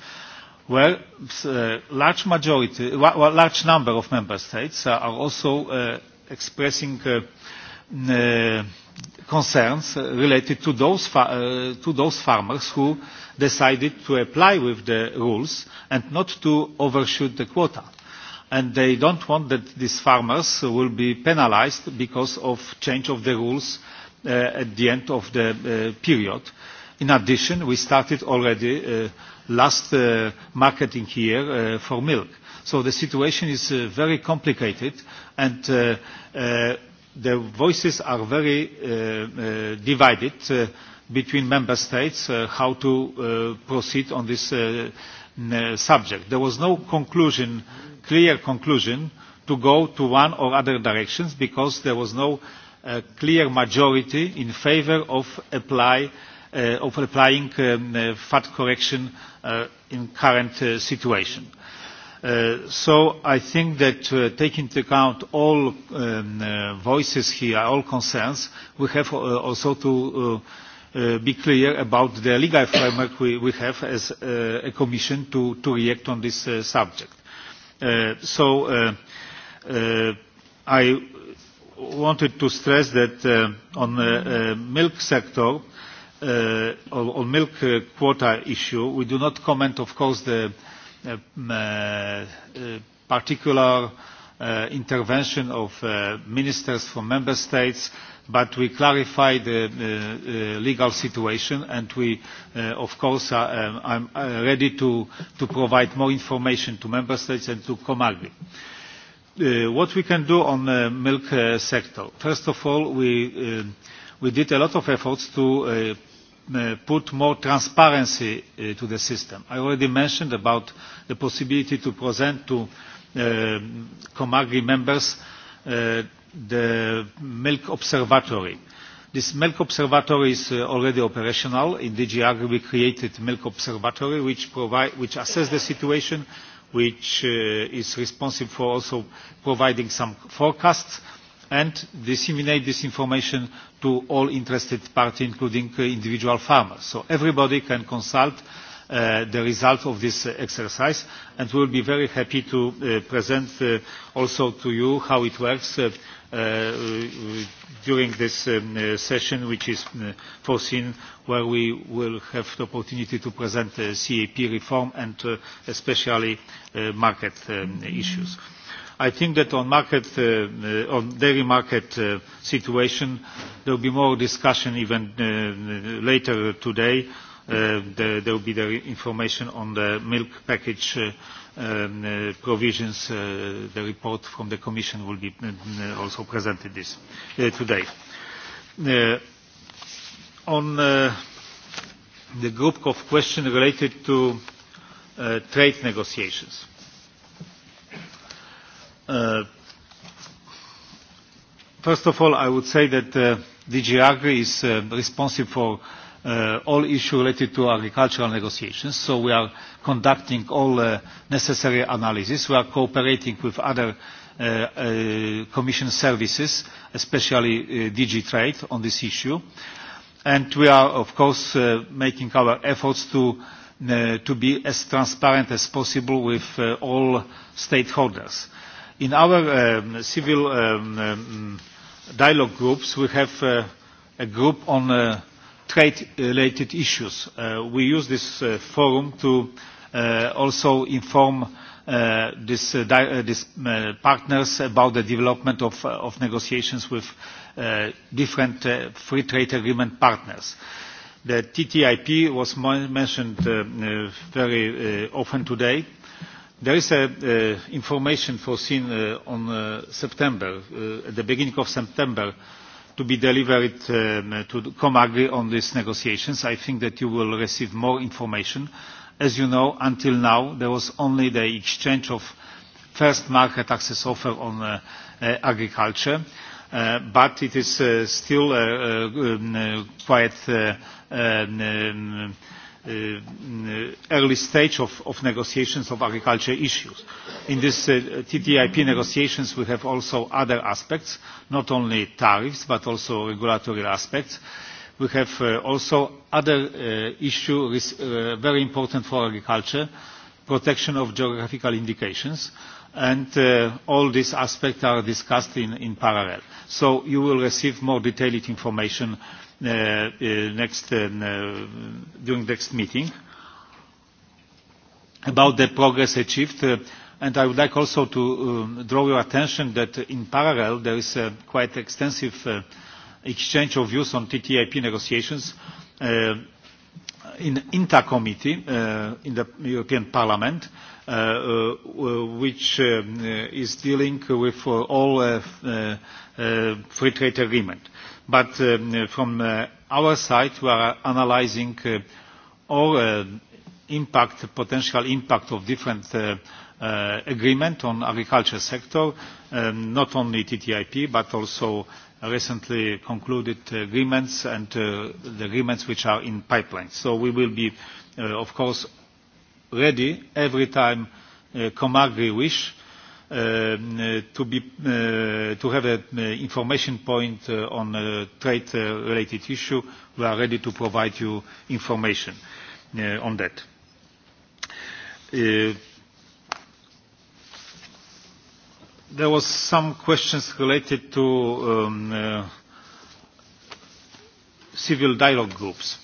where a large majority, a large number of member states are also expressing concerns related to those, to those farmers who decided to apply with the rules and not to overshoot the quota and they don't want that these farmers will be penalized because of change of the rules uh, at the end of the uh, period. In addition, we started already uh, last marketing year for milk. So the situation is very complicated and the voices are very divided between member states how to proceed on this subject. There was no conclusion clear conclusion to go to one or other directions because there was no uh, clear majority in favour of, uh, of applying um, uh, fat correction in current situation. So I think that taking into account all um, voices here, all concerns, we have also to be clear about the legal framework we, have as a commission to, to react on this subject. Uh, so uh, uh, i wanted to stress that on the milk sector on on milk quota issue. We do not comment, of course, the particular intervention of ministers from member states, but we clarify the legal situation and we uh, of course are uh, um, uh, ready to, to provide more information to member states and to Comagri. What we can do on the milk sector? First of all, we, um, we did a lot of efforts to put more transparency to the system. I already mentioned about the possibility to present to um, Comagri members the milk observatory. This milk observatory is uh, already operational. In DG Agri we created milk observatory which, provide, which assess the situation, which uh, is responsible for also providing some forecasts and disseminate this information to all interested parties, including uh, individual farmers. So everybody can consult uh, the result of this uh, exercise and we will be very happy to uh, present also to you how it works Uh, uh, during this um, uh, session which is foreseen where we will have the opportunity to present CAP reform and especially market um, issues. I think that on market on dairy market situation there will be more discussion even later today. there will be the information on the milk package the um, uh, provisions uh, the report from the commission will be uh, also presented this today on the group of questions related to trade negotiations first of all i would say that dg agri is responsible for Uh, all issues related to agricultural negotiations. So we are conducting all uh, necessary analysis. We are cooperating with other uh, uh, Commission services, especially DG Trade, on this issue. And we are, of course, making our efforts to, to be as transparent as possible with all stakeholders. In our um, civil um, um, dialogue groups, we have a group on trade related issues. Uh, we use this uh, forum to uh, also inform Uh, this, uh, uh, partners about the development of, of negotiations with different free trade agreement partners. The TTIP was mentioned very often today. There is a, information foreseen on September, at the beginning of September to be delivered um, to Comagri on these negotiations. I think that you will receive more information. As you know, until now, there was only the exchange of first market access offer on uh, uh, agriculture, uh, but it is uh, still uh, uh, um, quite um, um Uh, early stage of, of negotiations of agriculture issues. In this uh, TTIP negotiations we have also other aspects, not only tariffs but also regulatory aspects. We have uh, also other issues very important for agriculture, protection of geographical indications and uh, all these aspects are discussed in, in parallel. So you will receive more detailed information Uh, uh, next uh, during next meeting about the progress achieved and i would like also to um, draw your attention that in parallel there is a quite extensive exchange of views on ttip negotiations in inta committee in the european parliament which um, is dealing with all free trade agreement But um, from uh, our side, we are analyzing uh, all uh, impact, potential impact of different agreement on agriculture sector, um, not only TTIP, but also recently concluded agreements and the agreements which are in pipeline. So we will be, of course, ready every time Comagri wish to, be, uh, to have an information point uh, on a trade related issue. We are ready to provide you information uh, on that. There was some questions related to um, civil dialogue groups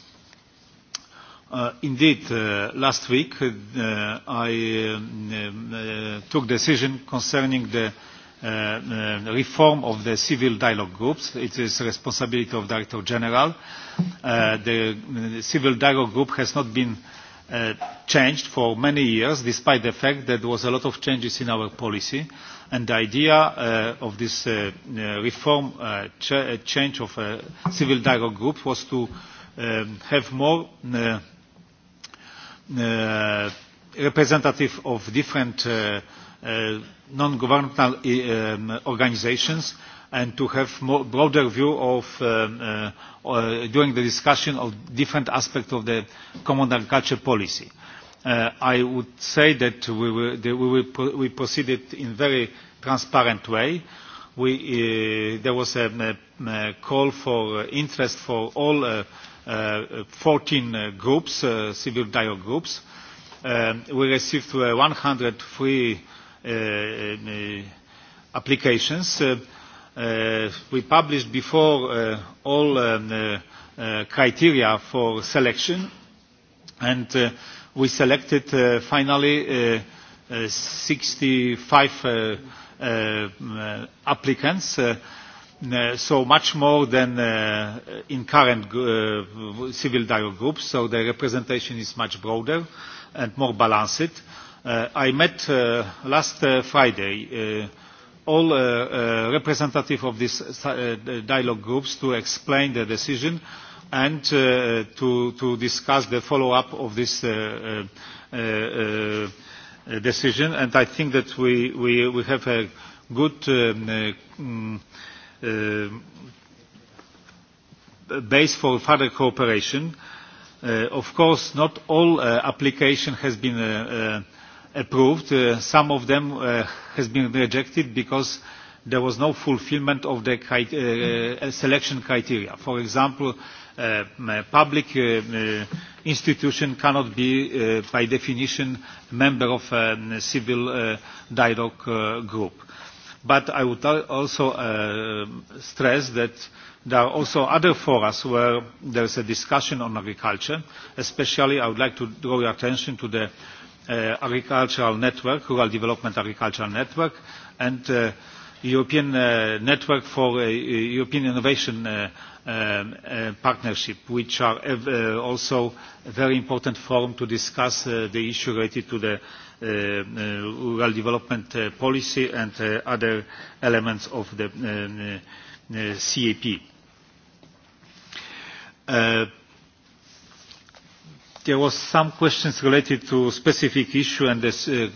Uh, indeed, uh, last week uh, I um, uh, took decision concerning the uh, reform of the civil dialogue groups. It is responsibility of Director General. The civil dialogue group has not been changed for many years, despite the fact that there was a lot of changes in our policy. And the idea of this reform ch change of civil dialogue group was to Um, have more uh, Uh, representative of different uh, uh, non governmental um, organisations and to have a broader view of um, during the discussion of different aspects of the common agricultural policy. I would say that we, proceeded in a very transparent way. there was a, a call for interest for all 14 uh, uh, groups, uh, civil dialogue groups. Um, we received 103 applications. We published before all um, criteria for selection and we selected finally 65 applicants Uh, so much more than uh, in current uh, civil dialogue groups so the representation is much broader and more balanced. i met last friday all representatives of these dialogue groups to explain the decision and to, to discuss the follow up of this decision and i think that we, we, we have a good um, mm, Uh, base for further cooperation. Uh, of course, not all uh, application has been approved. Some of them has been rejected because there was no fulfilment of the selection criteria. For example, public institution cannot be by definition member of a um, civil dialogue group but i would also uh, stress that there are also other fora where there is a discussion on agriculture especially i would like to draw your attention to the uh, agricultural network rural development agricultural network and the uh, european network for european innovation um, partnership which are also a very important forum to discuss the issue related to the rural uh, uh, development uh, policy and other elements of the cap. There was some questions related to specific issue and this uh,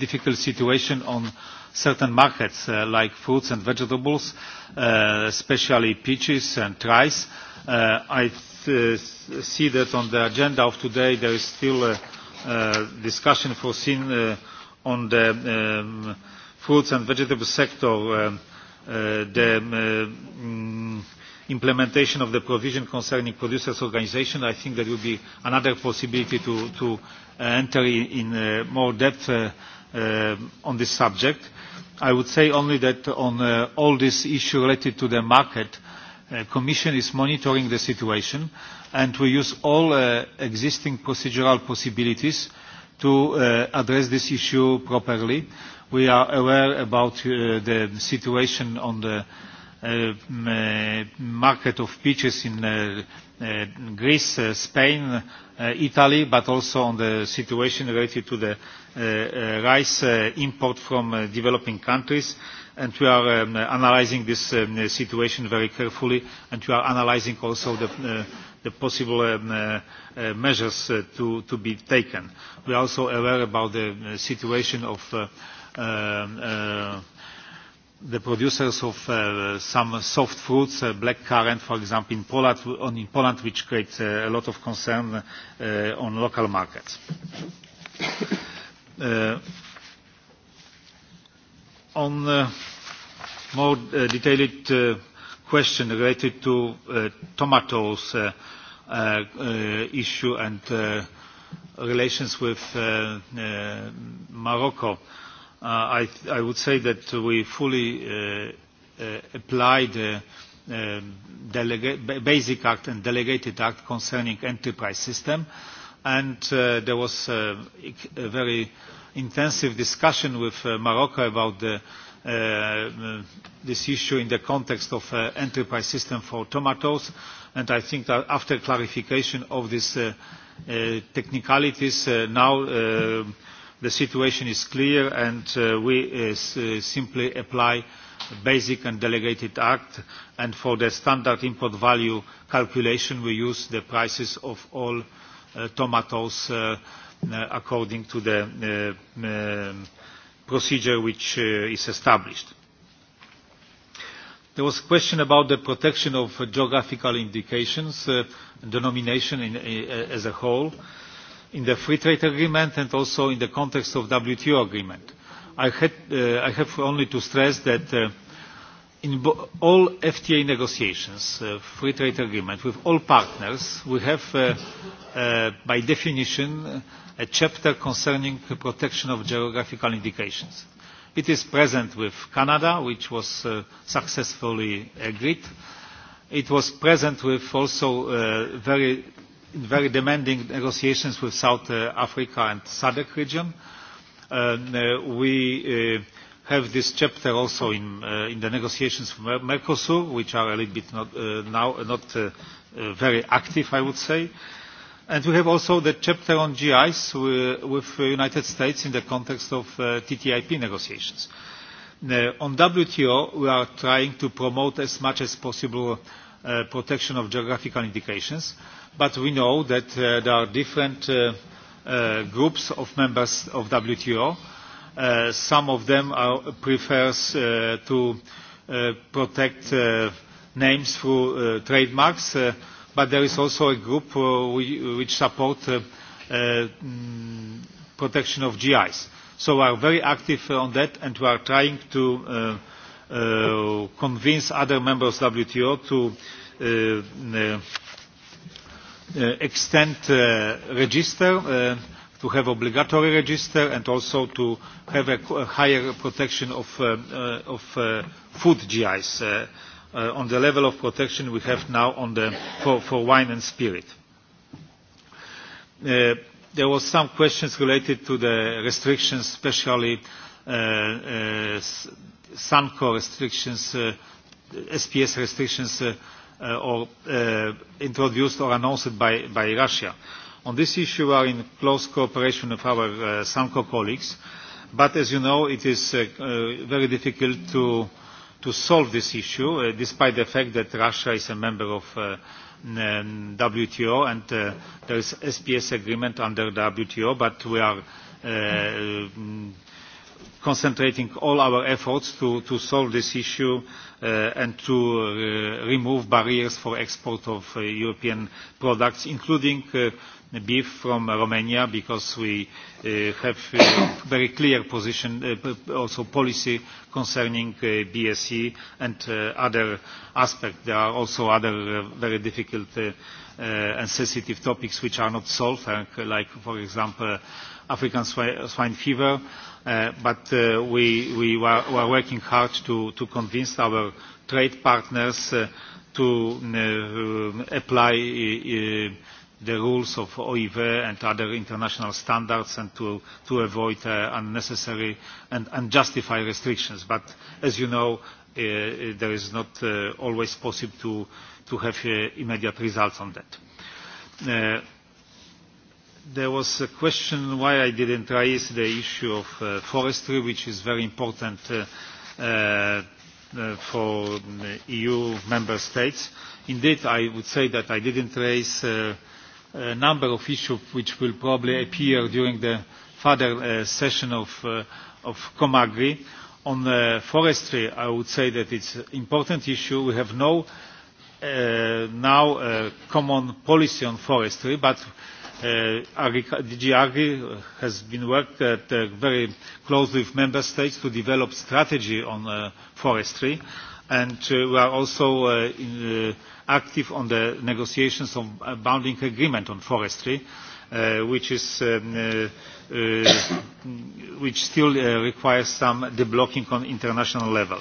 difficult situation on certain markets like fruits and vegetables, especially peaches and rice. I see that on the agenda of today there is still Uh, discussion foreseen uh, on the um, fruits and vegetable sector um, uh, the um, mm, implementation of the provision concerning producers' organization, I think that will be another possibility to, to enter in, in more depth on this subject. I would say only that on all this issue related to the market The uh, Commission is monitoring the situation and we use all uh, existing procedural possibilities to uh, address this issue properly. We are aware about the situation on the E, e, market of peaches in e, Greece, Spain, Italy, but also on the situation related to the rice import from developing countries. And we are um, analyzing this um, situation very carefully, and we are analyzing also the possible um, measures to, to be taken. We are also aware about the situation of uh, the producers of uh, some soft fruits, uh, black currant, for example, in Poland, on, in Poland which creates uh, a lot of concern uh, on local markets. on a more detailed question related to uh, tomatoes issue and relations with uh, uh, Morocco. Uh, I, I would say that we fully uh, uh, applied the um, basic act and delegated act concerning enterprise system and there was a very intensive discussion with Morocco about the, this issue in the context of enterprise system for tomatoes and I think that after clarification of these technicalities now the situation is clear and uh, we uh, uh, simply apply basic and delegated act and for the standard import value calculation we use the prices of all uh, tomatoes uh, uh, according to the um, procedure which is established. There was a question about the protection of geographical indications and denomination in, as a whole in the free trade agreement and also in the context of the WTO agreement. Uh, I, have only to stress that uh, in all FTA negotiations, uh, free trade agreement with all partners, we have by definition a chapter concerning the protection of geographical indications. It is present with Canada, which was successfully agreed. It was present with also very in very demanding negotiations with South uh, Africa and SADC region. Uh, we uh, have this chapter also in, in the negotiations with Mercosur, which are a little bit not, now not very active, I would say. And we have also the chapter on GIs with the United States in the context of TTIP negotiations. On WTO, we are trying to promote as much as possible protection of geographical indications but we know that uh, there are different uh, uh, groups of members of WTO. Some of them are prefers to protect names through trademarks, but there is also a group which support mm, protection of GIs. So we are very active on that and we are trying to uh, uh, convince other members of WTO to uh, Uh, extend uh, register uh, to have obligatory register and also to have a higher protection of, food GIs on the level of protection we have now on the, for, wine and spirit. There were some questions related to the restrictions, especially SANCO restrictions, SPS restrictions Uh, or uh, introduced or announced by, by Russia. On this issue, we are in close cooperation with our uh, SAMCO colleagues, but as you know, it is very difficult to, to solve this issue, despite the fact that Russia is a member of WTO and there is SPS agreement under WTO, but we are Uh, concentrating all our efforts to, to solve this issue uh, and to uh, remove barriers for export of uh, European products, including beef from Romania, because we have very clear position, also policy concerning BSE and other aspects. There are also other very difficult and sensitive topics which are not solved, like, for example, African swine fever Uh, but uh, we, we were working hard to, to convince our trade partners uh, to uh, apply uh, the rules of OIV and other international standards and to, to avoid unnecessary and unjustified restrictions. But as you know, there is not always possible to, to have immediate results on that. There was a question why I didn't raise the issue of uh, forestry, which is very important uh, uh, for EU member states. Indeed, I would say that I didn't raise a number of issues which will probably appear during the further session of, of Comagri. On forestry, I would say that it's an important issue. We have no now common policy on forestry, but Uh, DG Agri has been worked uh, very closely with member states to develop strategy on uh, forestry and we are also active on the negotiations of a bounding agreement on forestry which is um, which still requires some deblocking on international level.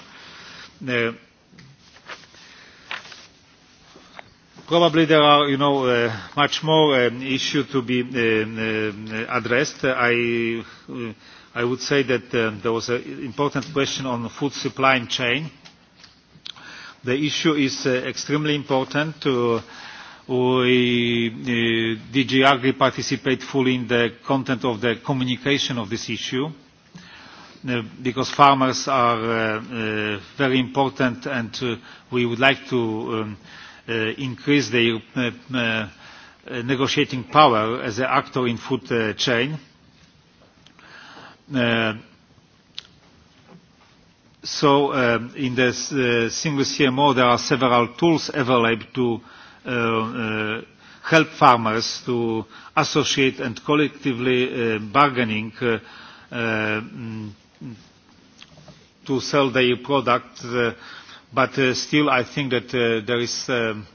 probably there are you know uh, much more um, issues to be um, uh, addressed i uh, i would say that um, there was an important question on the food supply chain the issue is uh, extremely important to we uh, dg agri participate fully in the content of the communication of this issue uh, because farmers are very important and we would like to um, Uh, increase their uh, uh, negotiating power as an actor in food chain. So in the single CMO there are several tools available to help farmers to associate and collectively bargaining um, to sell their products but uh, still I think that uh, there is um,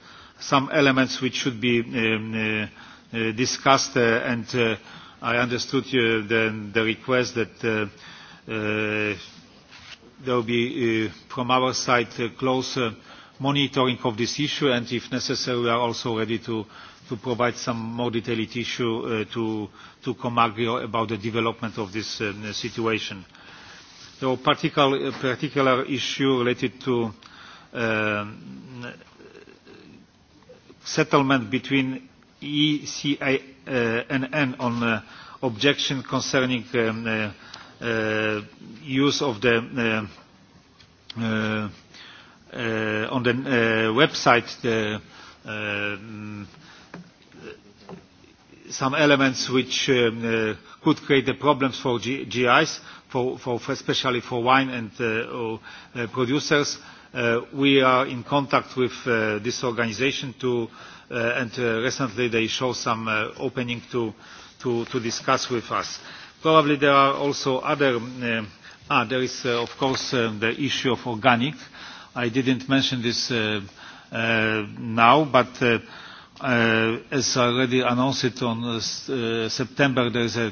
some elements which should be um, uh, uh discussed uh, and uh, I understood the, the request that there will be from our side close monitoring of this issue and if necessary we are also ready to, to provide some more detailed issue to, to Comagrio about the development of this um, situation. So particular, issue related to um, settlement between ECINN uh, on uh, objection concerning um, uh, uh, use of the on the website the um, some elements which um, could create the problems for GIs for, for especially for wine and uh, uh, producers. Uh, we are in contact with this organization to and recently they show some opening to, to, discuss with us. Probably there are also other ah, there is of course the issue of organic. I didn't mention this now, but as I already announced it on September there is a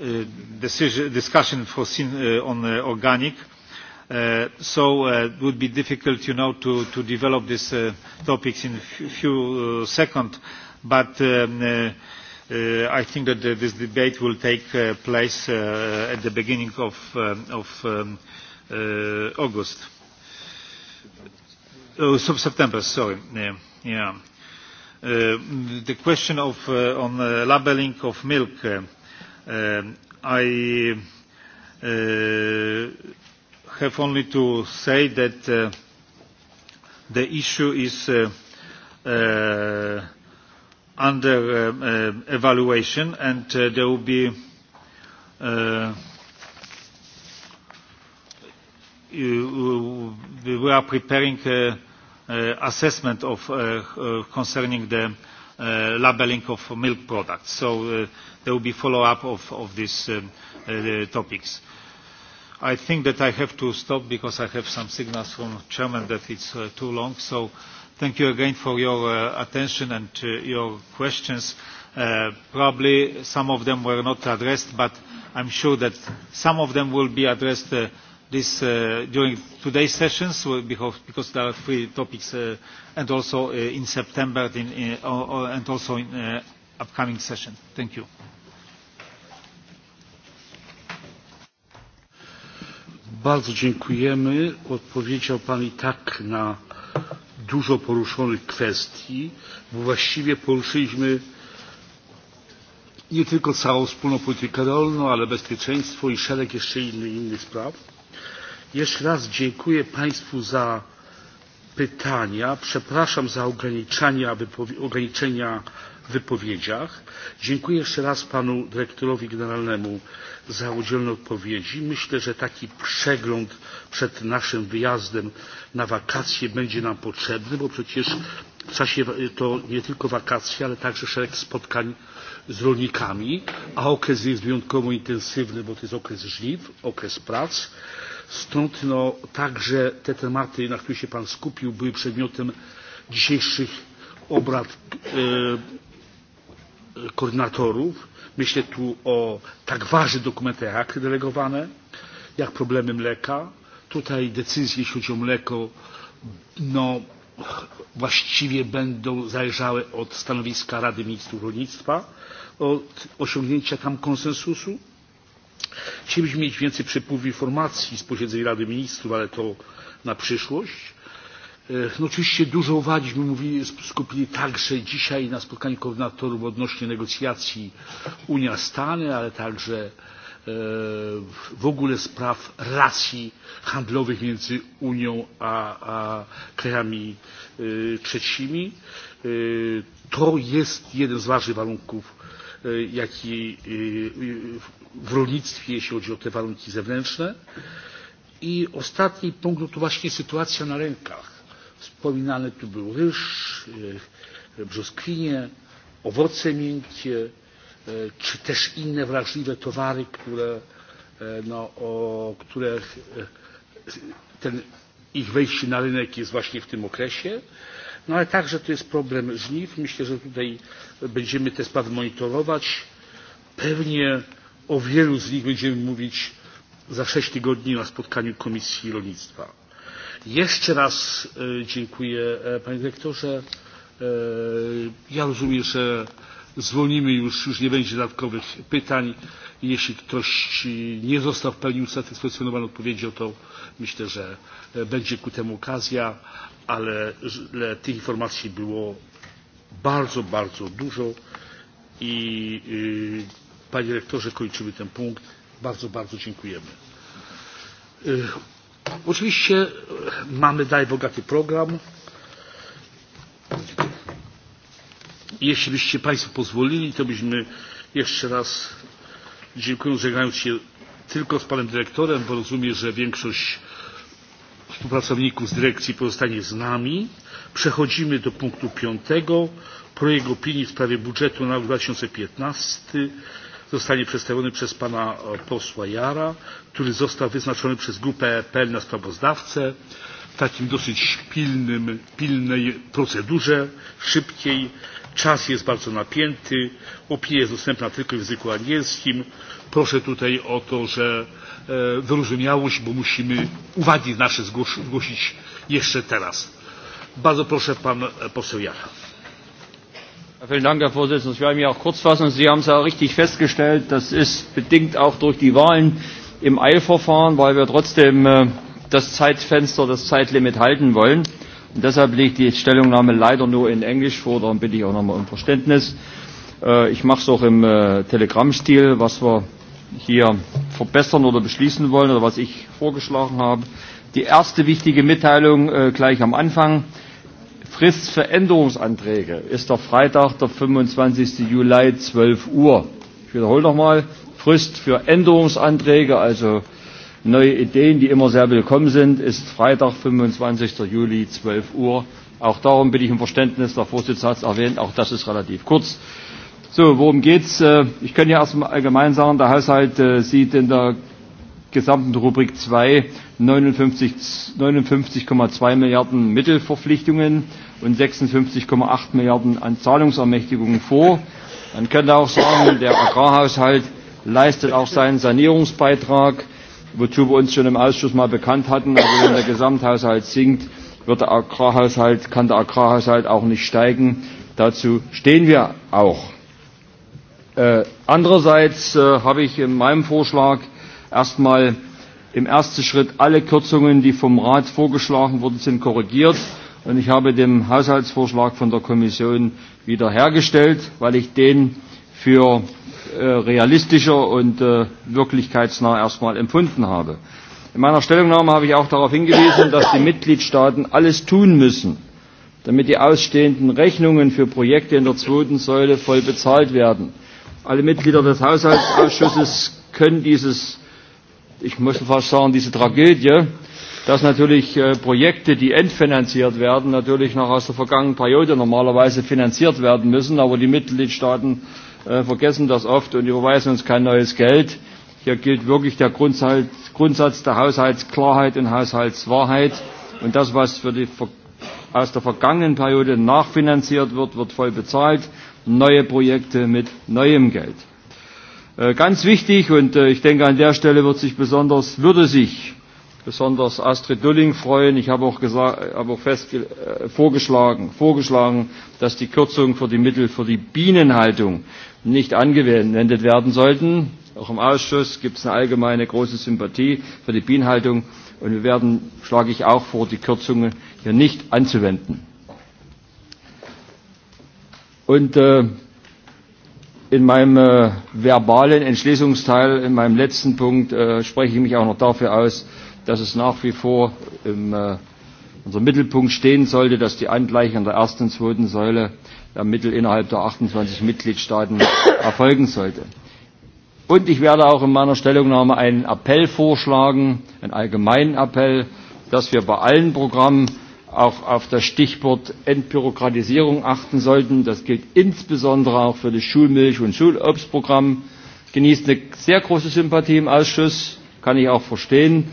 Uh, decision, discussion foreseen uh, on uh, organic so it would be difficult you know to to develop these topics in a few seconds but um, i think that this debate will take place at the beginning of of um, august oh, september sorry yeah. the question of on labelling of milk Um, I uh, have only to say that uh, the issue is uh, under um, evaluation and there will be we are preparing assessment of concerning the labelling of milk products so there will be follow up of, of these um, uh, topics. I think that I have to stop because I have some signals from Chairman that it's uh, too long. So thank you again for your uh, attention and uh, your questions. probably some of them were not addressed, but I'm sure that some of them will be addressed this, during today's sessions because, because there are three topics and also in September and also in uh, upcoming session. Thank you. Bardzo dziękujemy. Odpowiedział Pan i tak na dużo poruszonych kwestii, bo właściwie poruszyliśmy nie tylko całą wspólną politykę rolną, ale bezpieczeństwo i szereg jeszcze innych, innych spraw. Jeszcze raz dziękuję Państwu za pytania. Przepraszam za ograniczenia, ograniczenia wypowiedziach. Dziękuję jeszcze raz panu dyrektorowi generalnemu za udzielne odpowiedzi. Myślę, że taki przegląd przed naszym wyjazdem na wakacje będzie nam potrzebny, bo przecież w czasie to nie tylko wakacje, ale także szereg spotkań z rolnikami, a okres jest wyjątkowo intensywny, bo to jest okres żniw, okres prac. Stąd no, także te tematy, na których się Pan skupił, były przedmiotem dzisiejszych obrad e, koordynatorów myślę tu o tak ważnych dokumentach jak akty delegowane jak problemy mleka tutaj decyzje jeśli chodzi o mleko no, właściwie będą zależały od stanowiska Rady Ministrów Rolnictwa, od osiągnięcia tam konsensusu. Chcielibyśmy mieć więcej przepływu informacji z posiedzeń Rady Ministrów, ale to na przyszłość. E, no oczywiście dużo uwagi mówili, skupili także dzisiaj na spotkaniu koordynatorów odnośnie negocjacji Unia-Stany, ale także e, w ogóle spraw racji handlowych między Unią a, krajami e, trzecimi. To jest jeden z ważnych warunków, jaki w rolnictwie, jeśli chodzi o te warunki zewnętrzne. I ostatni punkt to właśnie sytuacja na rynkach Wspominany tu był ryż, e, brzoskwinie, owoce miękkie, e, czy też inne wrażliwe towary, które, e, no, o które ten, ich wejście na rynek jest właśnie w tym okresie. No ale także to jest problem z żniw. Myślę, że tutaj będziemy te sprawy monitorować. Pewnie o wielu z nich będziemy mówić za sześć tygodni na spotkaniu Komisji Rolnictwa Jeszcze raz e, dziękuję e, panie dyrektorze. E, ja rozumiem, że zwolnimy już, już nie będzie dodatkowych pytań. Jeśli ktoś nie został w pełni usatysfakcjonowany odpowiedzią, to myślę, że będzie ku temu okazja, ale tych informacji było bardzo, bardzo dużo i panie rektorze kończymy ten punkt. Bardzo, bardzo dziękujemy. Oczywiście e, mamy dalej bogaty program. Jeśli byście Państwo pozwolili, to byśmy jeszcze raz dziękuję, żegnając się tylko z Panem Dyrektorem, bo rozumiem, że większość współpracowników z dyrekcji pozostanie z nami. Przechodzimy do punktu piątego. Projekt opinii w sprawie budżetu na rok 2015 zostanie przedstawiony przez pana e, posła jara który został wyznaczony przez grupę ppe na sprawozdawcę w takim dosyć pilnym, pilnej procedurze szybkiej czas jest bardzo napięty opinia jest dostępna tylko w języku angielskim proszę tutaj o to że e, wyrozumiałość bo musimy uwagi nasze zgłosić jeszcze teraz. bardzo proszę pan e, poseł jara. Vielen Dank, Herr Vorsitzender. Ich werde mich auch kurz fassen. Sie haben es ja richtig festgestellt. Das ist bedingt auch durch die Wahlen im Eilverfahren, weil wir trotzdem äh, das Zeitfenster, das Zeitlimit halten wollen. Und deshalb liegt die Stellungnahme leider nur in Englisch vor. Darum bitte ich auch nochmal um Verständnis. Äh, ich mache es auch im äh, Telegrammstil, was wir hier verbessern oder beschließen wollen oder was ich vorgeschlagen habe. Die erste wichtige Mitteilung gleich am Anfang Frist für Änderungsanträge ist der Freitag, der 25. Juli, 12 Uhr. Ich wiederhole mal Frist für Änderungsanträge, also neue Ideen, die immer sehr willkommen sind, ist Freitag, 25. Juli, 12 Uhr. Auch darum bitte ich um Verständnis, der Vorsitz hat es erwähnt, auch das ist relativ kurz. So, worum es? Äh, ich kann ja erstmal allgemein sagen, der Haushalt äh, sieht in der gesamten Rubrik 2 59,2 59, Milliarden Mittelverpflichtungen und 56,8 Milliarden an Zahlungsermächtigungen vor. Man könnte auch sagen, der Agrarhaushalt leistet auch seinen Sanierungsbeitrag, wozu wir uns schon im Ausschuss mal bekannt hatten. Also wenn der Gesamthaushalt sinkt, wird der Agrarhaushalt, kann der Agrarhaushalt auch nicht steigen. Dazu stehen wir auch. Äh, andererseits äh, habe ich in meinem Vorschlag erstmal im ersten Schritt alle Kürzungen, die vom Rat vorgeschlagen wurden, sind, korrigiert Und ich habe den Haushaltsvorschlag von der Kommission wiederhergestellt, weil ich den für äh, realistischer und äh, wirklichkeitsnah erstmal empfunden habe. In meiner Stellungnahme habe ich auch darauf hingewiesen, dass die Mitgliedstaaten alles tun müssen, damit die ausstehenden Rechnungen für Projekte in der zweiten Säule voll bezahlt werden. Alle Mitglieder des Haushaltsausschusses können dieses, ich muss fast sagen, diese Tragödie dass natürlich äh, Projekte, die entfinanziert werden, natürlich noch aus der vergangenen Periode normalerweise finanziert werden müssen. Aber die Mitgliedstaaten äh, vergessen das oft und überweisen uns kein neues Geld. Hier gilt wirklich der Grundsatz der Haushaltsklarheit und Haushaltswahrheit. Und das, was für die, aus der vergangenen Periode nachfinanziert wird, wird voll bezahlt. Neue Projekte mit neuem Geld. Äh, ganz wichtig, und ich denke, an der Stelle wird sich besonders, würde sich besonders Astrid Dulling freuen. Ich habe auch, gesagt, habe auch äh, vorgeschlagen, vorgeschlagen, dass die Kürzungen für die Mittel für die Bienenhaltung nicht angewendet werden sollten. Auch im Ausschuss gibt es eine allgemeine große Sympathie für die Bienenhaltung. Und wir werden, schlage ich auch vor, die Kürzungen hier nicht anzuwenden. Und äh, in meinem äh, verbalen Entschließungsteil, in meinem letzten Punkt, äh, spreche ich mich auch noch dafür aus, dass es nach wie vor im äh, unserem Mittelpunkt stehen sollte, dass die Angleichung der ersten und zweiten Säule der Mittel innerhalb der 28 Mitgliedstaaten erfolgen sollte. Und ich werde auch in meiner Stellungnahme einen Appell vorschlagen, einen allgemeinen Appell, dass wir bei allen Programmen auch auf das Stichwort Entbürokratisierung achten sollten. Das gilt insbesondere auch für das Schulmilch- und Schulobstprogramm. Genießt eine sehr große Sympathie im Ausschuss, kann ich auch verstehen.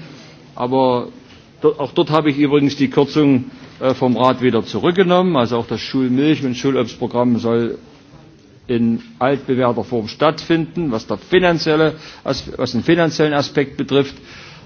Aber auch dort habe ich übrigens die Kürzung äh, vom Rat wieder zurückgenommen. Also auch das Schulmilch- und Schulobstprogramm soll in altbewährter Form stattfinden, was, der finanzielle, was den finanziellen Aspekt betrifft.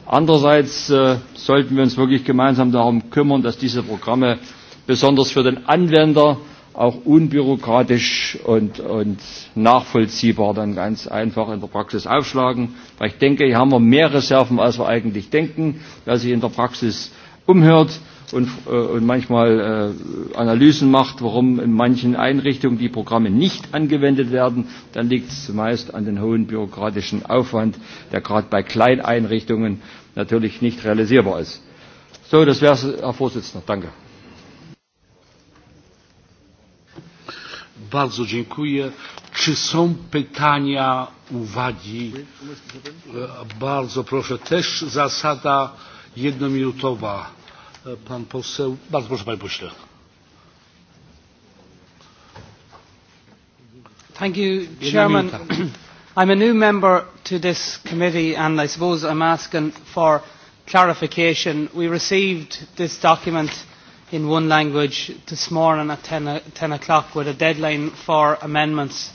Andererseits äh, sollten wir uns wirklich gemeinsam darum kümmern, dass diese Programme besonders für den Anwender auch unbürokratisch und, und nachvollziehbar dann ganz einfach in der Praxis aufschlagen. Weil ich denke, hier haben wir mehr Reserven, als wir eigentlich denken, wer sich in der Praxis umhört und, äh, und manchmal äh, Analysen macht, warum in manchen Einrichtungen die Programme nicht angewendet werden, dann liegt es zumeist an den hohen bürokratischen Aufwand, der gerade bei Kleineinrichtungen natürlich nicht realisierbar ist. So, das wäre es, Herr Vorsitzender. Danke. Bardzo dziękuję. Czy są pytania, uwagi? E, bardzo proszę. Też zasada jednominutowa. E, pan poseł. Bardzo proszę, panie pośle. Thank you, Chairman. I'm a new member to this committee and I suppose I'm asking for clarification. We received this document in one language this morning at 10, 10 o'clock with a deadline for amendments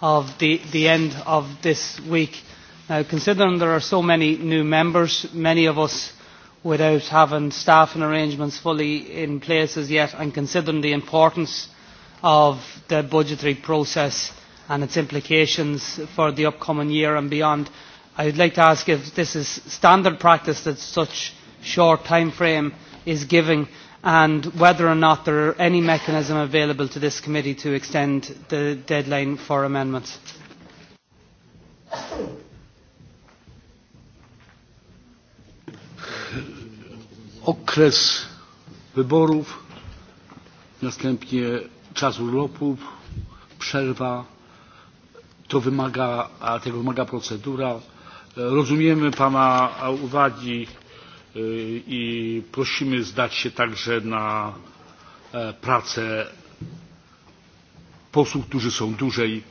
of the, the end of this week. Now, considering there are so many new members, many of us without having staffing arrangements fully in place as yet, and considering the importance of the budgetary process and its implications for the upcoming year and beyond, I would like to ask if this is standard practice that such short time frame is giving and whether or not there are any mechanism available to this committee to extend the deadline for amendments. Okres wyborów, następnie czas urlopów, przerwa. To wymaga, a tego wymaga procedura. Rozumiemy Pana uwagi i prosimy zdać się także na e, pracę posłów, którzy są dłużej,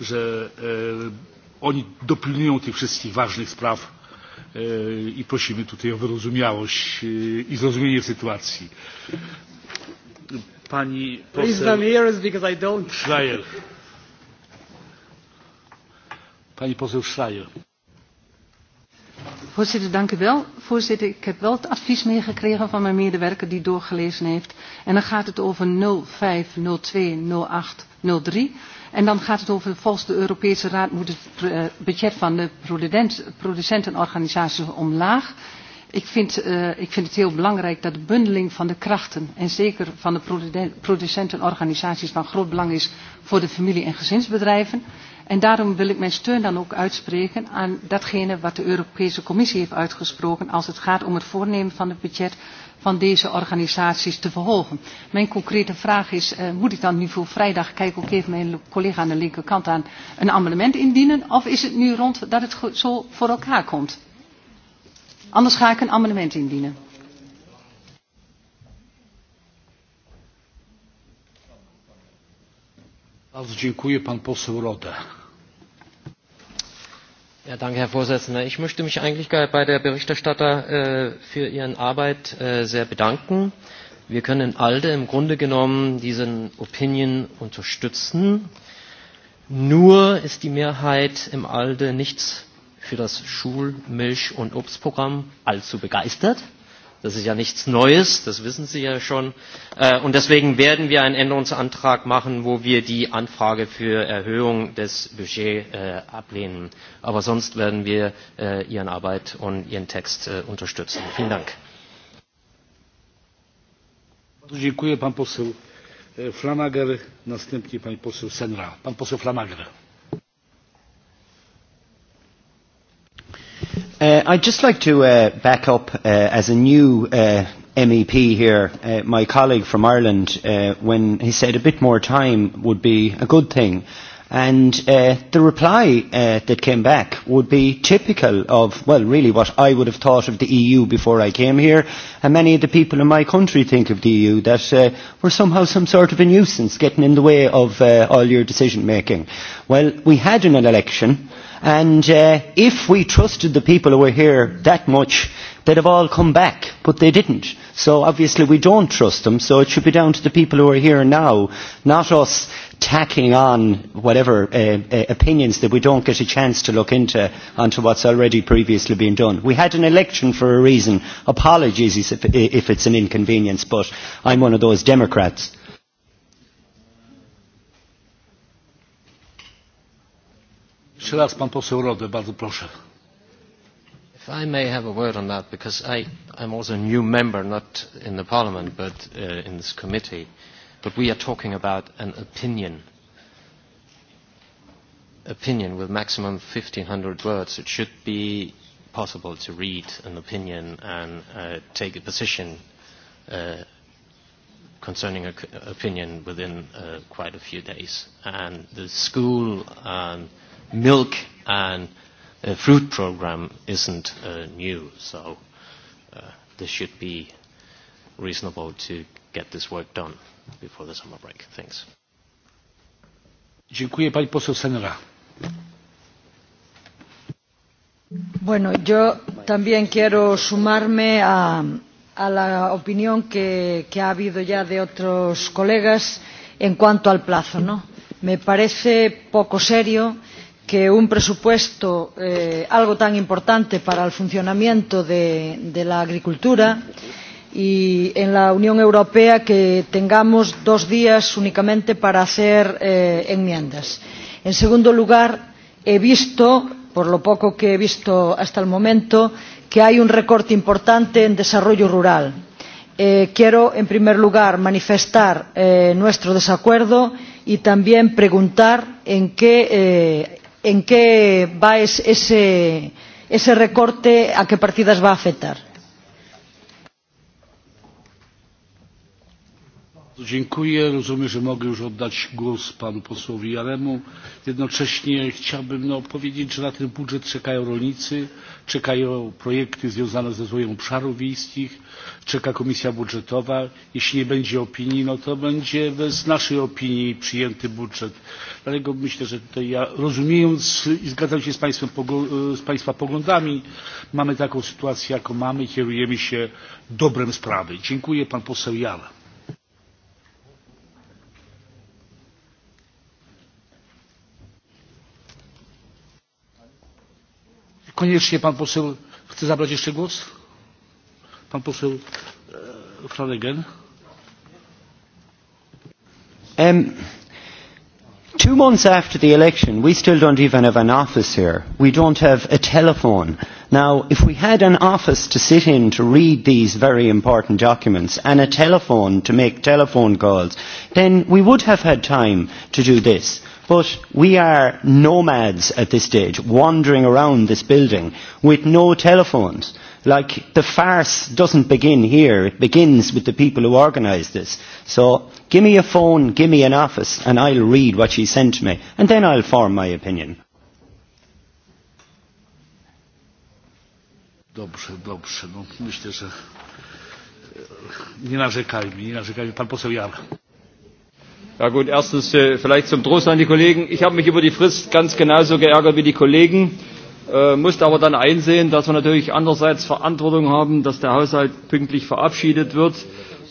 że e, oni dopilnują tych wszystkich ważnych spraw e, i prosimy tutaj o wyrozumiałość i zrozumienie sytuacji. Pani poseł... Schreier. Pani poseł Schreier. Voorzitter, dank u wel. Voorzitter, ik heb wel het advies meegekregen van mijn medewerker die doorgelezen heeft. En dan gaat het over 05, En dan gaat het over, volgens de Europese Raad moet het eh, budget van de producentenorganisaties omlaag. Ik vind, eh, ik vind het heel belangrijk dat de bundeling van de krachten en zeker van de producentenorganisaties van groot belang is voor de familie- en gezinsbedrijven. En daarom wil ik mijn steun dan ook uitspreken aan datgene wat de Europese Commissie heeft uitgesproken als het gaat om het voornemen van het budget van deze organisaties te verhogen. Mijn concrete vraag is, uh, moet ik dan nu voor vrijdag, kijk ook even mijn collega aan de linkerkant aan, een amendement indienen? Of is het nu rond dat het zo voor elkaar komt? Anders ga ik een amendement indienen. Also, dziękuję, Herr Präsident. Ich möchte mich eigentlich bei der Berichterstatter äh, für ihre Arbeit äh, sehr bedanken. Wir können ALDE im Grunde genommen diesen Opinion unterstützen. Nur ist die Mehrheit im ALDE nicht für das Schul-, Milch- und Obstprogramm allzu begeistert. Das ist ja nichts Neues, das wissen Sie ja schon. Äh, und deswegen werden wir einen Änderungsantrag machen, wo wir die Anfrage für Erhöhung des Budgets äh, ablehnen. Aber sonst werden wir äh, Ihren Arbeit und Ihren Text unterstützen. Vielen Dank. Dziękuję pan poseł e, Flanager, następnie pan poseł Senra. Pan poseł Flanager. Uh, I'd just like to uh, back up uh, as a new uh, MEP here, uh, my colleague from Ireland, uh, when he said a bit more time would be a good thing. And uh, the reply uh, that came back would be typical of, well, really what I would have thought of the EU before I came here. And many of the people in my country think of the EU that uh, we're somehow some sort of a nuisance getting in the way of uh, all your decision making. Well, we had an election. And uh, if we trusted the people who were here that much, they'd have all come back, but they didn't. So obviously we don't trust them, so it should be down to the people who are here now, not us tacking on whatever uh, uh, opinions that we don't get a chance to look into onto what's already previously been done. We had an election for a reason. Apologies if, if it's an inconvenience, but I'm one of those Democrats Jeszcze raz pan bardzo proszę. If I may have a word on that, because I, I'm also a new member, not in the Parliament, but uh, in this committee. But we are talking about an opinion. Opinion with maximum 1,500 words. It should be possible to read an opinion and uh, take a position uh, concerning an opinion within uh, quite a few days. And the school um, milk and uh, fruit program isn't uh, new, so uh, this should be reasonable to get this work done before the summer break. Thanks. Dziękuję pani poseł Senra. Bueno, yo también quiero sumarme a, a la opinión que, que ha habido ya de otros colegas en cuanto al plazo. ¿no? Me parece poco serio que un presupuesto eh, algo tan importante para el funcionamiento de, la agricultura y en la Unión Europea que tengamos dos días únicamente para hacer eh, enmiendas. En segundo lugar, he visto, por lo poco que he visto hasta el momento, que hay un recorte importante en desarrollo rural. Eh, quiero, en primer lugar, manifestar nuestro desacuerdo y también preguntar en qué en qué va ese, recorte, a qué partidas va afectar. Dziękuję. Rozumiem, że mogę już oddać głos panu posłowi Jaremu. Jednocześnie chciałbym no, powiedzieć, że na ten budżet czekają rolnicy, czekają projekty związane ze rozwojem obszarów wiejskich, czeka komisja budżetowa. Jeśli nie będzie opinii, no to będzie bez naszej opinii przyjęty budżet. Dlatego myślę, że tutaj ja rozumiejąc i zgadzając się z, państwem, e, z Państwa poglądami, mamy taką sytuację, jaką mamy i kierujemy się dobrem sprawy. Dziękuję Pan poseł Jana. Koniecznie Pan poseł chce zabrać jeszcze głos? Pan poseł e, Flanagan. Um, Two months after the election, we still don't even have an office here. We don't have a telephone. Now, if we had an office to sit in to read these very important documents and a telephone to make telephone calls, then we would have had time to do this. But we are nomads at this stage, wandering around this building with no telephones. Like, the farce doesn't begin here. It begins with the people who organise this. So, give me a phone, give me an office, and I'll read what she sent me. And then I'll form my opinion. Dobrze, dobrze. No, myślę, że e, nie narzekajmy, nie narzekajmy. Pan poseł Jan. Ja gut, erstens äh, vielleicht zum Trost an die Kollegen. Ich habe mich über die Frist ganz genauso geärgert wie die Kollegen Äh, musste aber dann einsehen, dass wir natürlich andererseits Verantwortung haben, dass der Haushalt pünktlich verabschiedet wird,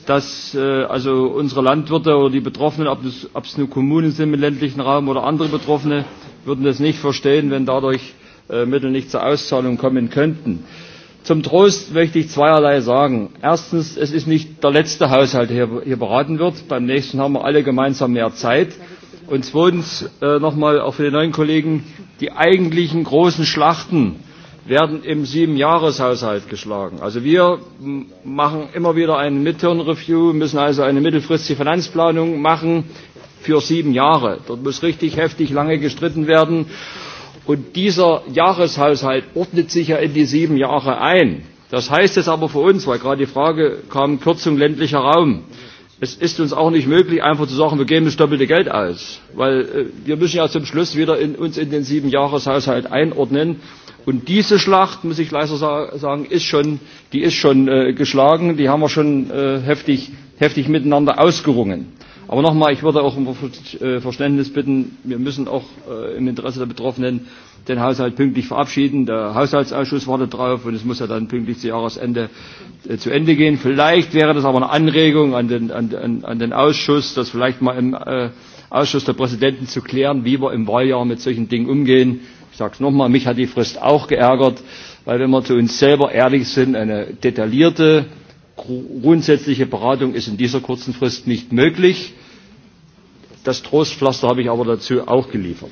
dass äh, also unsere Landwirte oder die Betroffenen, ob es, ob nur Kommunen sind im ländlichen Raum oder andere Betroffene, würden das nicht verstehen, wenn dadurch äh, Mittel nicht zur Auszahlung kommen könnten. Zum Trost möchte ich zweierlei sagen. Erstens, es ist nicht der letzte Haushalt, der hier, hier beraten wird. Beim nächsten haben wir alle gemeinsam mehr Zeit. Und zweitens äh, noch nochmal auch für die neuen Kollegen, die eigentlichen großen Schlachten werden im Siebenjahreshaushalt geschlagen. Also wir machen immer wieder eine Midterm-Review, müssen also eine mittelfristige Finanzplanung machen für sieben Jahre. Dort muss richtig heftig lange gestritten werden. Und dieser Jahreshaushalt ordnet sich ja in die sieben Jahre ein. Das heißt es aber für uns, weil gerade die Frage kam, Kürzung ländlicher Raum es ist uns auch nicht möglich, einfach zu sagen, wir geben das doppelte Geld aus. Weil äh, wir müssen ja zum Schluss wieder in, uns in den Jahreshaushalt einordnen. Und diese Schlacht, muss ich leider sagen, ist schon, die ist schon äh, geschlagen. Die haben wir schon äh, heftig, heftig miteinander ausgerungen. Aber einmal, ich würde auch um Verständnis bitten, wir müssen auch äh, im Interesse der Betroffenen den Haushalt pünktlich verabschieden. Der Haushaltsausschuss wartet drauf und es muss ja dann pünktlich zu Jahresende äh, zu Ende gehen. Vielleicht wäre das aber eine Anregung an den, an, an, an den Ausschuss, das vielleicht mal im äh, Ausschuss der Präsidenten zu klären, wie wir im Wahljahr mit solchen Dingen umgehen. Ich sage es nochmal, mich hat die Frist auch geärgert, weil wenn wir zu uns selber ehrlich sind, eine detaillierte, grundsätzliche Beratung ist in dieser kurzen Frist nicht möglich. Das Trostpflaster habe ich aber dazu auch geliefert.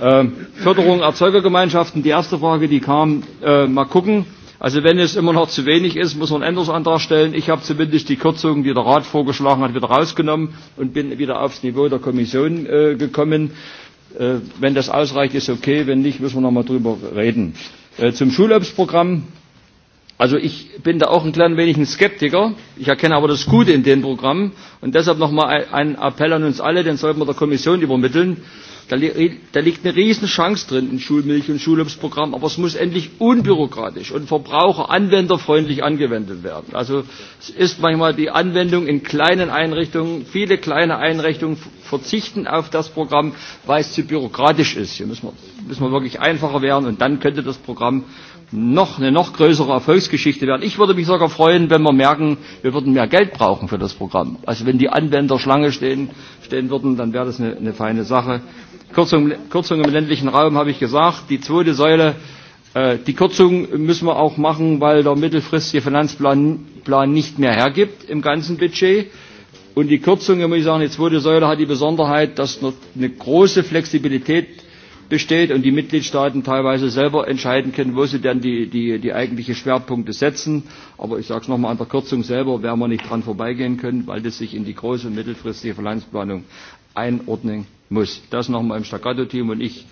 Ähm, Förderung Erzeugergemeinschaften, die erste Frage, die kam, äh, mal gucken. Also wenn es immer noch zu wenig ist, muss man einen Änderungsantrag stellen. Ich habe zumindest die Kürzungen, die der Rat vorgeschlagen hat, wieder rausgenommen und bin wieder aufs Niveau der Kommission äh, gekommen. Äh, wenn das ausreicht, ist okay. Wenn nicht, müssen wir noch mal drüber reden. Äh, zum Schulobstprogramm Also ich bin da auch ein klein wenig ein Skeptiker. Ich erkenne aber das Gute in den Programmen und deshalb noch nochmal ein Appell an uns alle, den sollten wir der Kommission übermitteln. Da, liegt eine Riesenchance drin in Schulmilch- und Schulobstprogramm, aber es muss endlich unbürokratisch und verbraucher-, anwenderfreundlich angewendet werden. Also es ist manchmal die Anwendung in kleinen Einrichtungen. Viele kleine Einrichtungen verzichten auf das Programm, weil es zu bürokratisch ist. Hier müssen wir, müssen wir wirklich einfacher werden und dann könnte das Programm noch eine noch größere Erfolgsgeschichte werden. Ich würde mich sogar freuen, wenn wir merken, wir würden mehr Geld brauchen für das Programm. Also wenn die Anwender Schlange stehen, stehen würden, dann wäre das eine, eine feine Sache. Kürzung, Kürzung im ländlichen Raum habe ich gesagt. Die zweite Säule, äh, die Kürzung müssen wir auch machen, weil der mittelfristige Finanzplan Plan nicht mehr hergibt im ganzen Budget. Und die Kürzung, muss ich sagen, die zweite Säule hat die Besonderheit, dass eine große Flexibilität besteht und die Mitgliedstaaten teilweise selber entscheiden können, wo sie denn die, die, die eigentlichen Schwerpunkte setzen. Aber ich sage es nochmal, an der Kürzung selber werden wir nicht dran vorbeigehen können, weil das sich in die große und mittelfristige Finanzplanung einordnen muss. Das nochmal im Staccato-Team und ich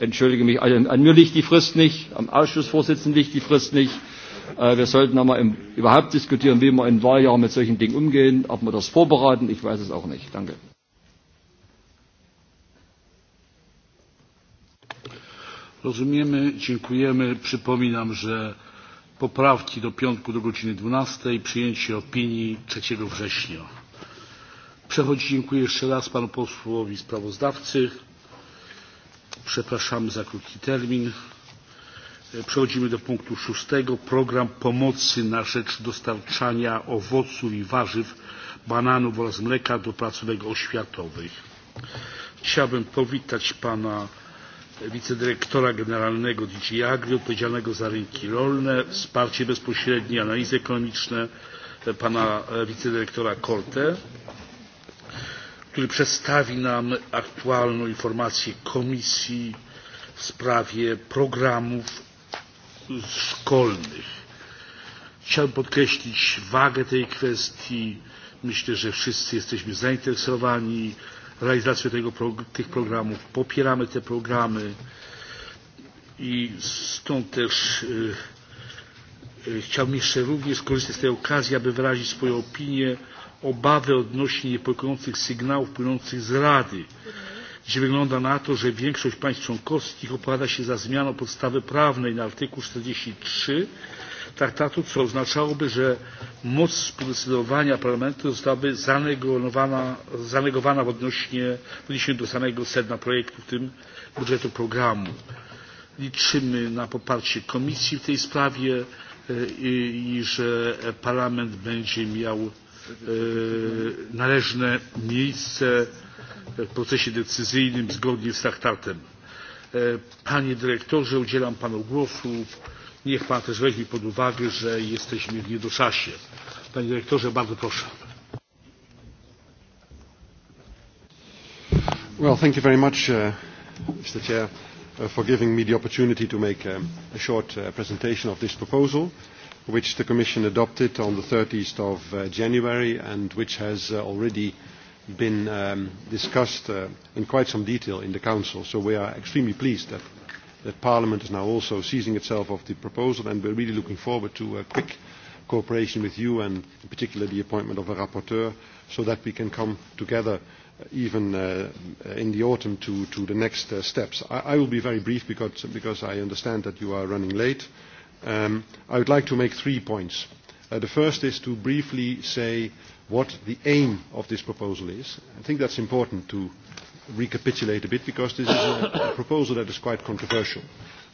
entschuldige mich, also an mir liegt die Frist nicht, am Ausschussvorsitzenden liegt die Frist nicht. Äh, wir sollten nochmal überhaupt diskutieren, wie wir im Wahljahr mit solchen Dingen umgehen, ob wir das vorbereiten, ich weiß es auch nicht. Danke. Rozumiemy, dziękujemy. Przypominam, że poprawki do piątku do godziny 12, przyjęcie opinii 3 września. Przechodzi, dziękuję jeszcze raz panu posłowi sprawozdawcy. Przepraszamy za krótki termin. Przechodzimy do punktu szóstego. Program pomocy na rzecz dostarczania owoców i warzyw, bananów oraz mleka do placówek oświatowych. Chciałbym powitać pana wicedyrektora generalnego DG Agri odpowiedzialnego za rynki rolne, wsparcie bezpośrednie, analizy ekonomiczne e, pana e, wicedyrektora Korte, który przedstawi nam aktualną informację Komisji w sprawie programów szkolnych. Chciałbym podkreślić wagę tej kwestii. Myślę, że wszyscy jesteśmy zainteresowani realizację tego, tych programów. Popieramy te programy i stąd też chciałbym jeszcze również skorzystać z tej okazji, aby wyrazić swoją opinię, obawy odnośnie niepokojących sygnałów płynących z Rady, gdzie wygląda na to, że większość państw członkowskich opowiada się za zmianą podstawy prawnej na artykuł 43 traktatu co oznaczałoby że moc współdecydowania parlamentu zostałaby zanegowana w odniesieniu do samego sedna projektu w tym budżetu programu. liczymy na poparcie komisji w tej sprawie e, i że parlament będzie miał e, należne miejsce w procesie decyzyjnym zgodnie z traktatem. E, panie dyrektorze udzielam panu głosu Niech Pan też weźmie pod uwagę, że jesteśmy w niedoczasie. Panie dyrektorze, bardzo proszę. Well, thank you very much, uh, Mr. Chair, uh, for giving me the opportunity to make um, a short uh, presentation of this proposal, which the Commission adopted on the 30th of uh, January and which has uh, already been um, discussed uh, in quite some detail in the Council. So we are extremely pleased that that Parliament is now also seizing itself of the proposal and we are really looking forward to a quick cooperation with you and in particular the appointment of a rapporteur so that we can come together uh, even uh, uh, in the autumn to, to the next uh, steps. I, I will be very brief because, because I understand that you are running late. Um, I would like to make three points. Uh, the first is to briefly say what the aim of this proposal is. I think that's important to recapitulate a bit because this is a, proposal that is quite controversial.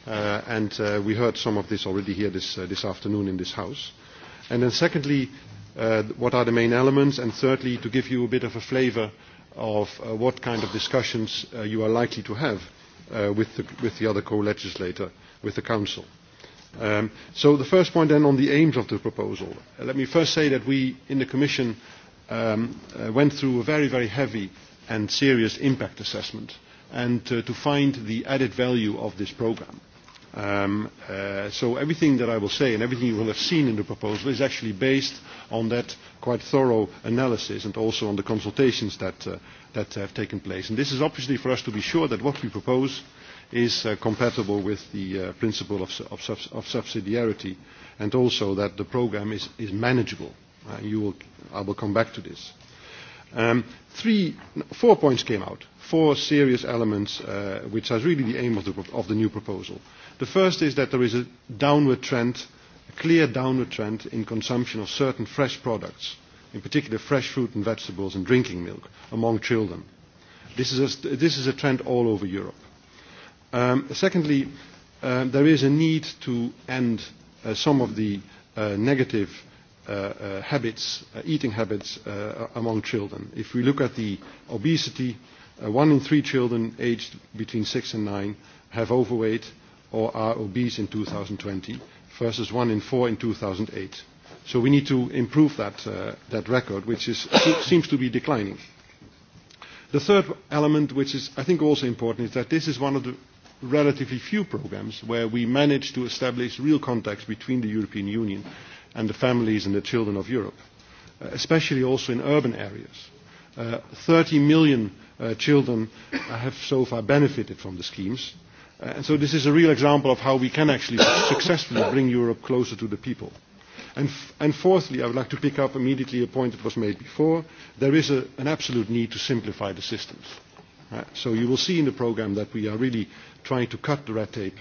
Uh, and uh, we heard some of this already here this, uh, this afternoon in this House. And then secondly, what are the main elements? And thirdly, to give you a bit of a flavor of what kind of discussions you are likely to have with, the, with the other co-legislator, with the Council. Um, so the first point then on the aims of the proposal. let me first say that we in the Commission um, went through a very, very heavy and serious impact assessment and uh, to find the added value of this program Um, uh, so everything that I will say and everything you will have seen in the proposal is actually based on that quite thorough analysis and also on the consultations that, uh, that have taken place. And this is obviously for us to be sure that what we propose is compatible with the principle of, subsidiarity and also that the program is, is manageable. I will come back to this. Um, three, four points came out, four serious elements uh, which are really the aim of the, of the new proposal. The first is that there is a downward trend, a clear downward trend in consumption of certain fresh products, in particular fresh fruit and vegetables and drinking milk among children. This is a, this is a trend all over Europe. Um, secondly, um, there is a need to end uh, some of the uh, negative uh, Uh, uh, habits, uh, eating habits uh, among children. If we look at the obesity, one in three children aged between six and nine have overweight or are obese in 2020 versus one in four in 2008. So we need to improve that, that record, which is, seems to be declining. The third element, which is I think also important, is that this is one of the relatively few programs where we managed to establish real contacts between the European Union and the families and the children of Europe, uh, especially also in urban areas. Uh, 30 million uh, children have so far benefited from the schemes. Uh, and so this is a real example of how we can actually successfully bring Europe closer to the people. And, and fourthly, I would like to pick up immediately a point that was made before. There is a, an absolute need to simplify the systems. so you will see in the program that we are really trying to cut the red tape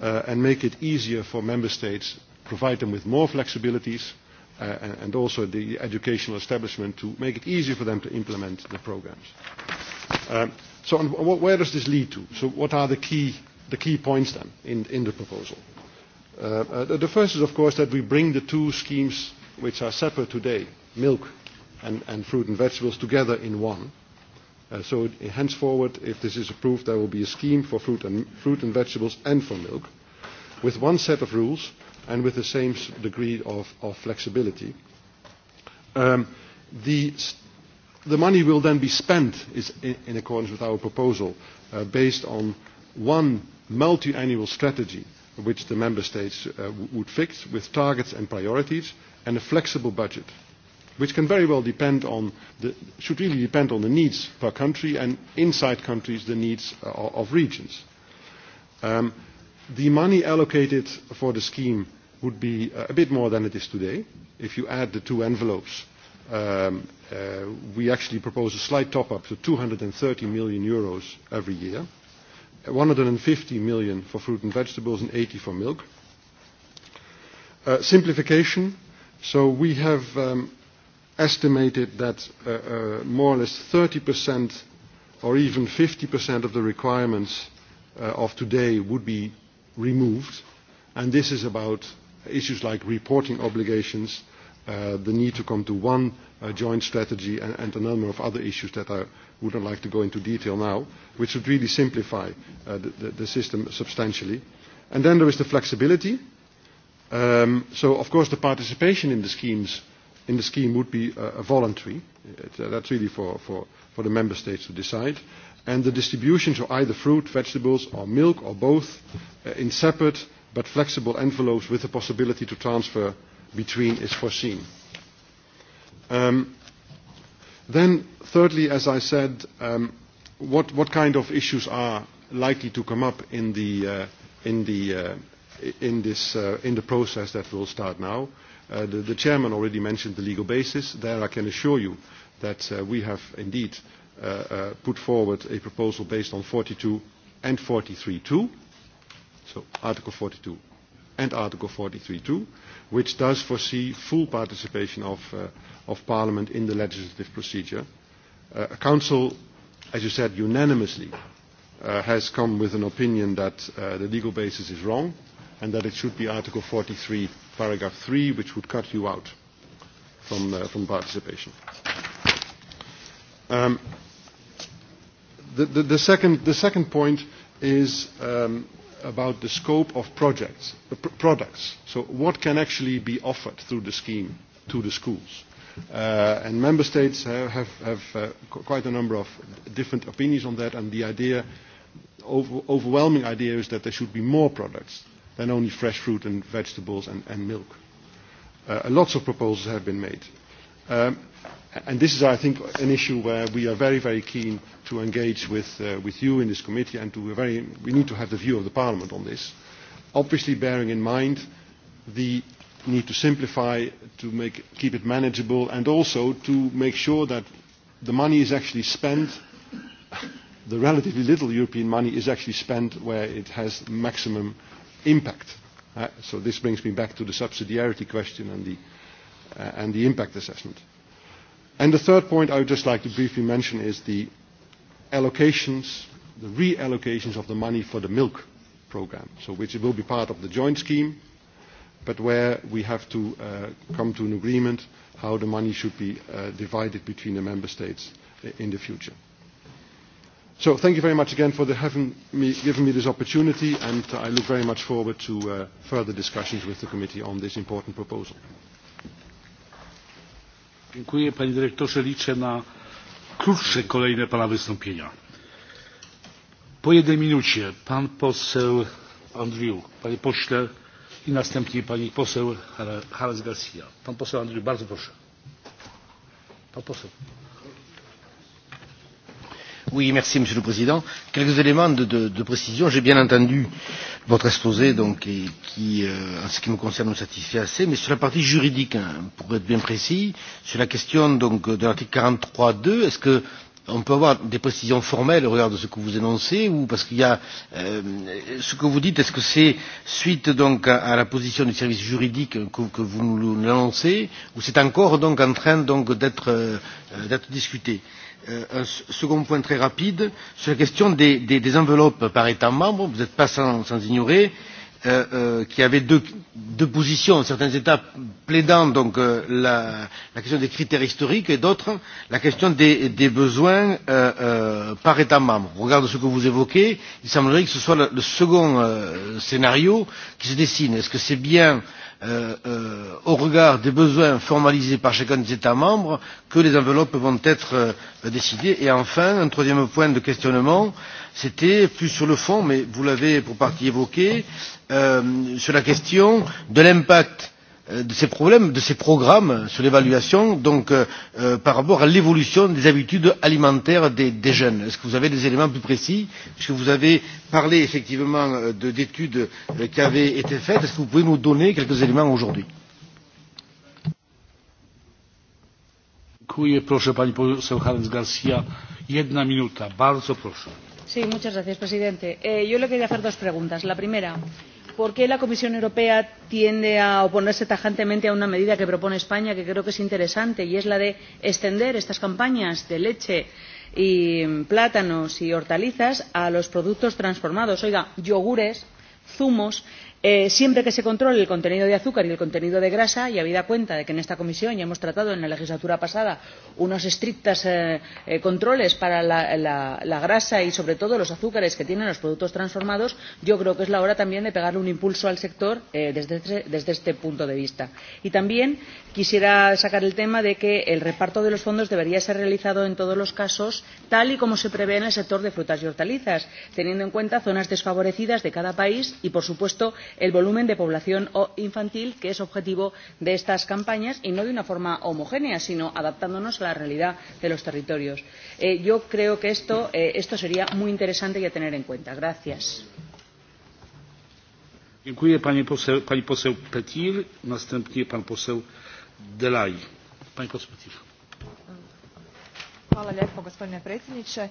and make it easier for member states provide them with more flexibilities uh, and also the educational establishment to make it easier for them to implement the programs. Um, so what, where does this lead to? So what are the key, the key points then in, in the proposal? uh, uh the first is of course that we bring the two schemes which are separate today, milk and, and fruit and vegetables, together in one. Uh, so henceforward, if this is approved, there will be a scheme for fruit and, fruit and vegetables and for milk with one set of rules and with the same degree of, of flexibility. Um, the, the money will then be spent is in, in accordance with our proposal uh, based on one multi-annual strategy which the member states uh, would fix with targets and priorities and a flexible budget which can very well depend on the, should really depend on the needs per country and inside countries the needs uh, of, of regions. Um, the money allocated for the scheme would be uh, a bit more than it is today. If you add the two envelopes, um, uh, we actually propose a slight top-up to 230 million euros every year, 150 million for fruit and vegetables and 80 for milk. Uh, simplification. So we have um, estimated that more or less 30% or even 50% of the requirements of today would be removed. And this is about issues like reporting obligations, uh, the need to come to one uh, joint strategy and, and a number of other issues that I would not like to go into detail now, which would really simplify uh, the, the, the system substantially. And then there is the flexibility. Um, so, of course, the participation in the schemes in the scheme would be uh, voluntary. It, uh, that's really for, for, for the member states to decide. And the distribution, of either fruit, vegetables, or milk, or both, uh, in separate but flexible envelopes with the possibility to transfer between is foreseen. Um, then, thirdly, as I said, um, what, what kind of issues are likely to come up in the, uh, in the, uh, in this, uh, in the process that will start now? the, chairman already mentioned the legal basis. There I can assure you that we have indeed put forward a proposal based on 42 and 43.2 so Article 42 and Article 43.2, which does foresee full participation of, uh, of Parliament in the legislative procedure. Uh, a Council, as you said, unanimously uh, has come with an opinion that uh, the legal basis is wrong and that it should be Article 43, paragraph 3, which would cut you out from, uh, from participation. Um, the, the, the, second, the second point is um, about the scope of projects, products. So what can actually be offered through the scheme to the schools? Uh, and member states have, have, have uh, quite a number of different opinions on that, and the idea, over, overwhelming idea is that there should be more products than only fresh fruit and vegetables and, and milk. Uh, lots of proposals have been made. Um, and this is, I think, an issue where we are very, very keen to engage with, uh, with you in this committee and to very, we need to have the view of the Parliament on this, obviously bearing in mind the need to simplify, to make, keep it manageable, and also to make sure that the money is actually spent, the relatively little European money is actually spent where it has maximum impact. Uh, so this brings me back to the subsidiarity question and the, uh, and the impact assessment the third point I would just like to briefly mention is the allocations, the reallocations of the money for the milk program, so which will be part of the joint scheme, but where we have to uh, come to an agreement how the money should be uh, divided between the member states uh, in the future. So thank you very much again for having me, giving me this opportunity, and I look very much forward to further discussions with the committee on this important proposal. Dziękuję panie dyrektorze. Liczę na krótsze kolejne pana wystąpienia. Po jednej minucie pan poseł Andriu, panie pośle i następnie pani poseł Harris Garcia. Pan poseł Andriu, bardzo proszę. Pan poseł. Oui, merci Monsieur le Président. Quelques éléments de, de, précision. J'ai bien entendu votre exposé, donc, et qui, euh, en ce qui me concerne, me satisfait assez, mais sur la partie juridique, hein, pour être bien précis, sur la question donc, de l'article deux, est-ce que on peut avoir des précisions formelles au regard de ce que vous énoncez ou parce qu'il y a euh, ce que vous dites est ce que c'est suite donc à, la position du service juridique que, que vous nous annoncez ou c'est encore donc en train euh, d'être discuté? un second point très rapide sur la question des, des, enveloppes par état membre vous n'êtes pas sans, ignorer euh, euh, qu'il y avait deux, deux positions certains états plaidant donc euh, la, la question des critères historiques et d'autres la question des, des besoins euh, par état membre. au regard de ce que vous évoquez il semblerait que ce soit le, le second scénario qui se dessine. est ce que c'est bien Euh, euh, au regard des besoins formalisés par chacun des États membres que les enveloppes vont être euh, décidées. Et enfin, un troisième point de questionnement, c'était plus sur le fond, mais vous l'avez pour partie évoqué, sur la question de l'impact Euh, de ces problèmes de ces programmes sur l'évaluation donc euh, euh, par rapport à l'évolution des habitudes alimentaires des, jeunes est-ce que vous avez des éléments plus précis puisque vous avez parlé effectivement d'études qui avaient été faites est-ce que vous pouvez nous donner quelques éléments aujourd'hui Proszę pani faire deux Garcia. Sí, muchas gracias, presidente. Eh, yo le quería hacer dos preguntas. La primera, por qué la comisión europea tiende a oponerse tajantemente a una medida que propone españa que creo que es interesante y es la de extender estas campañas de leche y plátanos y hortalizas a los productos transformados oiga yogures zumos eh, siempre que se controle el contenido de azúcar y el contenido de grasa y habida cuenta de que en esta comisión ya hemos tratado en la legislatura pasada unos estrictos eh, eh, controles para la, la, la grasa y sobre todo los azúcares que tienen los productos transformados yo creo que es la hora también de pegarle un impulso al sector desde, desde este punto de vista. y también quisiera sacar el tema de que el reparto de los fondos debería ser realizado en todos los casos tal y como se prevé en el sector de frutas y hortalizas teniendo en cuenta zonas desfavorecidas de cada país y por supuesto el volumen de población infantil que es objetivo de estas campañas y no de una forma homogénea sino adaptándonos a la realidad de los territorios. Eh, yo creo que esto, eh, sería muy interesante y a tener en cuenta. Gracias. Hvala lijepo gospodine predsjedniče.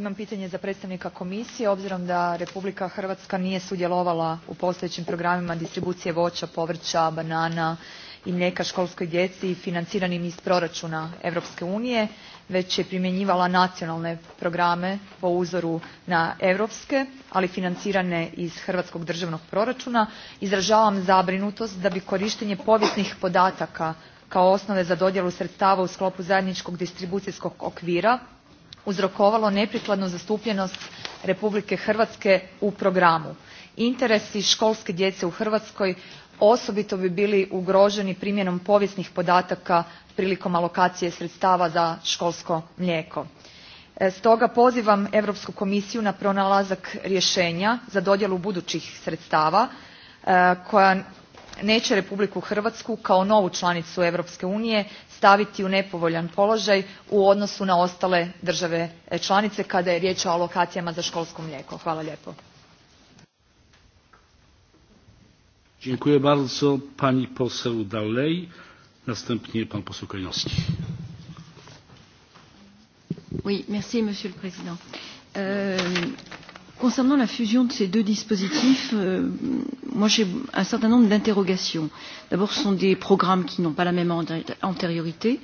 Imam pitanje za predstavnika komisije. Obzirom da Republika Hrvatska nije sudjelovala u postojećim programima distribucije voća, povrća, banana i mlijeka školskoj djeci financiranim iz proračuna Europske unije, već je primjenjivala nacionalne programe po uzoru na europske, ali financirane iz hrvatskog državnog proračuna, izražavam zabrinutost da bi korištenje povijesnih podataka kao osnove za dodjelu sredstava u sklopu zajedničkog distribucijskog okvira uzrokovalo neprikladnu zastupljenost republike hrvatske u programu. interesi školske djece u hrvatskoj osobito bi bili ugroženi primjenom povijesnih podataka prilikom alokacije sredstava za školsko mlijeko. E, stoga pozivam europsku komisiju na pronalazak rješenja za dodjelu budućih sredstava e, koja neće Republiku Hrvatsku kao novu članicu Europske unije staviti u nepovoljan položaj u odnosu na ostale države e, članice kada je riječ o alokacijama za školsko mlijeko. Hvala lijepo. Dziękuję bardzo. Pani poseł Dalej, następnie pan poseł Kojnowski. Oui, merci, Monsieur le Président. Euh, Concernant la fusion de ces deux dispositifs, euh, moi j'ai un certain nombre d'interrogations. D'abord, ce sont des programmes qui n'ont pas la même antériorité,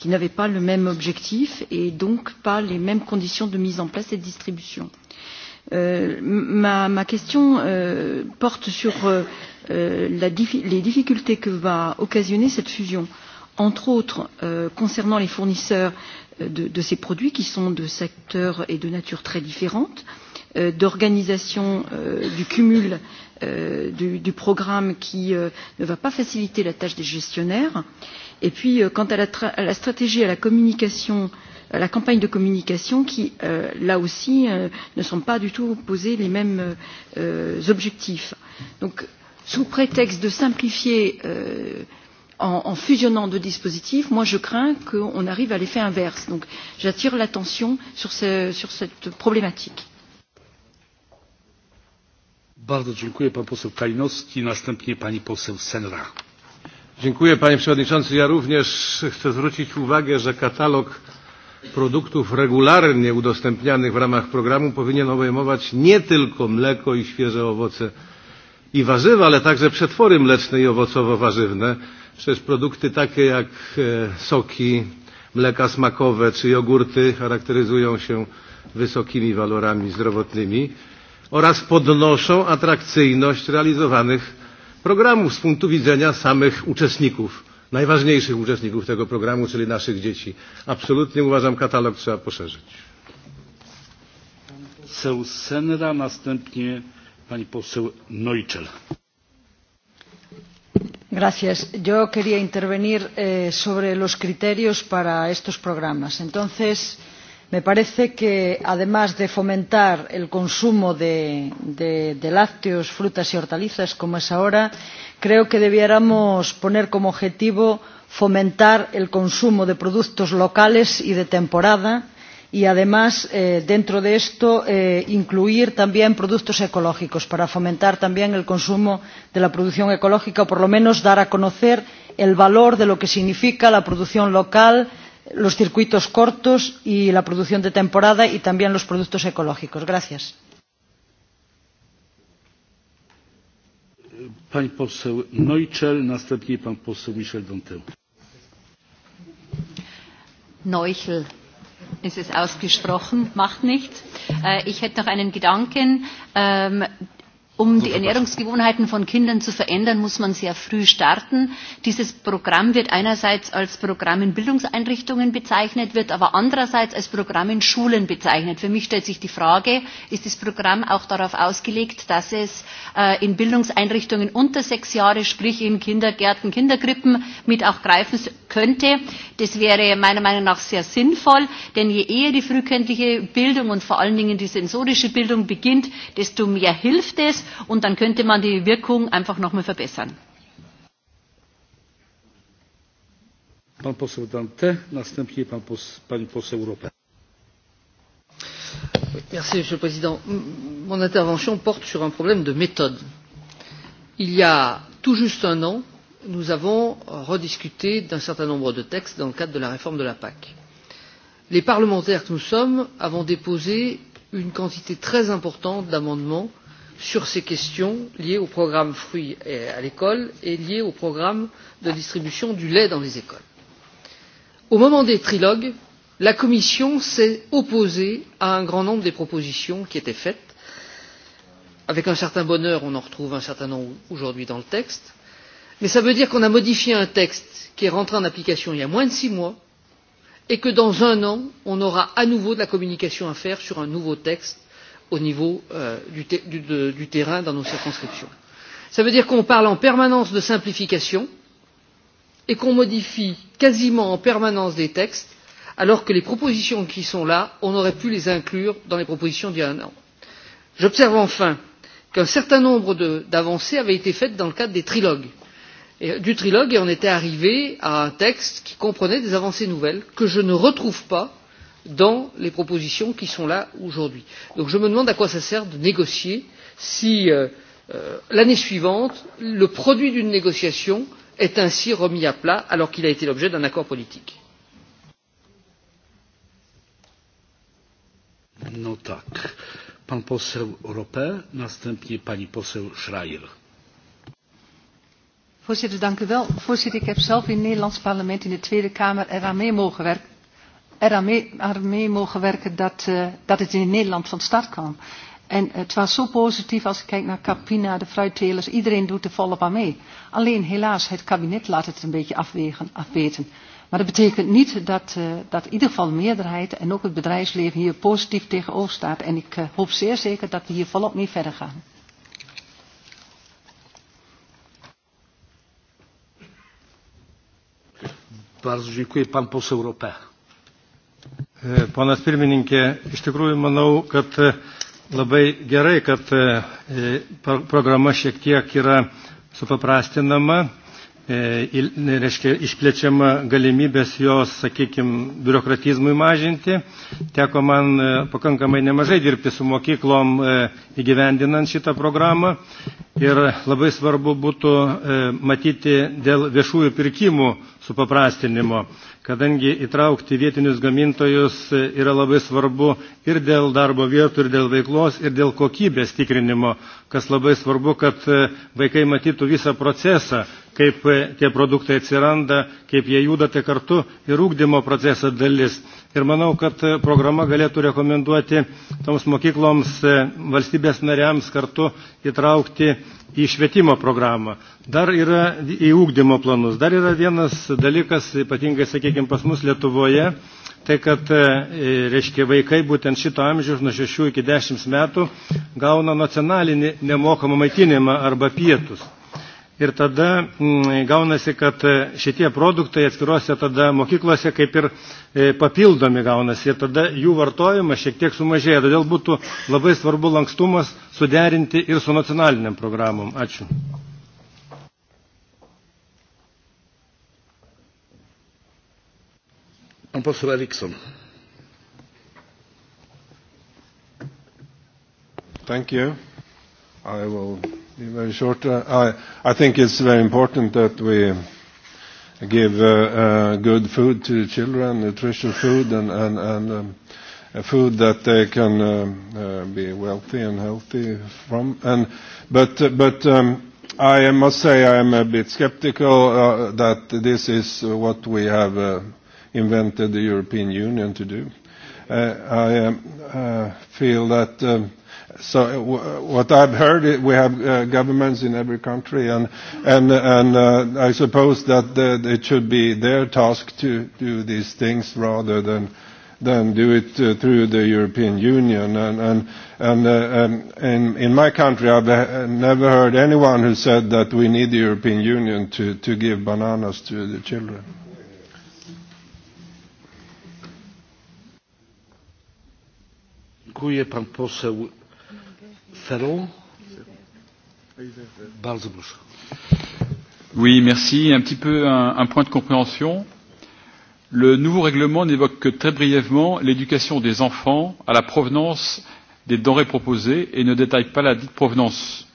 qui n'avaient pas le même objectif et donc pas les mêmes conditions de mise en place et de distribution. Euh, ma, ma question euh, porte sur euh, euh, la les difficultés que va occasionner cette fusion, entre autres euh, concernant les fournisseurs de, de ces produits qui sont de secteurs et de nature très différentes, Euh, d'organisation euh, du cumul euh, du, programme qui ne va pas faciliter la tâche des gestionnaires et puis quant à la, à la stratégie à la communication à la campagne de communication qui là aussi ne sont pas du tout posés les mêmes objectifs. donc sous prétexte de simplifier en, en fusionnant deux dispositifs moi je crains qu'on arrive à l'effet inverse. donc j'attire l'attention sur, ce, sur cette problématique. Bardzo dziękuję pan następnie pani poseł Senra. Dziękuję panie przewodniczący. Ja również chcę zwrócić uwagę, że katalog produktów regularnie udostępnianych w ramach programu powinien obejmować nie tylko mleko i świeże owoce i warzywa, ale także przetwory mleczne i owocowo-warzywne. Przecież produkty takie jak e, soki, mleka smakowe czy jogurty charakteryzują się wysokimi walorami zdrowotnymi oraz podnoszą atrakcyjność realizowanych programów z punktu widzenia samych uczestników, najważniejszych uczestników tego programu, czyli naszych dzieci. Absolutnie uważam, katalog trzeba poszerzyć. Poseł Senra, następnie pani poseł Neuchel. Gracias. Yo quería intervenir eh, sobre los criterios para estos programas. Entonces, me parece que además de fomentar el consumo de, lácteos frutas y hortalizas como es ahora creo que debiéramos poner como objetivo fomentar el consumo de productos locales y de temporada y además eh, dentro de esto eh, incluir también productos ecológicos para fomentar también el consumo de la producción ecológica o por lo menos dar a conocer el valor de lo que significa la producción local los circuitos cortos y la producción de temporada y también los productos ecológicos. Gracias. Pani poseł Neuchel, następnie pan poseł Michel Danteau. Neuchel Es ist ausgesprochen, macht nichts. Äh, ich hätte noch einen Gedanken ähm, Um die Ernährungsgewohnheiten von Kindern zu verändern, muss man sehr früh starten. Dieses Programm wird einerseits als Programm in Bildungseinrichtungen bezeichnet, wird aber andererseits als Programm in Schulen bezeichnet. Für mich stellt sich die Frage, ist das Programm auch darauf ausgelegt, dass es äh, in Bildungseinrichtungen unter sechs Jahre, sprich in Kindergärten, Kindergrippen, mit auch greifen könnte? Das wäre meiner Meinung nach sehr sinnvoll, denn je eher die frühkindliche Bildung und vor allen Dingen die sensorische Bildung beginnt, desto mehr hilft es und dann könnte man die Wirkung einfach noch mal verbessern. Pan pan pos, pani poseł Merci, Monsieur le Président. Mon intervention porte sur un problème de méthode. Il y a tout juste un an, nous avons rediscuté d'un certain nombre de textes dans le cadre de la réforme de la PAC. Les parlementaires que nous sommes avons déposé une quantité très importante d'amendements sur ces questions liées au programme fruits à l'école et liées au programme de distribution du lait dans les écoles. au moment des trilogues la commission s'est opposée à un grand nombre des propositions qui étaient faites. avec un certain bonheur on en retrouve un certain nombre aujourd'hui dans le texte mais cela veut dire qu'on a modifié un texte qui est rentré en application il y a moins de six mois et que dans un an on aura à nouveau de la communication à faire sur un nouveau texte au niveau euh, du, du terrain dans nos circonscriptions. Cela veut dire qu'on parle en permanence de simplification et qu'on modifie quasiment en permanence des textes alors que les propositions qui sont là on aurait pu les inclure dans les propositions d'il y a un an. J'observe enfin qu'un certain nombre d'avancées avaient été faites dans le cadre des trilogues et, euh, du trilogue et on était arrivé à un texte qui comprenait des avancées nouvelles que je ne retrouve pas dans les propositions qui sont là aujourd'hui. donc je me demande à quoi ça sert de négocier si euh, euh, l'année suivante le produit d'une négociation est ainsi remis à plat alors qu'il a été l'objet d'un accord politique. No tak. Pan poseł Europe, następnie pani poseł Schreier. Voorzitter, dank u wel. Voorzitter, ik heb zelf in het Nederlands parlement in de Tweede Kamer eraan mee mogen werken ermee er mogen werken dat, uh, dat het in Nederland van start kwam. En het was zo positief als ik kijk naar Capina, de fruittelers. Iedereen doet er volop aan mee. Alleen helaas, het kabinet laat het er een beetje afwegen, afweten. Maar dat betekent niet dat, eh, dat in ieder geval de meerderheid en ook het bedrijfsleven hier positief tegenover staat. En ik eh, hoop zeer zeker dat we hier volop mee verder gaan. Bardzo dziękuję pan poseł E, ponas pirmininke, iš tikrųjų manau, kad e, labai gerai, kad e, programa šiek tiek yra supaprastinama, reiškia, išplečiama galimybės jos, sakykime, biurokratizmui mažinti. Teko man pakankamai nemažai dirbti su mokyklom įgyvendinant šitą programą ir labai svarbu būtų matyti dėl viešųjų pirkimų supaprastinimo kadangi įtraukti vietinius gamintojus e, yra labai svarbu ir dėl darbo vietų, ir dėl veiklos, ir dėl kokybės tikrinimo, kas labai svarbu, kad e, vaikai matytų visą procesą, kaip e, tie produktai atsiranda, kaip jie juda, kartu ir ūkdymo proceso dalis ir manau kad e, programa galėtų rekomenduoti toms mokykloms e, valstybės nariams kartu įtraukti į švietimo programą dar yra į ugdymo planus dar yra vienas dalykas ypatingai sakykime pas mus lietuvoje tai kad e, reiškia vaikai būtent šito amžiaus nuo 6 iki 10 metų gauna nacionalinį nemokamą maitinimą arba pietus ir tada mm, gaunasi, kad e, šitie produktai atskiruose tada mokyklose kaip ir e, papildomi gaunasi ir tada jų vartojimas šiek tiek sumažėja. Todėl būtų labai svarbu lankstumas suderinti ir su nacionaliniam programom. Ačiū. Thank you. I will be very short. Uh, I, I think it's very important that we give uh, uh, good food to children, nutritious food, and, and, and um, food that they can um, uh, be wealthy and healthy from. And, but but um, I must say I am a bit skeptical uh, that this is what we have uh, invented the European Union to do. Uh, I um, uh, feel that um, So uh, what I've heard, we have uh, governments in every country, and and and uh, I suppose that it should be their task to do these things rather than than do it uh, through the European Union. And and and, uh, um, in, in my country, I've never heard anyone who said that we need the European Union to to give bananas to the children. Dziękuję pan poseł Oui, merci. Un petit peu un, un point de compréhension. Le nouveau règlement n'évoque que très brièvement l'éducation des enfants à la provenance des denrées proposées et ne détaille pas la dite provenance.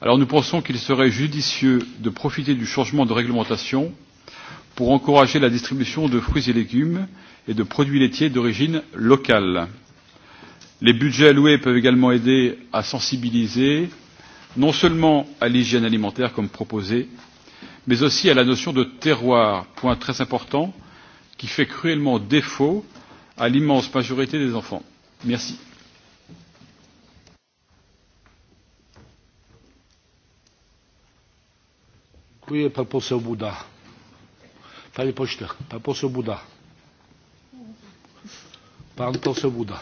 Alors nous pensons qu'il serait judicieux de profiter du changement de réglementation pour encourager la distribution de fruits et légumes et de produits laitiers d'origine locale. Les budgets alloués peuvent également aider à sensibiliser non seulement à l'hygiène alimentaire comme proposé, mais aussi à la notion de terroir, point très important qui fait cruellement défaut à l'immense majorité des enfants. Merci. pan poseł Buda. Pan poseł Buda.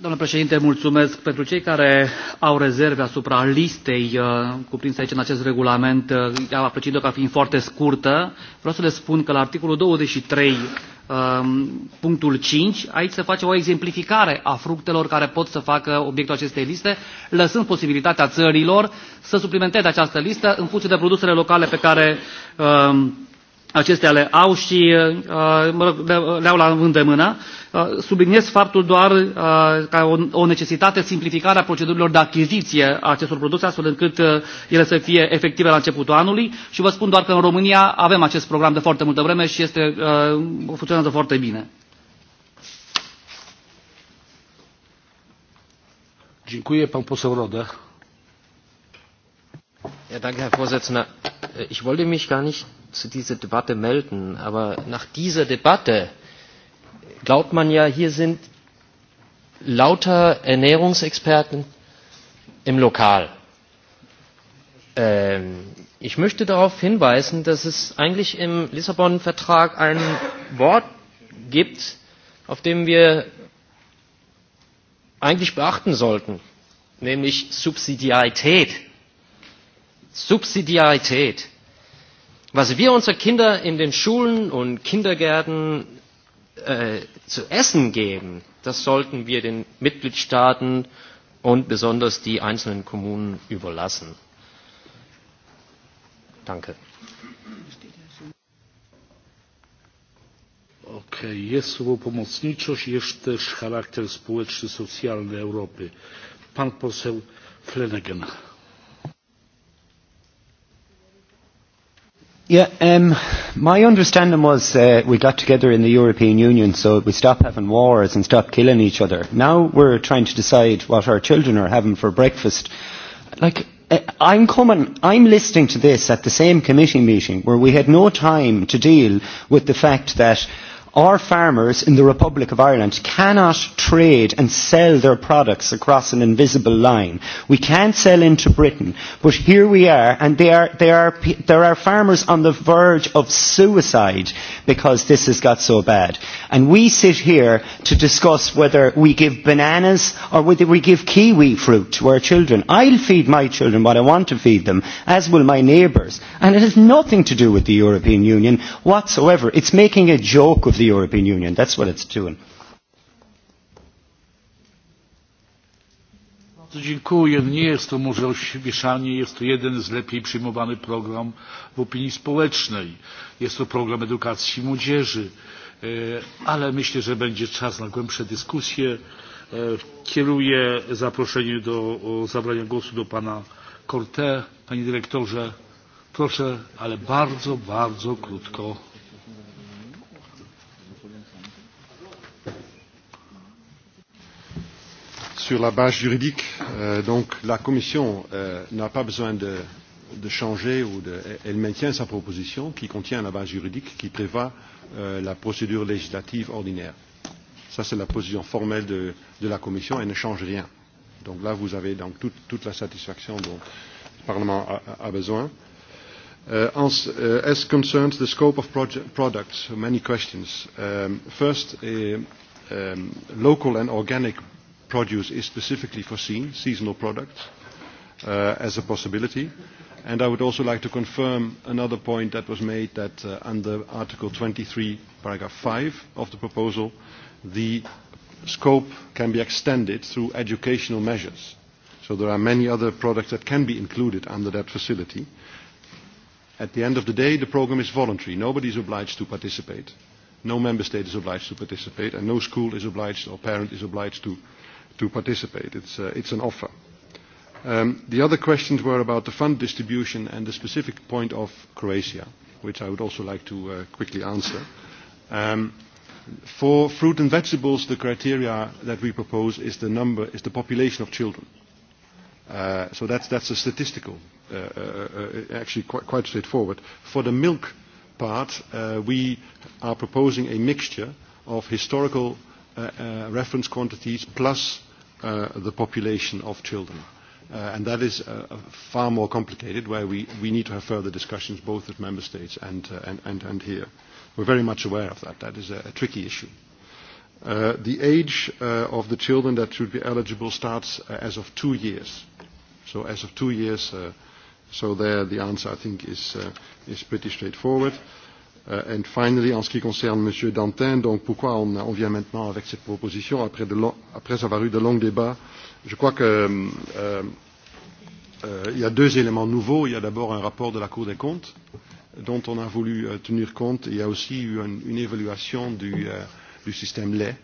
Domnule președinte, mulțumesc. Pentru cei care au rezerve asupra listei uh, cuprinse aici în acest regulament, uh, am apreciat-o ca fiind foarte scurtă. Vreau să le spun că la articolul 23, um, punctul 5, aici se face o exemplificare a fructelor care pot să facă obiectul acestei liste, lăsând posibilitatea țărilor să suplimenteze această listă în funcție de produsele locale pe care um, acestea le au și uh, mă rog, le au la îndemână. Uh, subliniez faptul doar uh, ca o necesitate simplificarea procedurilor de achiziție a acestor produse, astfel încât ele să fie efective la începutul anului și vă spun doar că în România avem acest program de foarte multă vreme și este, funcționează foarte bine. Dziękuję. Pan poseł Ja, danke, Herr Vorsitzender. Äh, ich wollte mich gar nicht zu dieser Debatte melden. Aber nach dieser Debatte glaubt man ja, hier sind lauter Ernährungsexperten im Lokal. Ähm, ich möchte darauf hinweisen, dass es eigentlich im Lissabon-Vertrag ein Wort gibt, auf dem wir eigentlich beachten sollten, nämlich Subsidiarität. Subsidiarität. Was wir unsere Kinder in den Schulen und Kindergärten äh, zu essen geben, das sollten wir den Mitgliedstaaten und besonders die einzelnen Kommunen überlassen. Danke. Okay, jest słowo pomocniczość, jest też charakter społeczny, socjalny Europy. Pan poseł Flanagan. Yeah, um, my understanding was uh, we got together in the European Union so we stop having wars and stop killing each other. Now we're trying to decide what our children are having for breakfast. Like, uh, I'm coming, I'm listening to this at the same committee meeting where we had no time to deal with the fact that our farmers in the Republic of Ireland cannot trade and sell their products across an invisible line. We can't sell into Britain, but here we are, and they are, they are, there are farmers on the verge of suicide because this has got so bad. And we sit here to discuss whether we give bananas or whether we give kiwi fruit to our children. I'll feed my children what I want to feed them, as will my neighbours. And it has nothing to do with the European Union whatsoever. It's making a joke of the European Union. That's what it's doing. Dziękuję. Nie jest to może ośmieszanie, jest to jeden z lepiej przyjmowany program w opinii społecznej. Jest to program edukacji młodzieży, e, ale myślę, że będzie czas na głębsze dyskusje. E, kieruję zaproszenie do zabrania głosu do pana Corte. Panie dyrektorze, proszę, ale bardzo, bardzo krótko. sur la base juridique. Euh, donc la Commission euh, n'a pas besoin de, de changer ou de, elle maintient sa proposition qui contient la base juridique qui prévoit euh, la procédure législative ordinaire. Ça, c'est la position formelle de, de la Commission. Elle ne change rien. Donc là, vous avez donc toute, la satisfaction dont le Parlement a, besoin. as, concerns the scope of project, products, many questions. Um, first, um, local and organic produce is specifically foreseen, seasonal products, uh, as a possibility. And I would also like to confirm another point that was made that uh, under Article 23, paragraph 5 of the proposal, the scope can be extended through educational measures. So there are many other products that can be included under that facility. At the end of the day, the program is voluntary. Nobody is obliged to participate. No member state is obliged to participate, and no school is obliged or parent is obliged to to participate. It's, uh, it's an offer. Um, the other questions were about the fund distribution and the specific point of Croatia, which I would also like to uh, quickly answer. Um, for fruit and vegetables, the criteria that we propose is the number, is the population of children. Uh, so that's, that's a statistical, actually quite, quite straightforward. For the milk part, we are proposing a mixture of historical reference quantities plus Uh, the population of children. Uh, and that is uh, far more complicated, where we, we need to have further discussions both with member states and, uh, and, and, and here. We're very much aware of that. That is a, a tricky issue. Uh, the age uh, of the children that should be eligible starts uh, as of two years. So as of two years, uh, so there the answer I think is, uh, is pretty straightforward. Euh, and finally, en ce qui concerne M. Dantin, donc pourquoi on, on vient maintenant avec cette proposition après, de long, après avoir eu de longs débats Je crois qu'il euh, euh, il y a deux éléments nouveaux. Il y a d'abord un rapport de la Cour des comptes dont on a voulu euh, tenir compte. Il y a aussi eu une, une évaluation du, euh, du système lait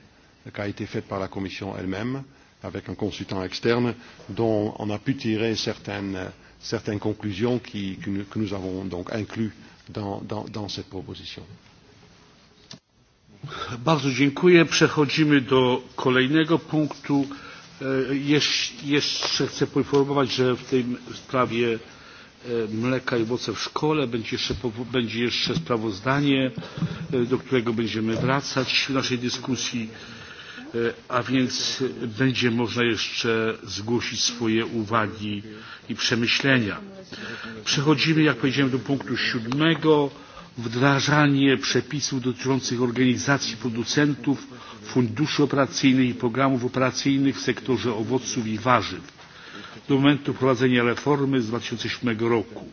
euh, qui a été faite par la Commission elle-même avec un consultant externe dont on a pu tirer certaines, certaines conclusions qui, que, nous, que nous avons donc incluses dans, dans, dans cette proposition. Bardzo dziękuję. Przechodzimy do kolejnego punktu. E, jeszcze chcę poinformować, że w tej sprawie e, mleka i owoce w szkole będzie jeszcze, będzie jeszcze sprawozdanie, e, do którego będziemy wracać w naszej dyskusji. E, a więc będzie można jeszcze zgłosić swoje uwagi i przemyślenia. Przechodzimy, jak powiedziałem, do punktu siódmego wdrażanie przepisów dotyczących organizacji producentów, funduszy operacyjnych i programów operacyjnych w sektorze owoców i warzyw do momentu prowadzenia reformy z 2007 roku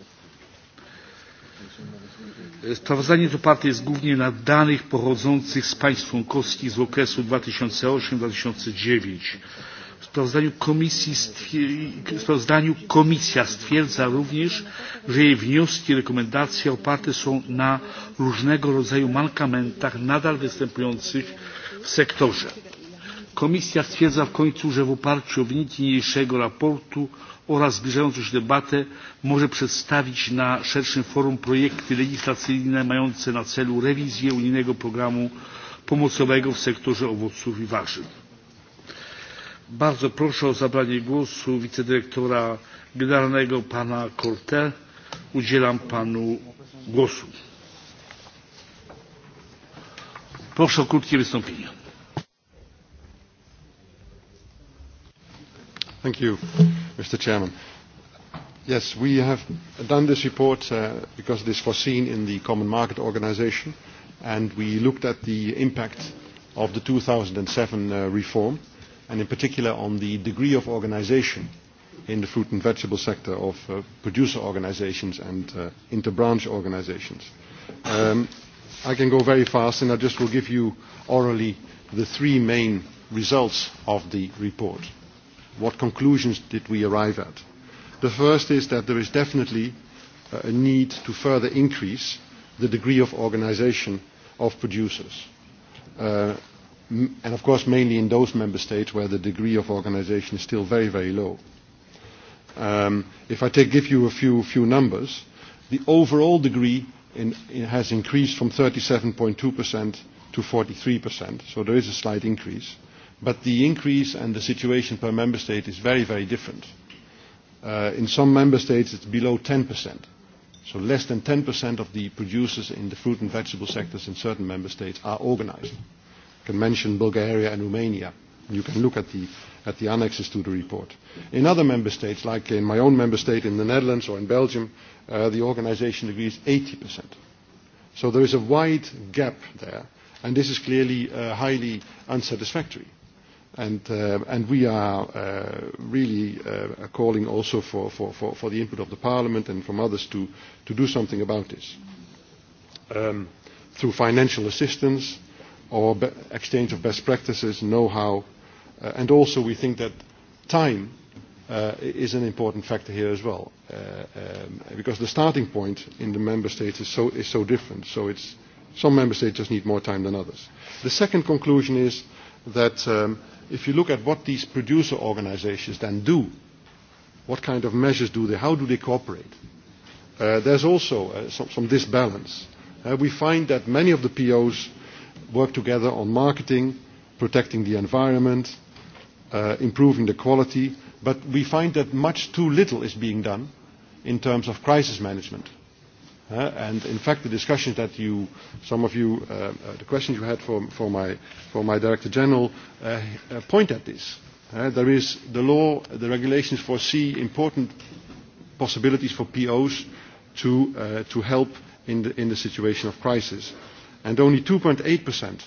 sprawozdanie oparte jest głównie na danych pochodzących z państw członkowskich z okresu dwa tysiące osiem dwa tysiące dziewięć w sprawozdaniu komisja stwierdza również że jej wnioski i rekomendacje oparte są na różnego rodzaju mankamentach nadal występujących w sektorze komisja stwierdza w końcu że w oparciu o wyniki niniejszego raportu oraz zbliżającą się debatę może przedstawić na szerszym forum projekty legislacyjne mające na celu rewizję unijnego programu pomocowego w sektorze owoców i warzyw. bardzo proszę o zabranie głosu wicedyrektora generalnego pana Cortel udzielam panu głosu. proszę o krótkie wystąpienie. Mr. President, Yes, we have done this report uh, because it is foreseen in the Common Market organisation and we looked at the impact of the 2007 seven uh, reform, and in particular on the degree of organisation in the fruit and vegetable sector of uh, producer organisations and inter branch organisations. Um, I can go very fast, and I just will give you orally the three main results of the report what conclusions did we arrive at? The first is that there is definitely uh, a need to further increase the degree of organisation of producers. Uh, and of course mainly in those member states where the degree of organisation is still very, very low. Um, if I take, give you a few, few numbers, the overall degree in, in has increased from 37.2% to 43%, so there is a slight increase but the increase and the situation per member state is very, very different. Uh, in some member states it's below 10%. So less than 10% of the producers in the fruit and vegetable sectors in certain member states are organized. I can mention Bulgaria and Romania. You can look at the, at the annexes to the report. In other member states, like in my own member state in the Netherlands or in Belgium, uh, the organization degree is 80%. So there is a wide gap there, and this is clearly uh, highly unsatisfactory Uh, and, we are uh, really uh, calling also for, for, for, the input of the parliament and from others to, to do something about this um, through financial assistance or exchange of best practices know how and also we think that time is an important factor here as well um, because the starting point in the member states is so, so different so it's, some member states just need more time than others. the second conclusion is that um, if you look at what these producer organizations then do, what kind of measures do they, how do they cooperate, uh, there's also uh, some, some disbalance. Uh, we find that many of the POs work together on marketing, protecting the environment, uh, improving the quality, but we find that much too little is being done in terms of crisis management Uh, and in fact, the discussions that you, some of you, uh, uh, the questions you had for, for, my, for my Director General uh, uh, point at this. Uh, there is the law, the regulations foresee important possibilities for POs to, uh, to help in the, in the situation of crisis. And only 2.8%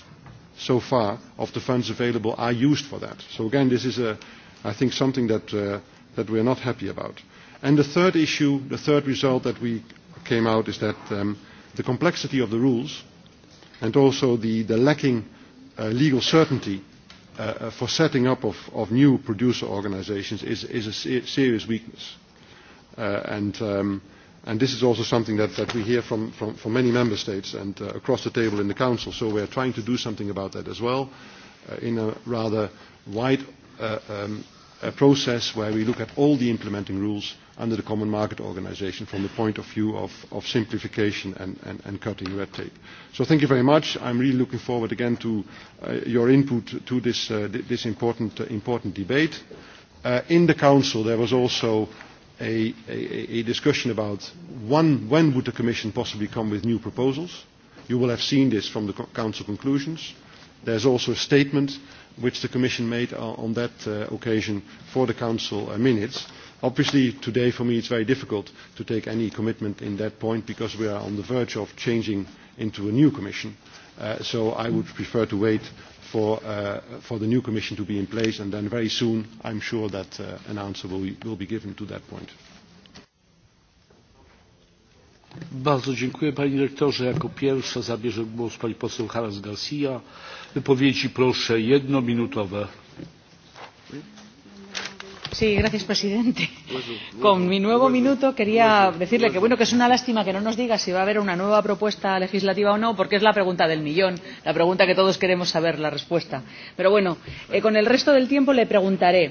so far of the funds available are used for that. So again, this is, a, I think, something that, uh, that we are not happy about. And the third issue, the third result that we came out is that um, the complexity of the rules and also the, the lacking uh, legal certainty uh, uh for setting up of, of new producer organisations is, is a serious weakness. Uh, and, um, and this is also something that, that we hear from, from, from many member states and uh, across the table in the council. So we are trying to do something about that as well in a rather wide um, a process where we look at all the implementing rules under the common market organisation from the point of view of, of simplification and, and, and cutting red tape. So thank you very much. I'm really looking forward again to uh, your input to this, uh, this important, uh, important debate. Uh, in the Council there was also a, a, a discussion about one, when would the Commission possibly come with new proposals. You will have seen this from the Council conclusions. There's also a statement which the Commission made uh, on that uh, occasion for the Council uh, minutes. Obviously, today for me it's very difficult to take any commitment in that point because we are on the verge of changing into a new Commission. so I would prefer to wait for, for the new Commission to be in place and then very soon I'm sure that an answer will be, given to that point. Dyrektorze. Jako pierwsza zabierze głos Pani Garcia Señor presidente. Con mi nuevo minuto quería decirle que bueno que es una lástima que no nos diga si va a haber una nueva propuesta legislativa o no, porque es la pregunta del millón, la pregunta que todos queremos saber la respuesta. Pero bueno, eh, con el resto del tiempo le preguntaré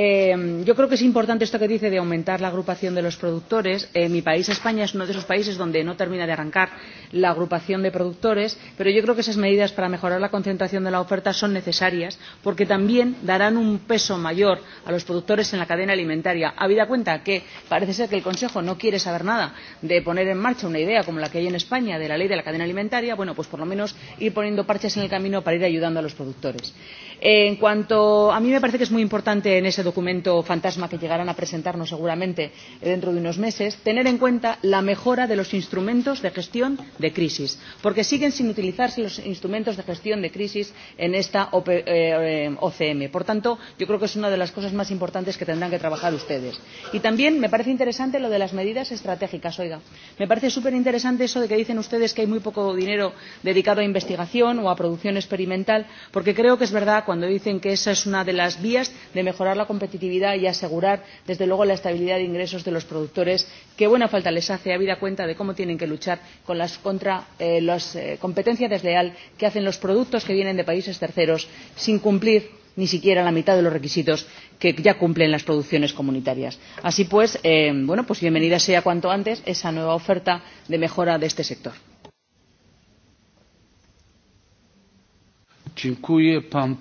Eh, yo creo que es importante esto que dice de aumentar la agrupación de los productores. Eh, mi país, España, es uno de esos países donde no termina de arrancar la agrupación de productores, pero yo creo que esas medidas para mejorar la concentración de la oferta son necesarias porque también darán un peso mayor a los productores en la cadena alimentaria, habida cuenta que parece ser que el Consejo no quiere saber nada de poner en marcha una idea como la que hay en España de la ley de la cadena alimentaria, bueno, pues por lo menos ir poniendo parches en el camino para ir ayudando a los productores en cuanto a mí me parece que es muy importante en ese documento fantasma que llegarán a presentarnos seguramente eh, dentro de unos meses tener en cuenta la mejora de los instrumentos de gestión de crisis porque siguen sin utilizarse los instrumentos de gestión de crisis en esta ocm. Eh, eh, por tanto yo creo que es una de las cosas más importantes que tendrán que trabajar ustedes. y también me parece interesante lo de las medidas estratégicas. oiga me parece súper interesante eso de que dicen ustedes que hay muy poco dinero dedicado a investigación o a producción experimental porque creo que es verdad cuando dicen que esa es una de las vías de mejorar la competitividad y asegurar desde luego la estabilidad de ingresos de los productores que buena falta les hace habida cuenta de cómo tienen que luchar contra eh, la eh, competencia desleal que hacen los productos que vienen de países terceros sin cumplir ni siquiera la mitad de los requisitos que ya cumplen las producciones comunitarias. así pues, eh, pues bienvenida sea cuanto antes esa nueva oferta de mejora de este sector. Dziękuję. Pan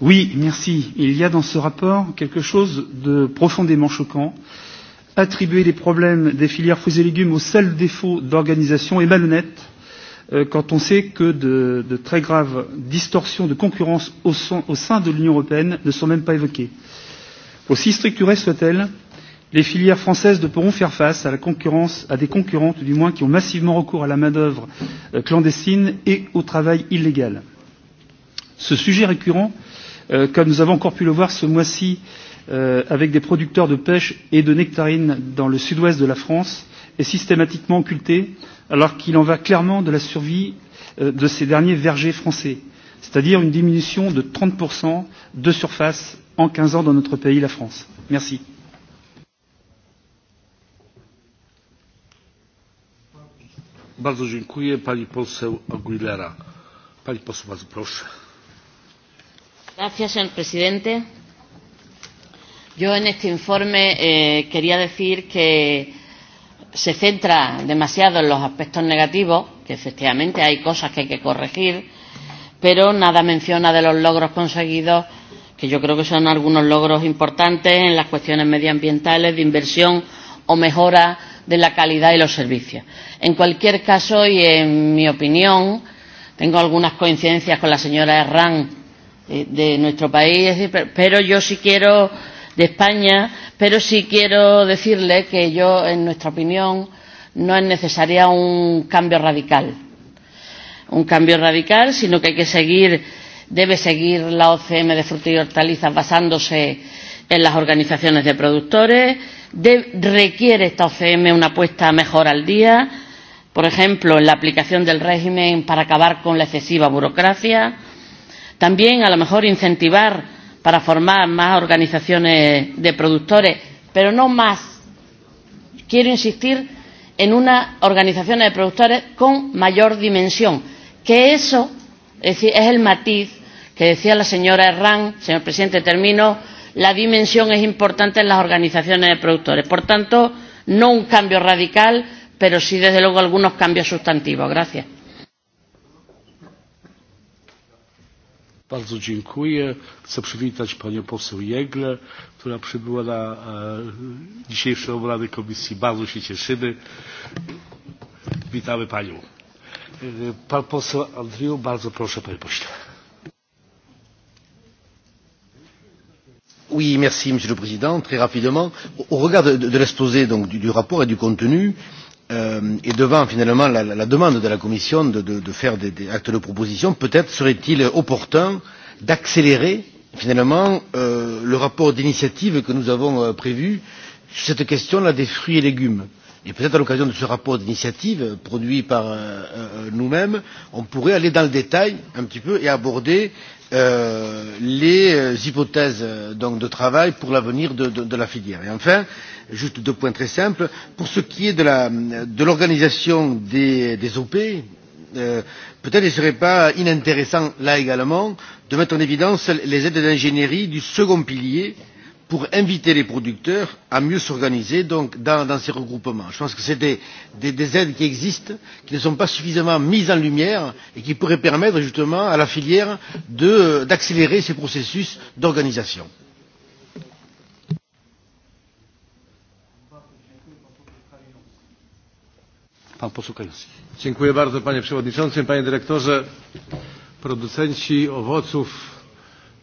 Oui, merci. Il y a dans ce rapport quelque chose de profondément choquant. Attribuer les problèmes des filières fruits et légumes au seul défaut d'organisation est malhonnête euh, quand on sait que de, de très graves distorsions de concurrence au, au sein de l'Union européenne ne sont même pas évoquées. Aussi structurée soit-elle, les filières françaises ne pourront faire face à la concurrence à des concurrentes du moins qui ont massivement recours à la main d'œuvre euh, clandestine et au travail illégal. ce sujet récurrent euh, comme nous avons encore pu le voir ce mois ci euh, avec des producteurs de pêche et de nectarines dans le sud ouest de la france est systématiquement occulté alors qu'il en va clairement de la survie de ces derniers vergers français c'est à dire une diminution de 30 de surface en quinze ans dans notre pays la france. merci. Bardzo señor presidente. Yo en este informe eh, quería decir que se centra demasiado en los aspectos negativos, que efectivamente hay cosas que hay que corregir, pero nada menciona de los logros conseguidos, que yo creo que son algunos logros importantes en las cuestiones medioambientales, de inversión o mejora de la calidad de los servicios. En cualquier caso, y en mi opinión, tengo algunas coincidencias con la señora Herrán de, eh, de nuestro país, pero yo sí quiero de España, pero sí quiero decirle que yo, en nuestra opinión, no es necesaria un cambio radical. Un cambio radical, sino que hay que seguir, debe seguir la OCM de frutas y hortalizas basándose en las organizaciones de productores de, requiere esta ocm una apuesta mejor al día por ejemplo en la aplicación del régimen para acabar con la excesiva burocracia también a lo mejor incentivar para formar más organizaciones de productores pero no más quiero insistir en una organización de productores con mayor dimensión que eso es, decir, es el matiz que decía la señora Herrán, señor presidente termino la dimensión es importante en las organizaciones de productores. por tanto no un cambio radical pero sí desde luego algunos cambios sustantivos. gracias. Bardzo dziękuję. Chcę przywitać panią poseł Jegle, która przybyła na e, dzisiejsze obrady komisji. Bardzo się cieszymy. Witamy panią. E, pan poseł Andriu, bardzo proszę panie pośle. Oui, merci Monsieur le Président. Très rapidement, au regard de, l'exposé du, du rapport et du contenu, euh, et devant finalement la, demande de la Commission de, de faire des, actes de proposition, peut-être serait-il opportun d'accélérer finalement euh, le rapport d'initiative que nous avons euh, prévu sur cette question là des fruits et légumes. Et peut-être à l'occasion de ce rapport d'initiative produit par nous-mêmes, on pourrait aller dans le détail un petit peu et aborder Euh, les euh, hypothèses euh, donc, de travail pour l'avenir de, de, la filière. et enfin juste deux points très simples pour ce qui est de l'organisation de des, des op peut être ne serait pas inintéressant là également de mettre en évidence les aides d'ingénierie du second pilier pour inviter les producteurs à mieux s'organiser donc dans, dans ces regroupements. Je pense que c'est des, des, aides qui existent, qui ne sont pas suffisamment mises en lumière et qui pourraient permettre justement à la filière d'accélérer ces processus d'organisation. Dziękuję bardzo panie przewodniczący, panie dyrektorze. Producenci owoców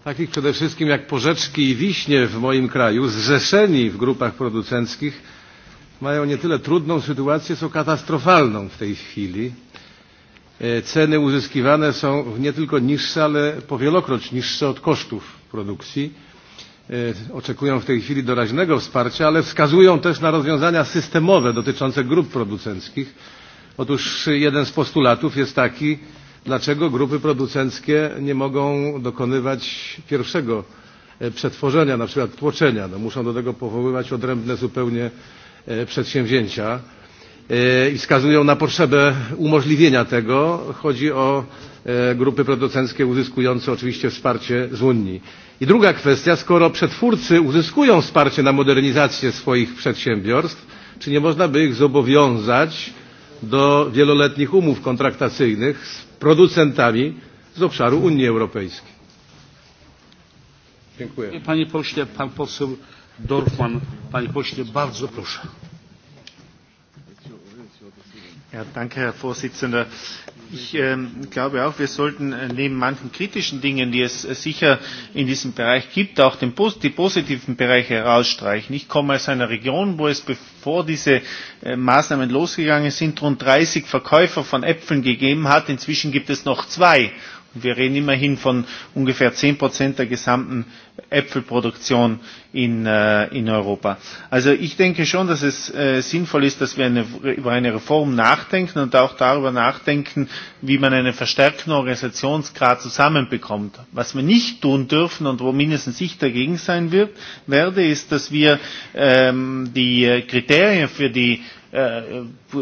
takich przede wszystkim jak porzeczki i wiśnie w moim kraju, zrzeszeni w grupach producenckich, mają nie tyle trudną sytuację, co katastrofalną w tej chwili. E, ceny uzyskiwane są nie tylko niższe, ale powielokroć niższe od kosztów produkcji. E, oczekują w tej chwili doraźnego wsparcia, ale wskazują też na rozwiązania systemowe dotyczące grup producenckich. Otóż jeden z postulatów jest taki, dlaczego grupy producenckie nie mogą dokonywać pierwszego e, przetworzenia, na przykład tłoczenia. No, muszą do tego powoływać odrębne zupełnie e, przedsięwzięcia e, i wskazują na potrzebę umożliwienia tego. Chodzi o grupy producenckie uzyskujące oczywiście wsparcie z Unii. I druga kwestia, skoro przetwórcy uzyskują wsparcie na modernizację swoich przedsiębiorstw, czy nie można by ich zobowiązać do wieloletnich umów kontraktacyjnych z producentami z obszaru Unii Europejskiej. Dziękuję. Panie pośle, pan poseł Dorfman. Panie pośle, bardzo proszę. Ja, danke, Herr Vorsitzender ich ähm, glaube auch, wir sollten äh, neben manchen kritischen Dingen, die es äh, sicher in diesem Bereich gibt, auch den, die positiven Bereiche herausstreichen. Ich komme aus einer Region, wo es bevor diese äh, Maßnahmen losgegangen sind, rund 30 Verkäufer von Äpfeln gegeben hat. Inzwischen gibt es noch zwei. Und wir reden immerhin von ungefähr 10 Prozent der gesamten Äpfelproduktion in, äh, in Europa. Also ich denke schon, dass es äh, sinnvoll ist, dass wir eine, über eine Reform nachdenken und auch darüber nachdenken, wie man einen verstärkten Organisationsgrad zusammenbekommt. Was wir nicht tun dürfen und wo mindestens ich dagegen sein wird, werde, ist, dass wir ähm, die Kriterien für die äh,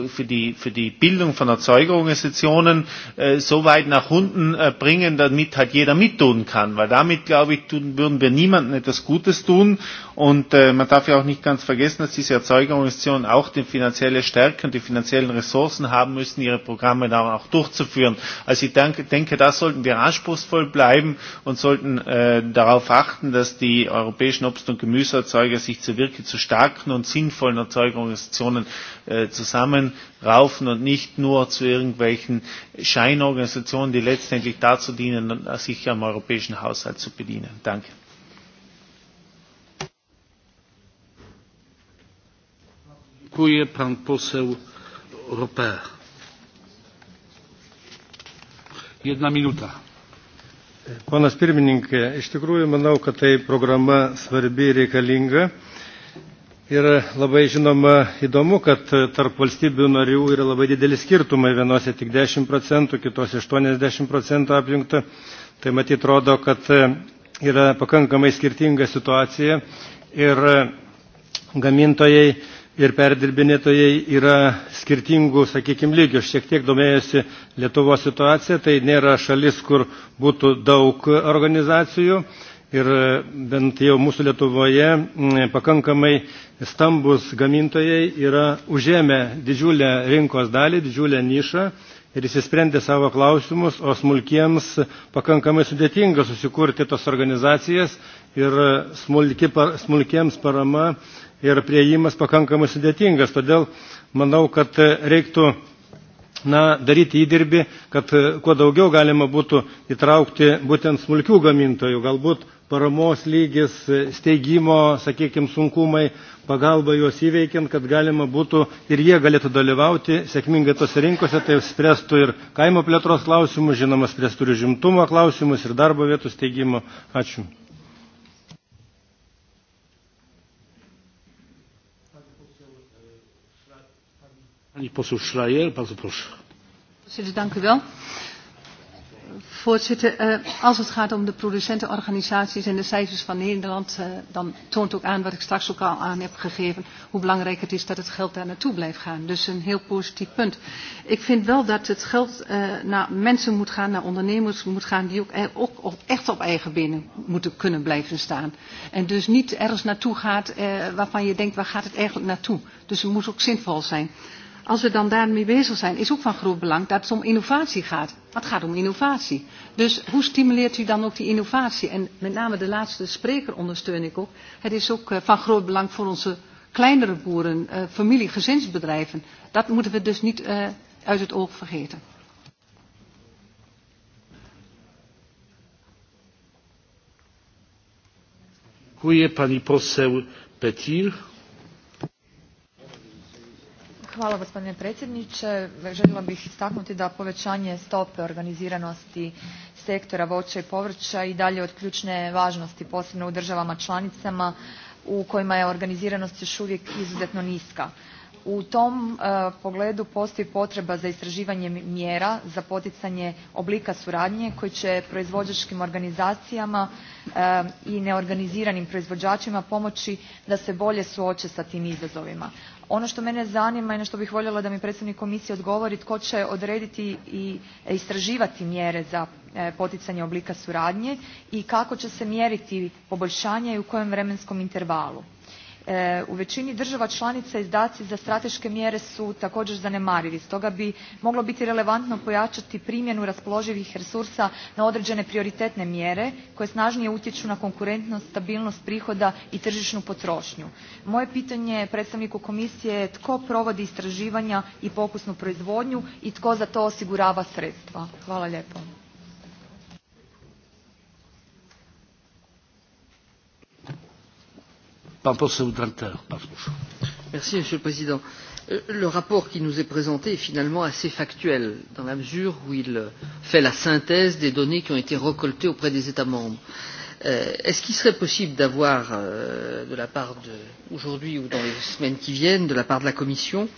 für die, für die Bildung von Erzeugerorganisationen äh, so weit nach unten äh, bringen, damit halt jeder mittun kann. Weil damit, glaube ich, tun, würden wir niemandem etwas Gutes tun. Und äh, man darf ja auch nicht ganz vergessen, dass diese Erzeugerorganisationen auch die finanzielle Stärke und die finanziellen Ressourcen haben müssen, ihre Programme da auch durchzuführen. Also ich denke, denke da sollten wir anspruchsvoll bleiben und sollten äh, darauf achten, dass die europäischen Obst- und Gemüseerzeuger sich zu wirklich zu starken und sinnvollen Erzeugerorganisationen äh, zusammen Themen und nicht nur zu irgendwelchen Scheinorganisationen, die letztendlich dazu dienen, sich am europäischen Haushalt zu bedienen. Danke. Dziękuję. Pan poseł Roper. Jedna minuta. pirmininkė, iš tikrųjų manau, kad tai programa svarbi ir reikalinga ir labai žinoma įdomu kad tarp valstybių narių yra labai dideli skirtumai vienose tik 10%, procentų kitose 80% procentų apjungta tai matyt rodo kad yra pakankamai skirtinga situacija ir gamintojai ir perdirbinėtojai yra skirtingų sakykim lygių šiek tiek domėjosi lietuvos situacija tai nėra šalis kur būtų daug organizacijų ir bent jau mūsų lietuvoje pakankamai stambus gamintojai yra užėmę didžiulę rinkos dalį, didžiulę nišą ir įsisprendė savo klausimus, o smulkiems pakankamai sudėtinga susikurti tos organizacijas ir smulki, smulkiems parama ir prieimas pakankamai sudėtingas. Todėl manau, kad reiktų na, daryti įdirbį, kad kuo daugiau galima būtų įtraukti būtent smulkių gamintojų, galbūt paramos lygis, steigimo, sakykime, sunkumai pagalba juos įveikiant, kad galima būtų ir jie galėtų dalyvauti sėkmingai tose rinkose, tai spręstų ir kaimo plėtros klausimus, žinoma, spręstų ir žimtumo klausimus, ir darbo vietų steigimo. Ačiū. Pani poseł bardzo proszę. Voorzitter, eh, als het gaat om de producentenorganisaties en de cijfers van Nederland, eh, dan toont ook aan wat ik straks ook al aan heb gegeven, hoe belangrijk het is dat het geld daar naartoe blijft gaan. Dus een heel positief punt. Ik vind wel dat het geld eh, naar mensen moet gaan, naar ondernemers moet gaan, die ook, echt op eigen benen moeten kunnen blijven staan. En dus niet ergens naartoe gaat waarvan je denkt, waar gaat het eigenlijk naartoe? Dus het moet ook zinvol zijn als we dan daarmee bezig zijn, is ook van groot belang dat het om innovatie gaat. Het gaat om innovatie. Dus hoe stimuleert u dan ook die innovatie? En met name de laatste spreker ondersteun ik ook. Het is ook eh, van groot belang voor onze kleinere boeren, eh, familie, gezinsbedrijven. Dat moeten we dus niet eh, uit het oog vergeten. pani poseł Petir. Hvala gospodine predsjedniče. Željela bih istaknuti da povećanje stope organiziranosti sektora voća i povrća i dalje od ključne važnosti posebno u državama članicama u kojima je organiziranost još uvijek izuzetno niska. U tom e, pogledu postoji potreba za istraživanjem mjera za poticanje oblika suradnje koji će proizvođačkim organizacijama e, i neorganiziranim proizvođačima pomoći da se bolje suoče sa tim izazovima. Ono što mene zanima i na što bih voljela da mi predsjednik komisije odgovori tko će odrediti i e, istraživati mjere za e, poticanje oblika suradnje i kako će se mjeriti poboljšanje i u kojem vremenskom intervalu. E, u većini država članica izdaci za strateške mjere su također zanemarivi stoga bi moglo biti relevantno pojačati primjenu raspoloživih resursa na određene prioritetne mjere koje snažnije utječu na konkurentnost stabilnost prihoda i tržišnu potrošnju. moje pitanje predstavniku komisije je tko provodi istraživanja i pokusnu proizvodnju i tko za to osigurava sredstva? hvala lijepo. Merci, monsieur le président euh, le rapport qui nous est présenté est finalement assez factuel dans la mesure où il euh, fait la synthèse des données qui ont été récoltées auprès des états membres. Euh, est ce qu'il serait possible d'avoir de la part aujourd'hui ou dans les semaines qui viennent de la part de la commission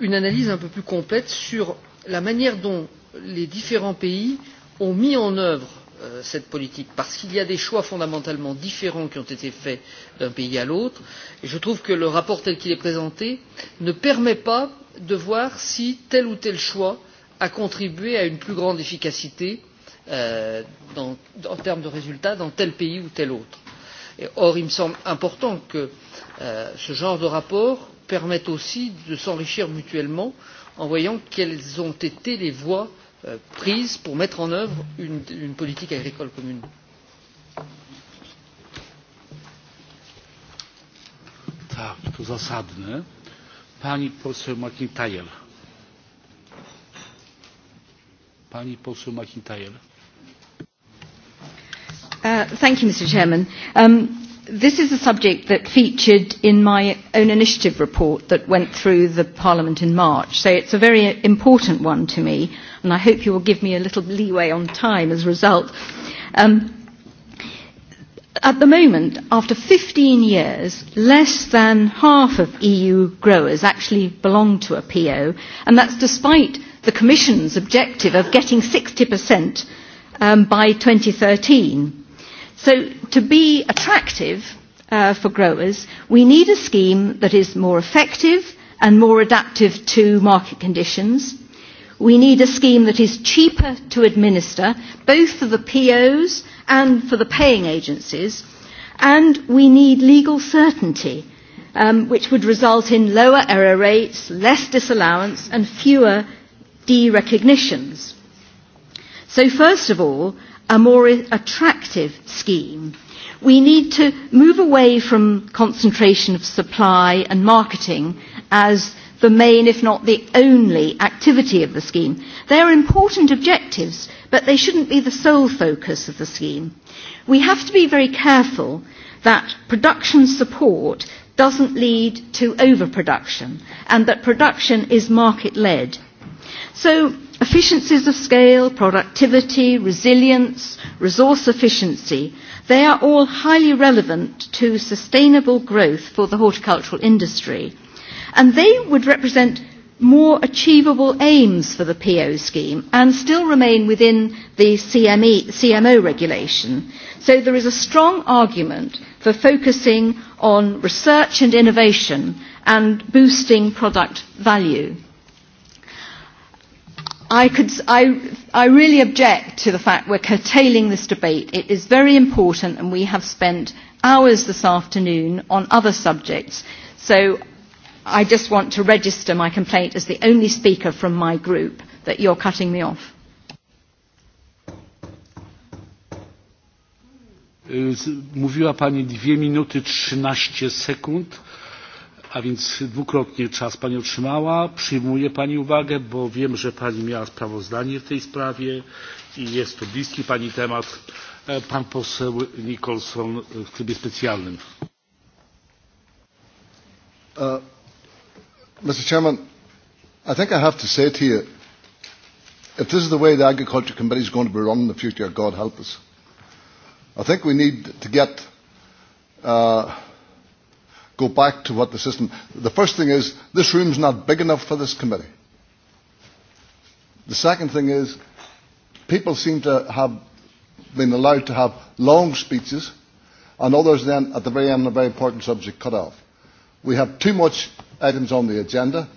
une analyse un peu plus complète sur la manière dont les différents pays ont mis en œuvre Euh, cette politique parce qu'il y a des choix fondamentalement différents qui ont été faits d'un pays à l'autre et je trouve que le rapport tel qu'il est présenté ne permet pas de voir si tel ou tel choix a contribué à une plus grande efficacité euh, en termes de résultats dans tel pays ou tel autre. or il me semble important que euh, ce genre de rapport permette aussi de s'enrichir mutuellement en voyant quelles ont été les voies Euh, prises pour mettre en œuvre une, politique agricole commune this is a subject that featured in my own initiative report that went through the Parliament in March, so it's a very important one to me, and I hope you will give me a little leeway on time as a result. Um, at the moment, after 15 years, less than half of EU growers actually belong to a PO, and that's despite the Commission's objective of getting 60% um, by 2013 So to be attractive uh, for growers, we need a scheme that is more effective and more adaptive to market conditions. We need a scheme that is cheaper to administer, both for the POs and for the paying agencies. And we need legal certainty, um, which would result in lower error rates, less disallowance, and fewer derecognitions. So first of all, a more attractive scheme. We need to move away from concentration of supply and marketing as the main, if not the only, activity of the scheme. They are important objectives, but they shouldn't be the sole focus of the scheme. We have to be very careful that production support doesn't lead to overproduction and that production is market-led. So Efficiencies of scale, productivity, resilience, resource efficiency, they are all highly relevant to sustainable growth for the horticultural industry. And they would represent more achievable aims for the PO scheme and still remain within the CME, CMO regulation. So there is a strong argument for focusing on research and innovation and boosting product value. I, could, I, I really object to the fact we're curtailing this debate. It is very important and we have spent hours this afternoon on other subjects. So I just want to register my complaint as the only speaker from my group that you're cutting me off. Mówiła Pani minuty 13 sekund a więc dwukrotnie czas pani otrzymała. Przyjmuje pani uwagę, bo wiem, że pani miała sprawozdanie w tej sprawie i jest to bliski pani temat. E, pan poseł Nicholson w trybie specjalnym. Uh, Mr. Chairman, I think I have to say to you, if this is the way the Agriculture Committee is going to be run in the future, God help us. I think we need to get uh, go back to what the system... The first thing is, this room is not big enough for this committee. The second thing is, people seem to have been allowed to have long speeches and others then at the very end a very important subject cut off. We have too much items on the agenda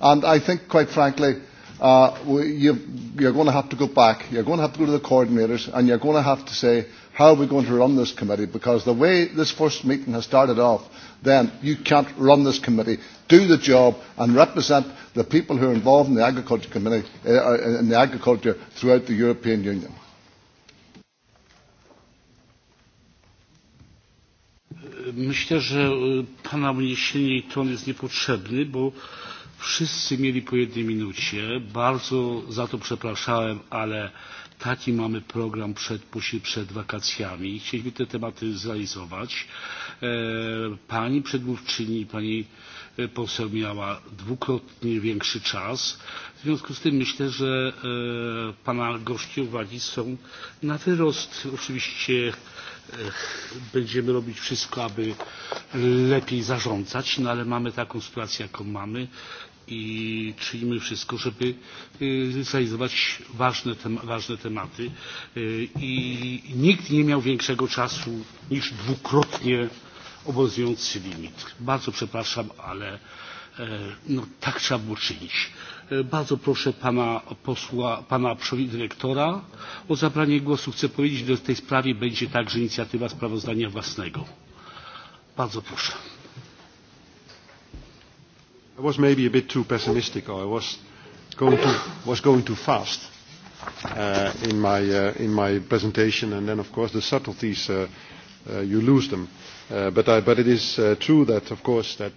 and I think quite frankly uh, we, you, you're going to have to go back, you're going to have to go to the coordinators and you're going to have to say how are we going to run this committee because the way this first meeting has started off then you can't run this committee. Do the job and represent the people who are involved in the agriculture committee uh, in the agriculture throughout the European Union. Myślę, że e, Pana uniesienie i ton jest niepotrzebny, bo wszyscy mieli po jednej minucie. Bardzo za to przepraszałem, ale taki mamy program przed, przed wakacjami. Chcieliśmy te tematy zrealizować. E, pani przedmówczyni, pani e, poseł miała dwukrotnie większy czas. W związku z tym myślę, że e, pana goście uwagi są na wyrost. Oczywiście będziemy robić wszystko, aby lepiej zarządzać, no ale mamy taką sytuację, jaką mamy i czynimy wszystko, żeby zrealizować ważne, ważne tematy. I nikt nie miał większego czasu niż dwukrotnie obowiązujący limit. Bardzo przepraszam, ale e, no, tak trzeba było czynić. E, bardzo proszę pana posła, pana dyrektora o zabranie głosu. Chcę powiedzieć, że w tej sprawie będzie także inicjatywa sprawozdania własnego. Bardzo proszę. I was maybe a bit too pessimistic or I was going too, was going too fast uh, in, my, uh, in my presentation and then of course the subtleties uh, Uh, you lose them. Uh, but, but it is uh, true that, of course, that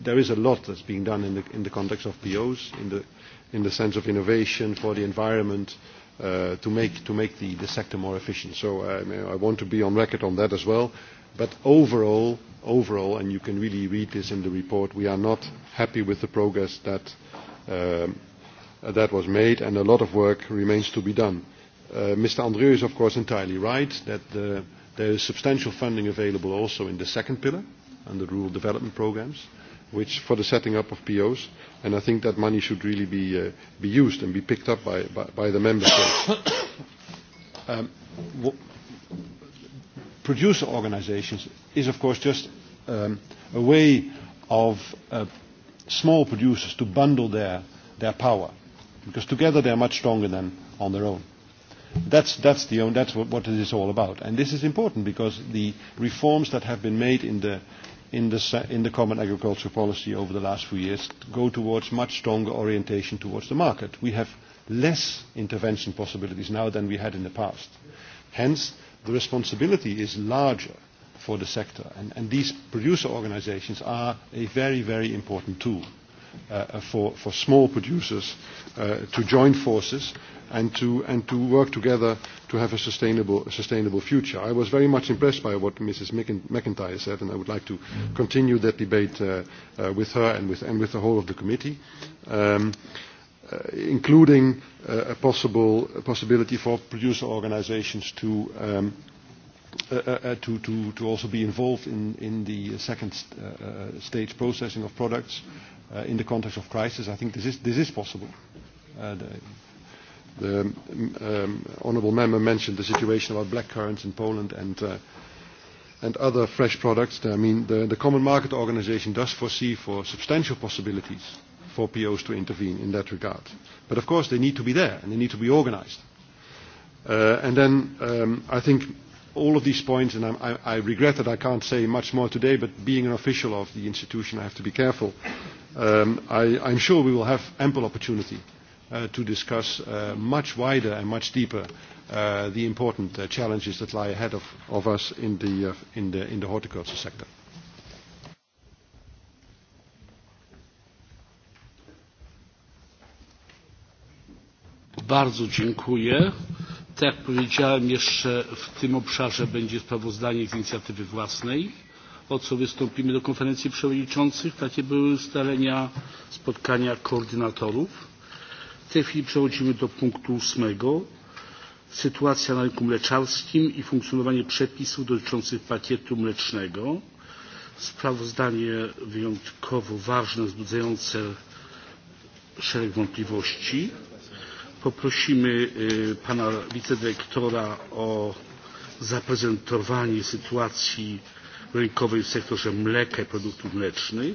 there is a lot that's being done in the, in the context of POs, in the, in the sense of innovation for the environment, to make to make the, sector more efficient. So I, mean, I want to be on record on that as well. But overall, overall, and you can really read this in the report, we are not happy with the progress that um, that was made, and a lot of work remains to be done. Mr. Andreu is of course entirely right that the There is substantial funding available also in the second pillar under rural development programs which for the setting up of POs and I think that money should really be, uh, be used and be picked up by, by, by the member states. um, producer organizations is of course just um, a way of uh, small producers to bundle their, their power because together they are much stronger than on their own. That's, that's, the, um, that's what, what it is all about. And this is important because the reforms that have been made in the, in the, in the common agricultural policy over the last few years go towards much stronger orientation towards the market. We have less intervention possibilities now than we had in the past. Hence, the responsibility is larger for the sector. And, and these producer organizations are a very, very important tool. Uh, uh, for, for small producers uh, to join forces and to, and to work together to have a sustainable, sustainable future. I was very much impressed by what Mrs. McIntyre said, and I would like to continue that debate uh, uh, with her and with, and with the whole of the committee. Um, Uh, including uh, a possible a possibility for producer organizations to um, uh, uh, uh to, to to also be involved in in the second st stage processing of products uh, in the context of crisis, I think this is, this is possible. Uh, the the um, um, honourable member mentioned the situation about black currants in Poland and, uh, and other fresh products. I mean, the, the Common Market Organization does foresee for substantial possibilities for POs to intervene in that regard. But of course, they need to be there and they need to be organized. Uh, and then um, I think all of these points, and I, I regret that I can't say much more today, but being an official of the institution, I have to be careful. Um, I, I'm sure we will have ample opportunity uh, to discuss uh, much wider and much deeper uh, the important uh, challenges that lie ahead of, of us in the, uh, in, the, in the horticulture sector. Bardzo dziękuję. Tak jak powiedziałem, jeszcze w tym obszarze będzie sprawozdanie z inicjatywy własnej, o co wystąpimy do konferencji przewodniczących. Takie były ustalenia spotkania koordynatorów. W tej chwili przechodzimy do punktu ósmego. Sytuacja na rynku mleczarskim i funkcjonowanie przepisów dotyczących pakietu mlecznego. Sprawozdanie wyjątkowo ważne, wzbudzające szereg wątpliwości poprosimy pana wicedyrektora o zaprezentowanie sytuacji rynkowej w sektorze mleka i produktów mlecznych.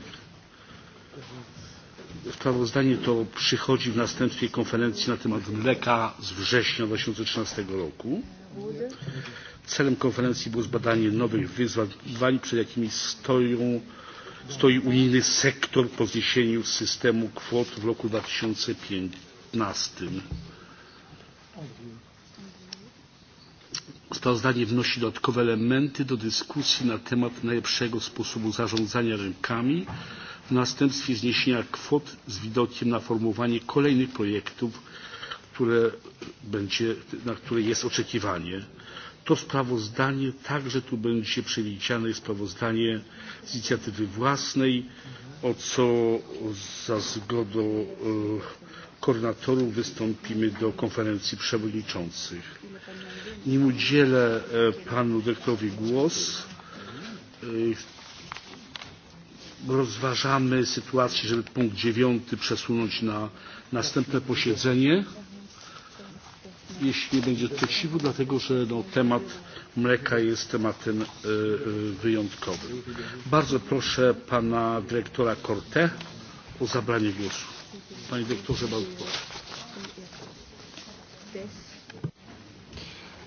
Sprawozdanie to przychodzi w następstwie konferencji na temat mleka z września 2013 roku. Celem konferencji było zbadanie nowych wyzwań, przed jakimi stoją, stoi unijny sektor po zniesieniu systemu kwot w roku 2005 15. Sprawozdanie wnosi dodatkowe elementy do dyskusji na temat najlepszego sposobu zarządzania rynkami w następstwie zniesienia kwot z widokiem na formułowanie kolejnych projektów, na które jest oczekiwanie. To sprawozdanie także tu będzie przewidziane sprawozdanie z inicjatywy własnej, o co za zgodą e, koordynatorów wystąpimy do konferencji przewodniczących. Nim udzielę e, panu dyrektorowi głos, e, rozważamy sytuację, żeby punkt dziewiąty przesunąć na następne posiedzenie, jeśli nie będzie sprzeciwu, dlatego że temat mleka jest tematem e, wyjątkowym. Bardzo proszę pana dyrektora Corte o zabranie głosu. Panie doktorze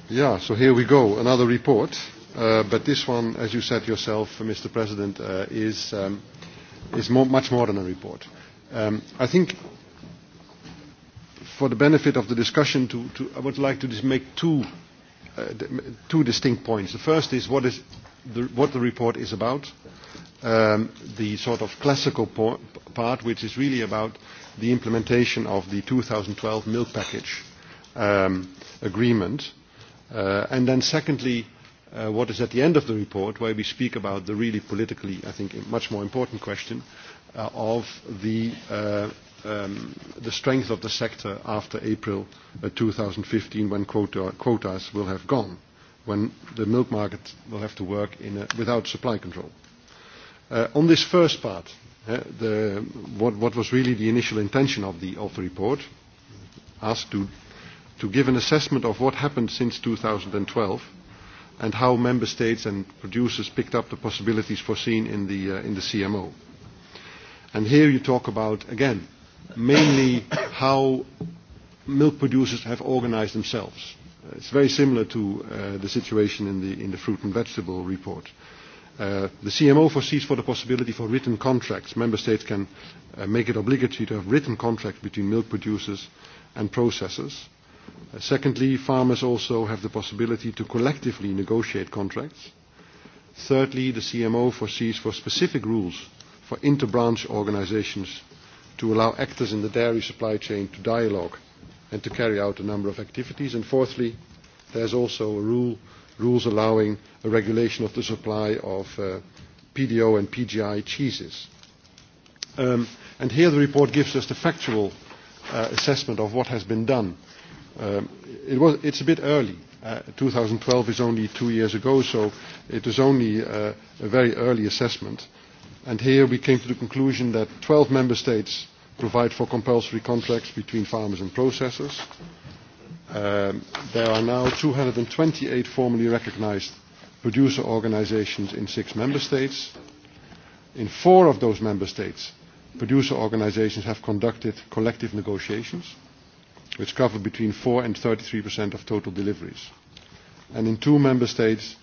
Yeah, so here we go, another report. Uh, but this one, as you said yourself, uh, Mr. President, uh, is, um, is more, much more than a report. Um, I think for the benefit of the discussion, to, to, I would like to just make two, uh, two distinct points. The first is what, is the, what the report is about, um, the sort of classical po part which is really about the implementation of the 2012 milk package um, agreement. Uh, and then secondly, uh, what is at the end of the report where we speak about the really politically, I think, much more important question uh, of the, uh, um, the strength of the sector after April uh, 2015 when quota, quotas will have gone, when the milk market will have to work in a, without supply control. Uh, on this first part, Uh, the, what, what was really the initial intention of the, of the report, asked to, to give an assessment of what happened since 2012 and how member states and producers picked up the possibilities foreseen in the, uh, in the CMO. And here you talk about, again, mainly how milk producers have organized themselves. Uh, it's very similar to uh, the situation in the, in the fruit and vegetable report. Uh, the CMO foresees for the possibility for written contracts. Member states can uh, make it obligatory to have written contracts between milk producers and processors. Uh, secondly, farmers also have the possibility to collectively negotiate contracts. Thirdly, the CMO foresees for specific rules for interbranch organisations to allow actors in the dairy supply chain to dialogue and to carry out a number of activities. And fourthly, there is also a rule rules allowing a regulation of the supply of uh, PDO and PGI cheeses. Um, and here the report gives us the factual uh, assessment of what has been done. Um, it was, it's a bit early. Uh, 2012 is only two years ago, so it is only uh, a very early assessment. And here we came to the conclusion that 12 member states provide for compulsory contracts between farmers and processors. Um, there are now 228 formally recognised producer organisations in six member states. In four of those member states, producer organisations have conducted collective negotiations, which cover between 4 and 33% of total deliveries. And in two member states,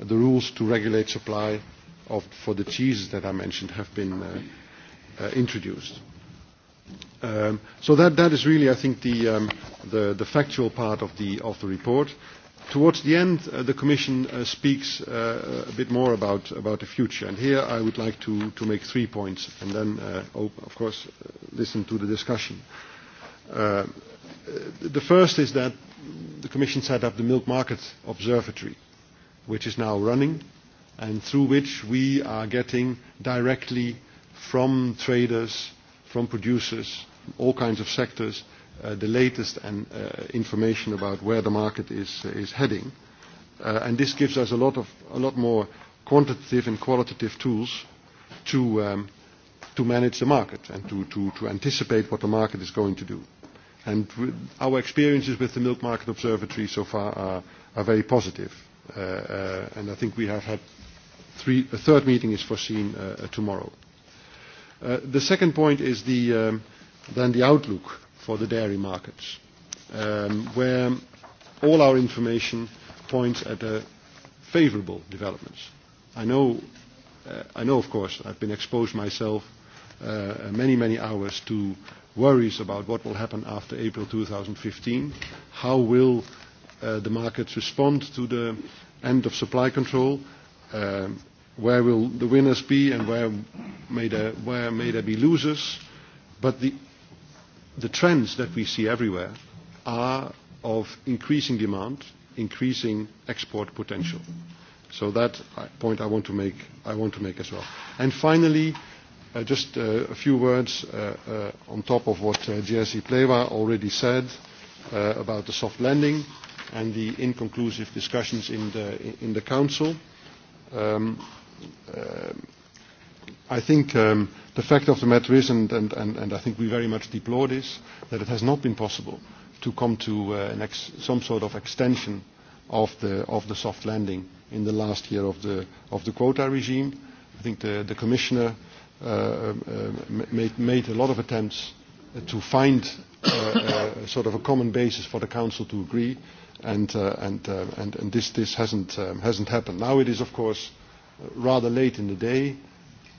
the rules to regulate supply of, for the cheeses that I mentioned have been uh, uh, introduced. Um, so that, that is really, I think, the, um, the, the factual part of the, of the report. Towards the end, uh, the Commission uh, speaks uh, a bit more about, about the future. And here I would like to, to make three points and then, uh, open, of course, uh, listen to the discussion. Uh, the first is that the Commission set up the Milk Market Observatory, which is now running and through which we are getting directly from traders from producers, all kinds of sectors, uh, the latest and, uh, information about where the market is, uh, is heading. Uh, and this gives us a lot, of, a lot more quantitative and qualitative tools to, um, to manage the market and to, to, to anticipate what the market is going to do. And our experiences with the Milk Market Observatory so far are, are very positive. Uh, uh, and I think we have had three, a third meeting is foreseen uh, uh tomorrow. Uh, the second point is the, um, then the outlook for the dairy markets, um, where all our information points at favourable favorable developments. I know, uh, I know, of course, I've been exposed myself uh, many, many hours to worries about what will happen after April 2015. How will the markets respond to the end of supply control? Um, where will the winners be and where may there, where may there be losers. But the, the trends that we see everywhere are of increasing demand, increasing export potential. So that uh, point I want to make, I want to make as well. And finally, uh, just uh, a few words uh, uh, on top of what uh, GSE Pleva already said uh, about the soft landing and the inconclusive discussions in the, in the Council. Um, Um, I think um, the fact of the matter is, and, and, and I think we very much deplore this, that it has not been possible to come to uh, an ex some sort of extension of the, of the soft landing in the last year of the, of the quota regime. I think the, the Commissioner uh, um, uh, made, made a lot of attempts to find uh, uh, sort of a common basis for the Council to agree, and, uh, and, uh, and, and this, this hasn't, um, hasn't happened. Now it is, of course, rather late in the day,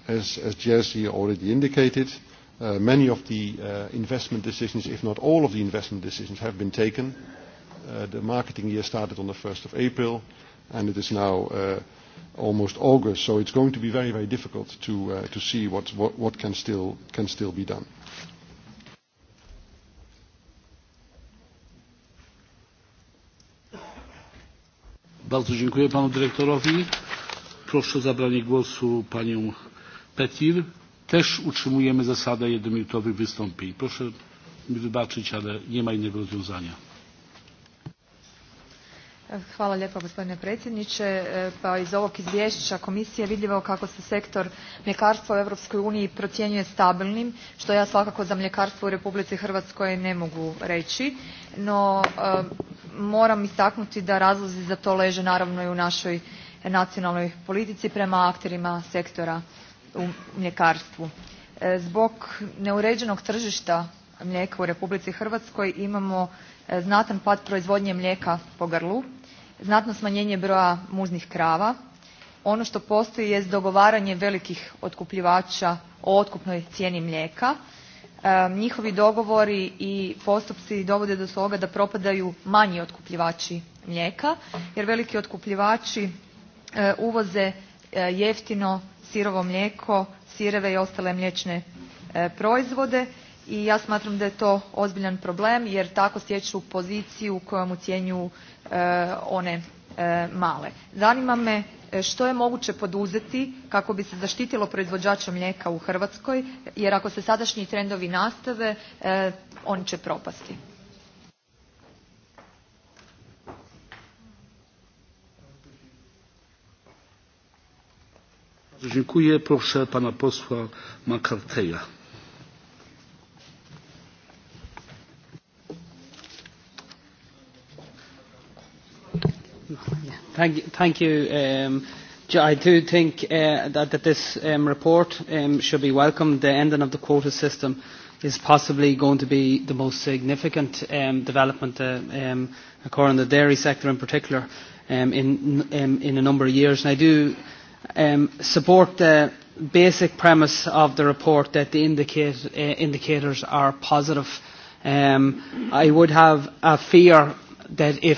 as, as Jerzy already indicated. Uh, many of the uh, investment decisions, if not all of the investment decisions, have been taken. Uh, the marketing year started on the 1st of April, and it is now almost August, so it's going to be very, very difficult to, to see what, what, what can, still, can still be done. Bardzo dziękuję panu dyrektorowi. Proszę o zabranie głosu panią Petir. Też utrzymujemy zasadę jednominutowych wystąpień. Proszę mi wybaczyć, ale nie ma innego rozwiązania. Hvala lijepo gospodine predsjedniče. Pa iz ovog izvješća komisije vidljivo kako se sektor mljekarstva u Europskoj uniji procjenjuje stabilnim, što ja svakako za mljekarstvo u Republici Hrvatskoj ne mogu reći. No eh, moram istaknuti da razlozi za to leže naravno i u našoj nacionalnoj politici prema akterima sektora u mljekarstvu. E, zbog neuređenog tržišta mlijeka u Republici Hrvatskoj imamo e, znatan pad proizvodnje mlijeka po grlu, znatno smanjenje broja muznih krava. Ono što postoji je dogovaranje velikih otkupljivača o otkupnoj cijeni mlijeka. E, njihovi dogovori i postupci dovode do toga da propadaju manji otkupljivači mlijeka jer veliki otkupljivači E, uvoze e, jeftino sirovo mlijeko, sireve i ostale mliječne e, proizvode i ja smatram da je to ozbiljan problem jer tako stječu poziciju kojom ucjenjuju one male. Zanima me što je moguće poduzeti kako bi se zaštitilo proizvođače mlijeka u Hrvatskoj jer ako se sadašnji trendovi nastave oni će propasti. Um, I do think uh, that, this um, report um, should be welcomed. The ending of the quota system is possibly going to be the most significant development uh, occurring in the dairy sector in particular in, in a number of years. And I do um, support the basic premise of the report that the indicate, uh, indicators are positive. Um, I would have a fear that if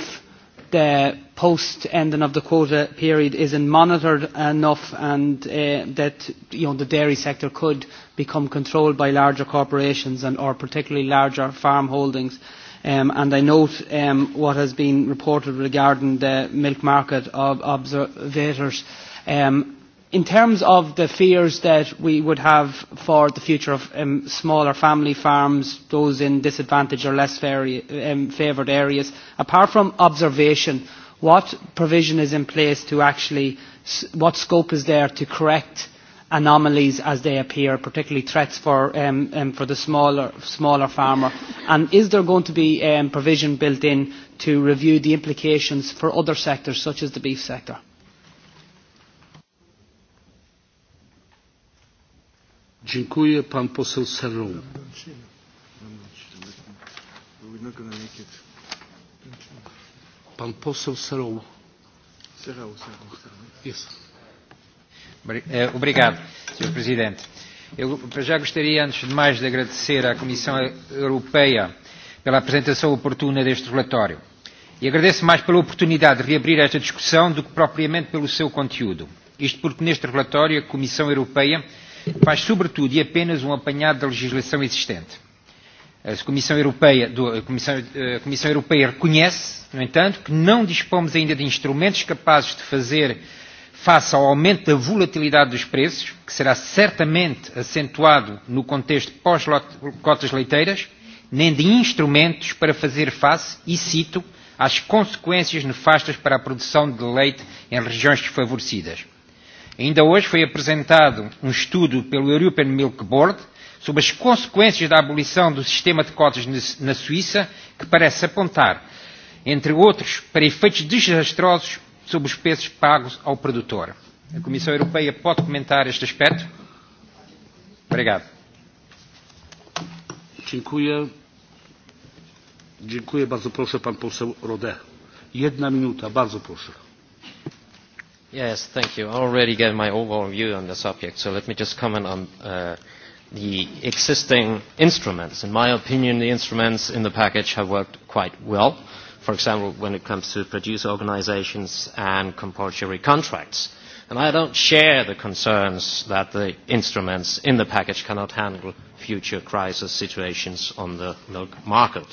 the post ending of the quota period isn't monitored enough and uh, that you know, the dairy sector could become controlled by larger corporations and or particularly larger farm holdings. Um, and I note um, what has been reported regarding the milk market of observators Um, in terms of the fears that we would have for the future of um, smaller family farms, those in disadvantaged or less um, favoured areas, apart from observation, what provision is in place to actually, what scope is there to correct anomalies as they appear, particularly threats for, um, um, for the smaller, smaller farmer? And is there going to be um, provision built in to review the implications for other sectors, such as the beef sector? Dziękuję. Pan poseł Pan poseł eh, Presidente. Eu já gostaria, antes de mais, de agradecer à Comissão Europeia pela apresentação oportuna deste relatório e agradeço mais pela oportunidade de reabrir esta discussão do que propriamente pelo seu conteúdo. Isto porque neste relatório a Comissão Europeia faz sobretudo e apenas um apanhado da legislação existente. A Comissão Europeia, a Comissão, a Comissão Europeia reconhece, no entanto, que não dispomos ainda de instrumentos capazes de fazer face ao aumento da volatilidade dos preços, que será certamente acentuado no contexto pós-cotas leiteiras, nem de instrumentos para fazer face, e cito, às consequências nefastas para a produção de leite em regiões desfavorecidas. Ainda hoje foi apresentado um estudo pelo European Milk Board sobre as consequências da abolição do sistema de cotas na Suíça, que parece apontar, entre outros, para efeitos desastrosos sobre os preços pagos ao produtor. A Comissão Europeia pode comentar este aspecto? Obrigado. Dziękuję. Dziękuję bardzo proszę pan poseł Rodet. Jedna minuta, bardzo proszę. Yes, thank you. I already gave my overall view on the subject, so let me just comment on uh, the existing instruments. In my opinion, the instruments in the package have worked quite well, for example, when it comes to producer organizations and compulsory contracts. And I don't share the concerns that the instruments in the package cannot handle future crisis situations on the milk market.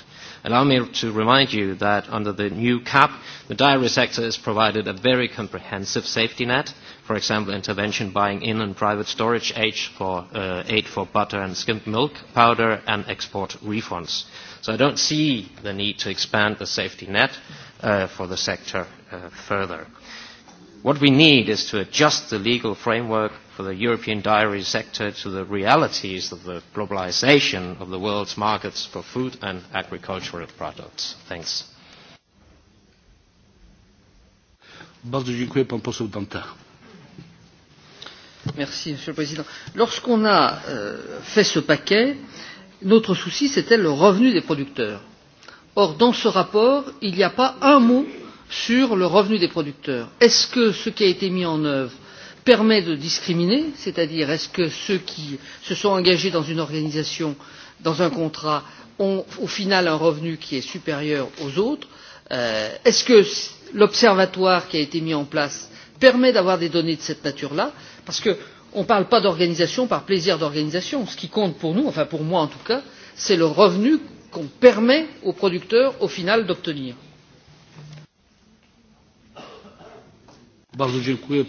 Allow me to remind you that under the new CAP, the dairy sector has provided a very comprehensive safety net, for example, intervention buying in and private storage, aid for, uh, aid for butter and skimmed milk, powder and export refunds. So I don't see the need to expand the safety net uh, for the sector uh, further. What we need is to adjust the legal framework for the European dairy sector to the realities of the globalization of the world's markets for food and agricultural products. Thanks. Bardzo dziękuję pan poseł Dante. Merci monsieur le président. Lorsqu'on a euh, fait ce paquet, notre souci c'était le revenu des producteurs. Or dans ce rapport, il n'y a pas un mot sur le revenu des producteurs. Est-ce que ce qui a été mis en œuvre permet de discriminer c'est à dire est ce que ceux qui se sont engagés dans une organisation dans un contrat ont au final un revenu qui est supérieur aux autres? Euh, est ce que l'observatoire qui a été mis en place permet d'avoir des données de cette nature là? parce qu'on ne parle pas d'organisation par plaisir d'organisation ce qui compte pour nous enfin pour moi en tout cas c'est le revenu qu'on permet aux producteurs au final d'obtenir. Monsieur dziękuję.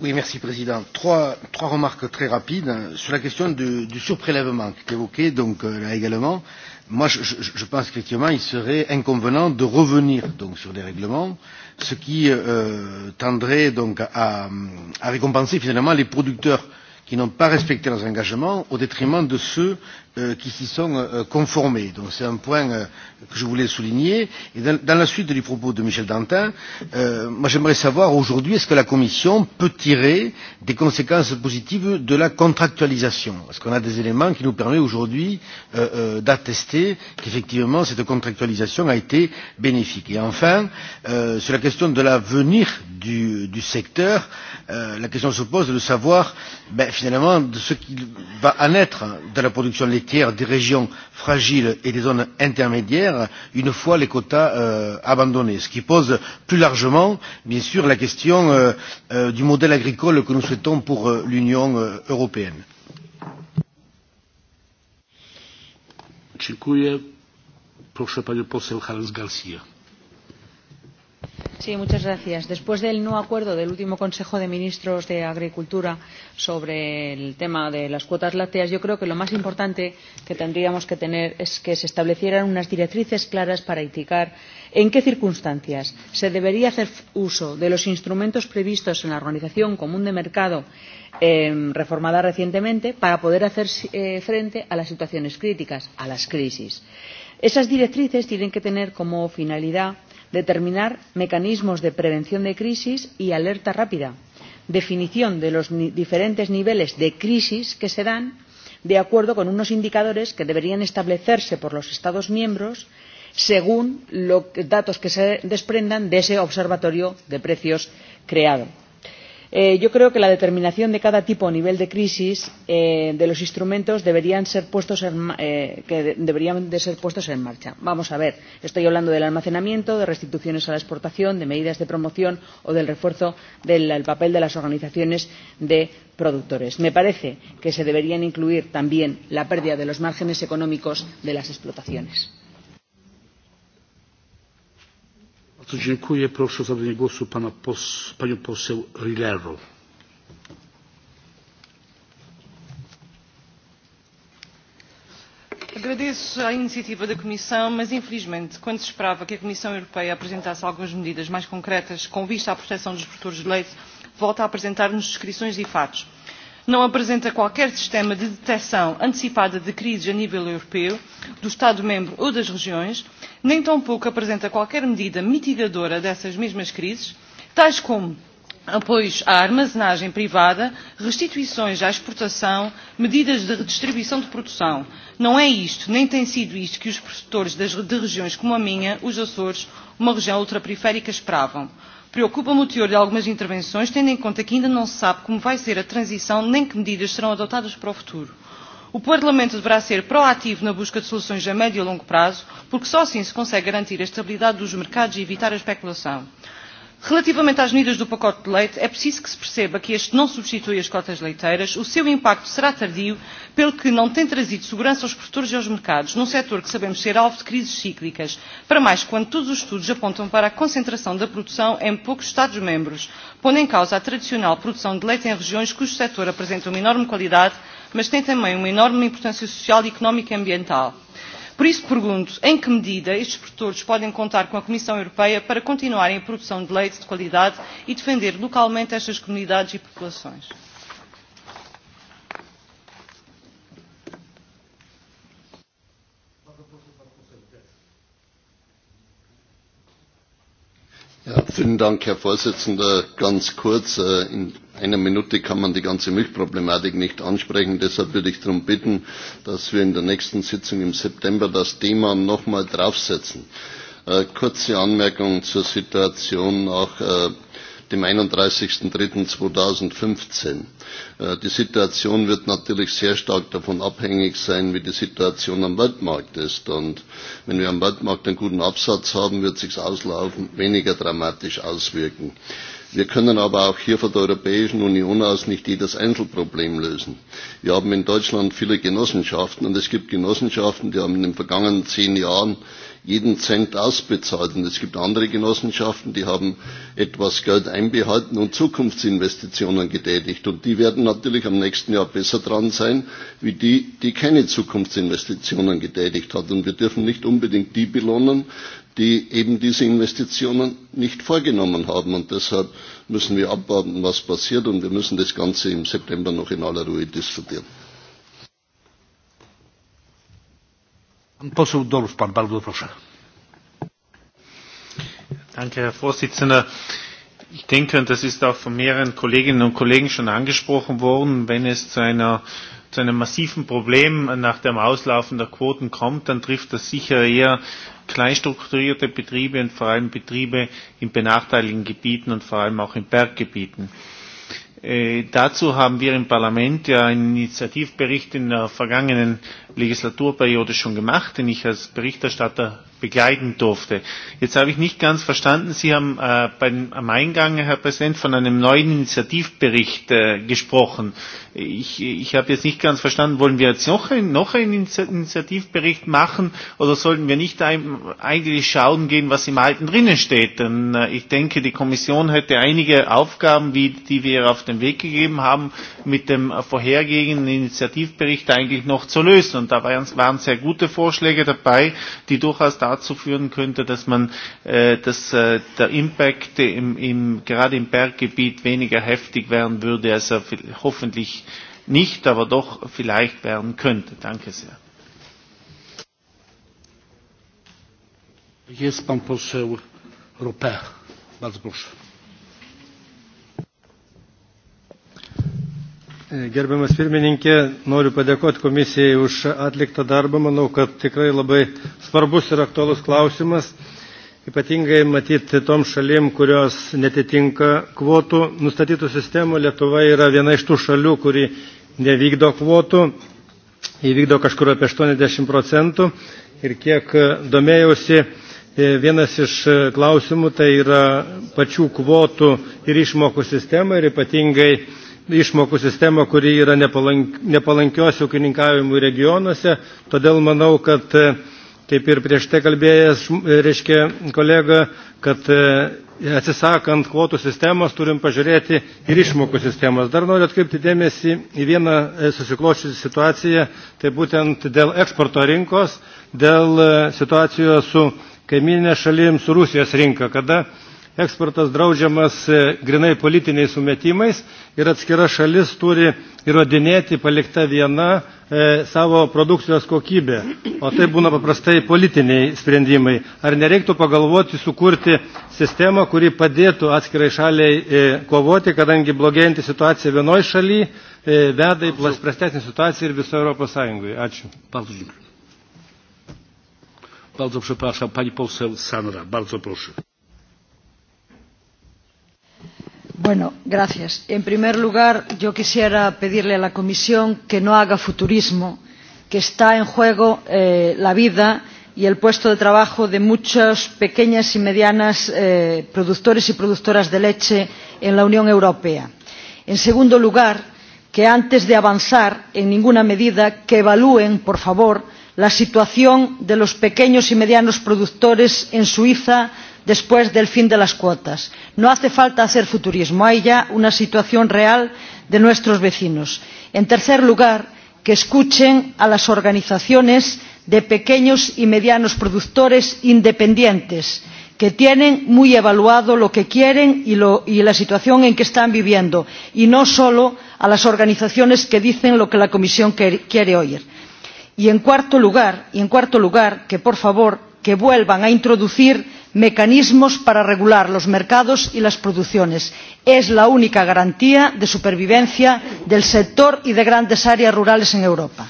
Oui, merci Président. Trois, trois remarques très rapides sur la question du, surprélèvement qui est évoqué donc, euh, là également. Moi, je, je pense qu'effectivement, il serait inconvenant de revenir donc, sur des règlements, ce qui euh, tendrait donc, à, à récompenser finalement les producteurs qui n'ont pas respecté leurs engagements au détriment de ceux Euh, qui s'y sont euh, conformés. Donc c'est un point euh, que je voulais souligner. Et dans, la suite du propos de Michel Dantin, moi j'aimerais savoir aujourd'hui est-ce que la Commission peut tirer des conséquences positives de la contractualisation Est-ce qu'on a des éléments qui nous permettent aujourd'hui d'attester qu'effectivement cette contractualisation a été bénéfique Et enfin, sur la question de l'avenir du, secteur, la question se pose de savoir ben, finalement de ce qui va en être de la production laitière tiers des régions fragiles et des zones intermédiaires une fois les quotas euh, abandonnés ce qui pose plus largement bien sûr la question euh, euh, du modèle agricole que nous souhaitons pour euh, l'union euh, européenne. Dziękuję. Proszę panią poseł Hans Garcia señor presidente después del no acuerdo del último consejo de ministros de agricultura sobre el tema de las cuotas lácteas yo creo que lo más importante que tendríamos que tener es que se establecieran unas directrices claras para indicar en qué circunstancias se debería hacer uso de los instrumentos previstos en la organización común de mercado reformada recientemente para poder hacer eh, frente a las situaciones críticas a las crisis. esas directrices tienen que tener como finalidad determinar mecanismos de prevención de crisis y alerta rápida definición de los diferentes niveles de crisis que se dan de acuerdo con unos indicadores que deberían establecerse por los estados miembros según los datos que se desprendan de ese observatorio de precios creado. Eh, yo creo que la determinación de cada tipo o nivel de crisis eh, de los instrumentos deberían ser puestos en, eh, deberían marcha. Vamos a ver, estoy hablando del almacenamiento, de restituciones a la exportación, de medidas de promoción o del refuerzo del papel de las organizaciones de productores. Me parece que se deberían incluir también la pérdida de los márgenes económicos de las explotaciones. Bardzo dziękuję. Proszę głosu pana panią Rilero. Agradeço a iniciativa da Comissão, mas infelizmente, quando se esperava que a Comissão Europeia apresentasse algumas medidas mais concretas com vista à proteção dos produtores de leite, volta a apresentar-nos descrições de fatos não apresenta qualquer sistema de detecção antecipada de crises a nível europeu, do Estado-membro ou das regiões, nem tampouco apresenta qualquer medida mitigadora dessas mesmas crises, tais como apoios à armazenagem privada, restituições à exportação, medidas de redistribuição de produção. Não é isto, nem tem sido isto que os produtores de regiões como a minha, os Açores, uma região ultraperiférica, esperavam Preocupa-me o teor de algumas intervenções, tendo em conta que ainda não se sabe como vai ser a transição nem que medidas serão adotadas para o futuro. O Parlamento deverá ser proativo na busca de soluções a médio e longo prazo, porque só assim se consegue garantir a estabilidade dos mercados e evitar a especulação relativamente às medidas do pacote de leite é preciso que se perceba que este não substitui as cotas leiteiras o seu impacto será tardio pelo que não tem trazido segurança aos produtores e aos mercados num setor que sabemos ser alvo de crises cíclicas para mais quando todos os estudos apontam para a concentração da produção em poucos estados membros pondo em causa a tradicional produção de leite em regiões cujo setor apresenta uma enorme qualidade mas tem também uma enorme importância social económica e ambiental. Por isso pergunto em que medida estes produtores podem contar com a Comissão Europeia para continuarem a produção de leite de qualidade e defender localmente estas comunidades e populações. Herr Vorsitzender. Ganz kurz, äh, in einer Minute kann man die ganze Milchproblematik nicht ansprechen. Deshalb würde ich darum bitten, dass wir in der nächsten Sitzung im September das Thema noch einmal draufsetzen. Äh, kurze Anmerkung zur Situation auch. Äh, dem 31.03.2015. Äh, die Situation wird natürlich sehr stark davon abhängig sein, wie die Situation am Weltmarkt ist. Und wenn wir am Weltmarkt einen guten Absatz haben, wird sich auslaufen weniger dramatisch auswirken. Wir können aber auch hier von der Europäischen Union aus nicht jedes Einzelproblem lösen. Wir haben in Deutschland viele Genossenschaften und es gibt Genossenschaften, die haben in den vergangenen zehn Jahren jeden Cent ausbezahlt. Und es gibt andere Genossenschaften, die haben etwas Geld einbehalten und Zukunftsinvestitionen getätigt. Und die werden natürlich am nächsten Jahr besser dran sein, wie die, die keine Zukunftsinvestitionen getätigt hat. Und wir dürfen nicht unbedingt die belohnen, die eben diese Investitionen nicht vorgenommen haben. Und deshalb müssen wir abwarten, was passiert. Und wir müssen das Ganze im September noch in aller Ruhe diskutieren. Herr Präsident. Ich denke, und das ist auch von mehreren Kolleginnen und Kollegen schon angesprochen worden, wenn es zu, zu einem massiven Problem nach dem Auslaufen der Quoten kommt, dann trifft das sicher eher kleinstrukturierte Betriebe und vor allem Betriebe in benachteiligten Gebieten und vor allem auch in Berggebieten Äh, dazu haben wir im Parlament ja einen Initiativbericht in der vergangenen Legislaturperiode schon gemacht, den ich als Berichterstatter begleiten durfte. Jetzt habe ich nicht ganz verstanden, Sie haben äh, beim, am Eingang, Herr Präsident, von einem neuen Initiativbericht äh, gesprochen. Ich, ich habe jetzt nicht ganz verstanden, wollen wir jetzt noch, ein, noch einen Initiativbericht machen oder sollten wir nicht ein, eigentlich schauen gehen, was im Alten drinnen steht? Denn äh, ich denke, die Kommission hätte einige Aufgaben, wie, die wir auf den Weg gegeben haben, mit dem vorhergehenden Initiativbericht eigentlich noch zu lösen. Und da waren, waren sehr gute Vorschläge dabei, die durchaus da dazu führen könnte, dass man äh, dass äh, der Impact im, gerade im Berggebiet weniger heftig werden würde, als er hoffentlich nicht, aber doch vielleicht werden könnte. Danke sehr. Jest pan poseł Bardzo proszę. Gerbiamas pirmininkė, noriu padėkoti komisijai už atliktą darbą. Manau, kad tikrai labai svarbus ir aktualus klausimas. Ypatingai matyti tom šalim, kurios netitinka kvotų nustatytų sistemų. Lietuva yra viena iš tų šalių, kuri nevykdo kvotų. Įvykdo kažkur apie 80 procentų. Ir kiek domėjausi, e, vienas iš klausimų tai yra pačių kvotų ir išmokų sistema ir ypatingai išmokų sistemą, kuri yra nepalankios ūkininkavimui regionuose. Todėl manau, kad e, kaip ir prieš tai kalbėjęs, e, reiškia kolega, kad e, atsisakant kvotų sistemos turim pažiūrėti ir išmokų sistemos. Dar noriu atkreipti dėmesį į vieną susikloščiusią situaciją, tai būtent dėl eksporto rinkos, dėl situacijos su kaiminė šalim, su Rusijos rinka, kada eksportas draudžiamas e, grinai politiniais sumetimais ir atskira šalis turi įrodinėti palikta viena e, savo produkcijos kokybė. o tai būna paprastai politiniai sprendimai ar nereiktų pagalvoti sukurti sistemą kuri padėtų atskirai šaliai e, kovoti kadangi blogėjanti situacija vienoje šalyje, veda į prastesnį situaciją ir viso europos sąjungoje ačiū bardzo przepraszam pani poseł Sanra, bardzo proszę. Señor gracias. En primer lugar, yo quisiera pedirle a la Comisión que no haga futurismo, que está en juego eh, la vida y el puesto de trabajo de muchos pequeñas y medianas eh, productores y productoras de leche en la Unión Europea. En segundo lugar, que antes de avanzar en ninguna medida, que evalúen, por favor, la situación de los pequeños y medianos productores en Suiza, después del fin de las cuotas. no hace falta hacer futurismo hay ya una situación real de nuestros vecinos. en tercer lugar que escuchen a las organizaciones de pequeños y medianos productores independientes que tienen muy evaluado lo que quieren y, lo, y la situación en que están viviendo y no solo a las organizaciones que dicen lo que la comisión quiere oír. y en cuarto lugar, y en cuarto lugar que por favor que vuelvan a introducir mecanismos para regular los mercados y las producciones es la única garantía de supervivencia del sector y de grandes áreas rurales en europa.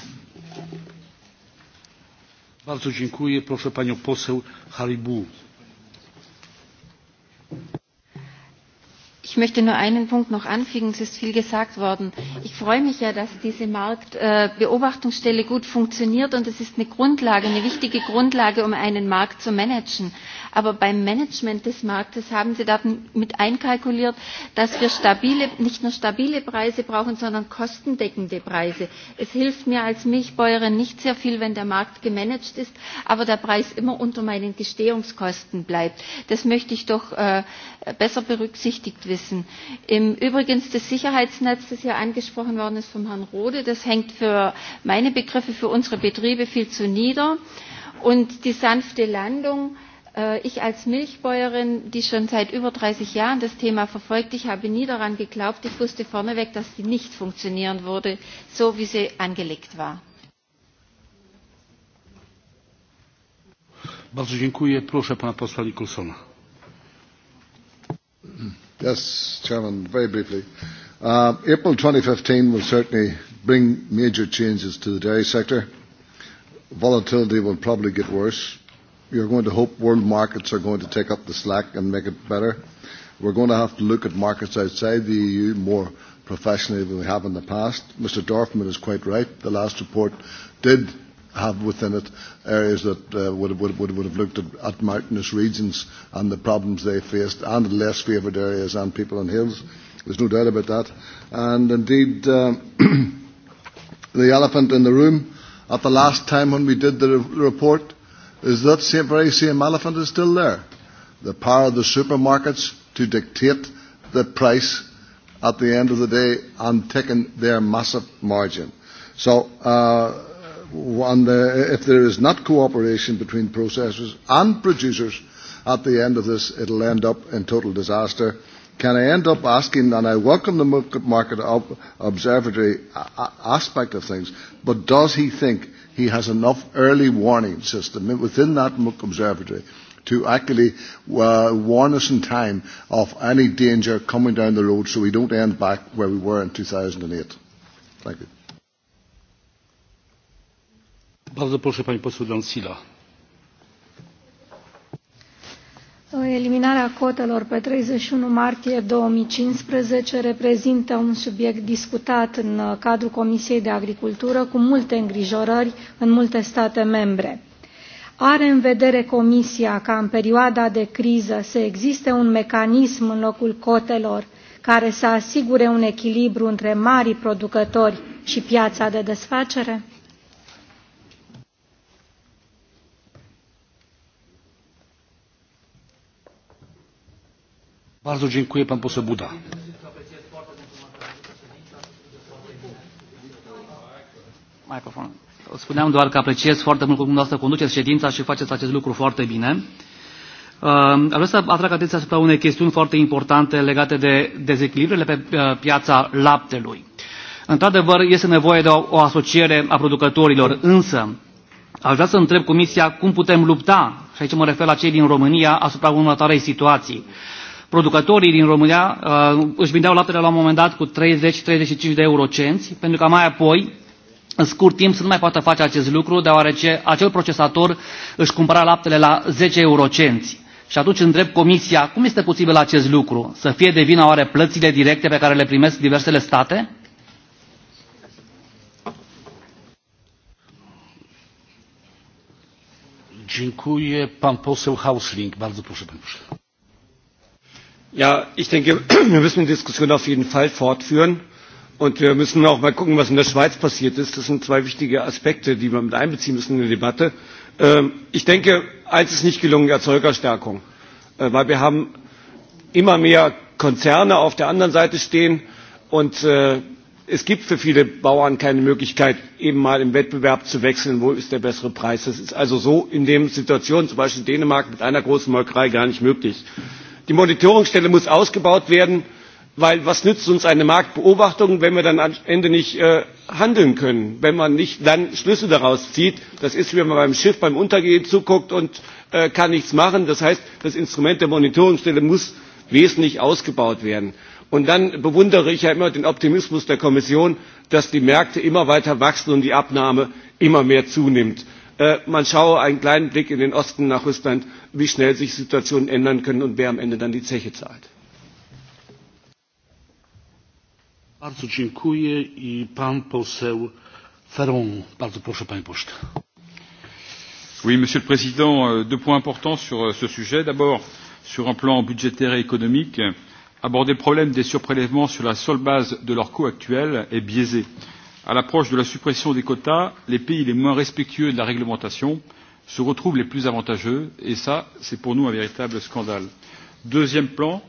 Ich möchte nur einen Punkt noch anfügen, es ist viel gesagt worden. Ich freue mich ja, dass diese Marktbeobachtungsstelle gut funktioniert und es ist eine Grundlage, eine wichtige Grundlage, um einen Markt zu managen aber beim management des marktes haben sie damit einkalkuliert dass wir stabile nicht nur stabile preise brauchen sondern kostendeckende preise. es hilft mir als milchbäuerin nicht sehr viel wenn der markt gemanagt ist aber der preis immer unter meinen gestehungskosten bleibt. das möchte ich doch äh, besser berücksichtigt wissen. im übrigen das sicherheitsnetz das hier angesprochen worden ist vom herrn Rode, das hängt für meine begriffe für unsere betriebe viel zu nieder und die sanfte landung Äh, ich als Milchbäuerin, die schon seit über 30 Jahren das Thema verfolgt, ich habe nie daran geglaubt, ich wusste vorneweg, dass sie nicht funktionieren würde, so wie sie angelegt war. Bardzo dziękuję. Proszę pana posła Nicholsona. Yes, Chairman, very briefly. Uh, April 2015 will certainly bring major changes to the dairy sector. Volatility will probably get worse you're going to hope world markets are going to take up the slack and make it better. We're going to have to look at markets outside the EU more professionally than we have in the past. Mr. Dorfman is quite right. The last report did have within it areas that uh, would, would, would, would have looked at, at mountainous regions and the problems they faced and the less favoured areas and people on hills. There's no doubt about that. And indeed, uh, the elephant in the room, at the last time when we did the report, is that same very same elephant is still there. The power of the supermarkets to dictate the price at the end of the day and taking their massive margin. So uh, uh if there is not cooperation between processors and producers at the end of this, it will end up in total disaster. Can I end up asking, and I welcome the market observatory uh, uh, aspect of things, but does he think he has enough early warning system within that observatory to actually uh, warn us in time of any danger coming down the road so we don't end back where we were in 2008. Thank you. Bardzo proszę pani poseł Sila. Eliminarea cotelor pe 31 martie 2015 reprezintă un subiect discutat în uh, cadrul Comisiei de Agricultură cu multe îngrijorări în multe state membre. Are în vedere Comisia ca în perioada de criză să existe un mecanism în locul cotelor care să asigure un echilibru între marii producători și piața de desfacere? Bardzo dziękuję pan poseł Buda. Spuneam doar că apreciez foarte mult cum dumneavoastră conduceți ședința și faceți acest lucru foarte bine. Uh, vreau să atrag atenția asupra unei chestiuni foarte importante legate de dezechilibrele pe uh, piața laptelui. Într-adevăr, este nevoie de o, o asociere a producătorilor, însă aș vrea să întreb Comisia cum putem lupta, și aici mă refer la cei din România, asupra următoarei situații. Uh, producătorii din România uh, își vindeau laptele la un moment dat cu 30-35 de eurocenți, pentru că mai apoi în scurt timp să nu mai poată face acest lucru, deoarece acel procesator își cumpăra laptele la 10 eurocenți. Și atunci întreb Comisia, cum este posibil acest lucru? Să fie de vină oare plățile directe pe care le primesc diversele state? Dziękuję. Pan poseł Hausling. Bardzo proszę, panie ja, ich denke, wir müssen die Diskussion auf jeden Fall fortführen. Und wir müssen auch mal gucken, was in der Schweiz passiert ist. Das sind zwei wichtige Aspekte, die wir mit einbeziehen müssen in die Debatte. Ähm, ich denke, eines ist nicht gelungen, Erzeugerstärkung. Äh, weil wir haben immer mehr Konzerne auf der anderen Seite stehen und äh, es gibt für viele Bauern keine Möglichkeit, eben mal im Wettbewerb zu wechseln, wo ist der bessere Preis. Das ist also so in den Situation, zum Beispiel in Dänemark, mit einer großen Molkerei gar nicht möglich die monitorungsstelle muss ausgebaut werden denn was nützt uns eine marktbeobachtung wenn wir dann am ende nicht äh, handeln können wenn man nicht dann schlüsse daraus zieht? das ist wie wenn man beim schiff beim untergehen zuguckt und äh, kann nichts machen. das heißt das instrument der monitorungsstelle muss wesentlich ausgebaut werden. und dann bewundere ich ja immer den optimismus der kommission dass die märkte immer weiter wachsen und die abnahme immer mehr zunimmt. Äh, man schaue einen kleinen Blick in den Osten nach Russland, wie schnell sich Situationen ändern können und wer am Ende dann die Zeche zahlt. Bardzo dziękuję i pan poseł Ferron. Bardzo proszę, panie pośle. Oui, Monsieur le Président, euh, deux points importants sur euh, ce sujet. D'abord, sur un plan budgétaire et économique, aborder le problème des surprélèvements sur la seule base de leur coût actuel est biaisé à l'approche de la suppression des quotas les pays les moins respectueux de la réglementation se retrouvent les plus avantageux et ça c'est pour nous un véritable scandale. deuxième plan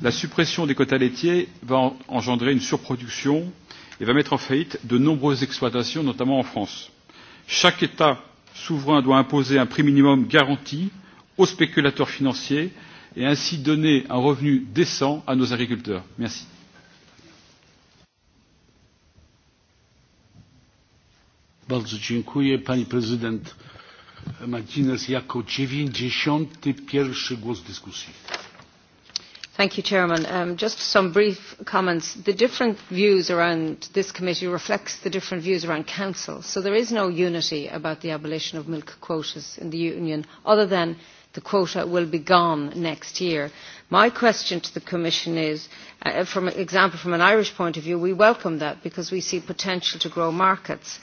la suppression des quotas laitiers va engendrer une surproduction et va mettre en faillite de nombreuses exploitations notamment en france. chaque état souverain doit imposer un prix minimum garanti aux spéculateurs financiers et ainsi donner un revenu décent à nos agriculteurs. merci. Bardzo dziękuję. Pani prezydent Martinez jako 91 głos w dyskusji. Thank you, Chairman. Um, just some brief comments. The different views around this committee reflects the different views around Council. So there is no unity about the abolition of milk quotas in the Union, other than the quota will be gone next year. My question to the Commission is, uh, for example, from an Irish point of view, we welcome that because we see potential to grow markets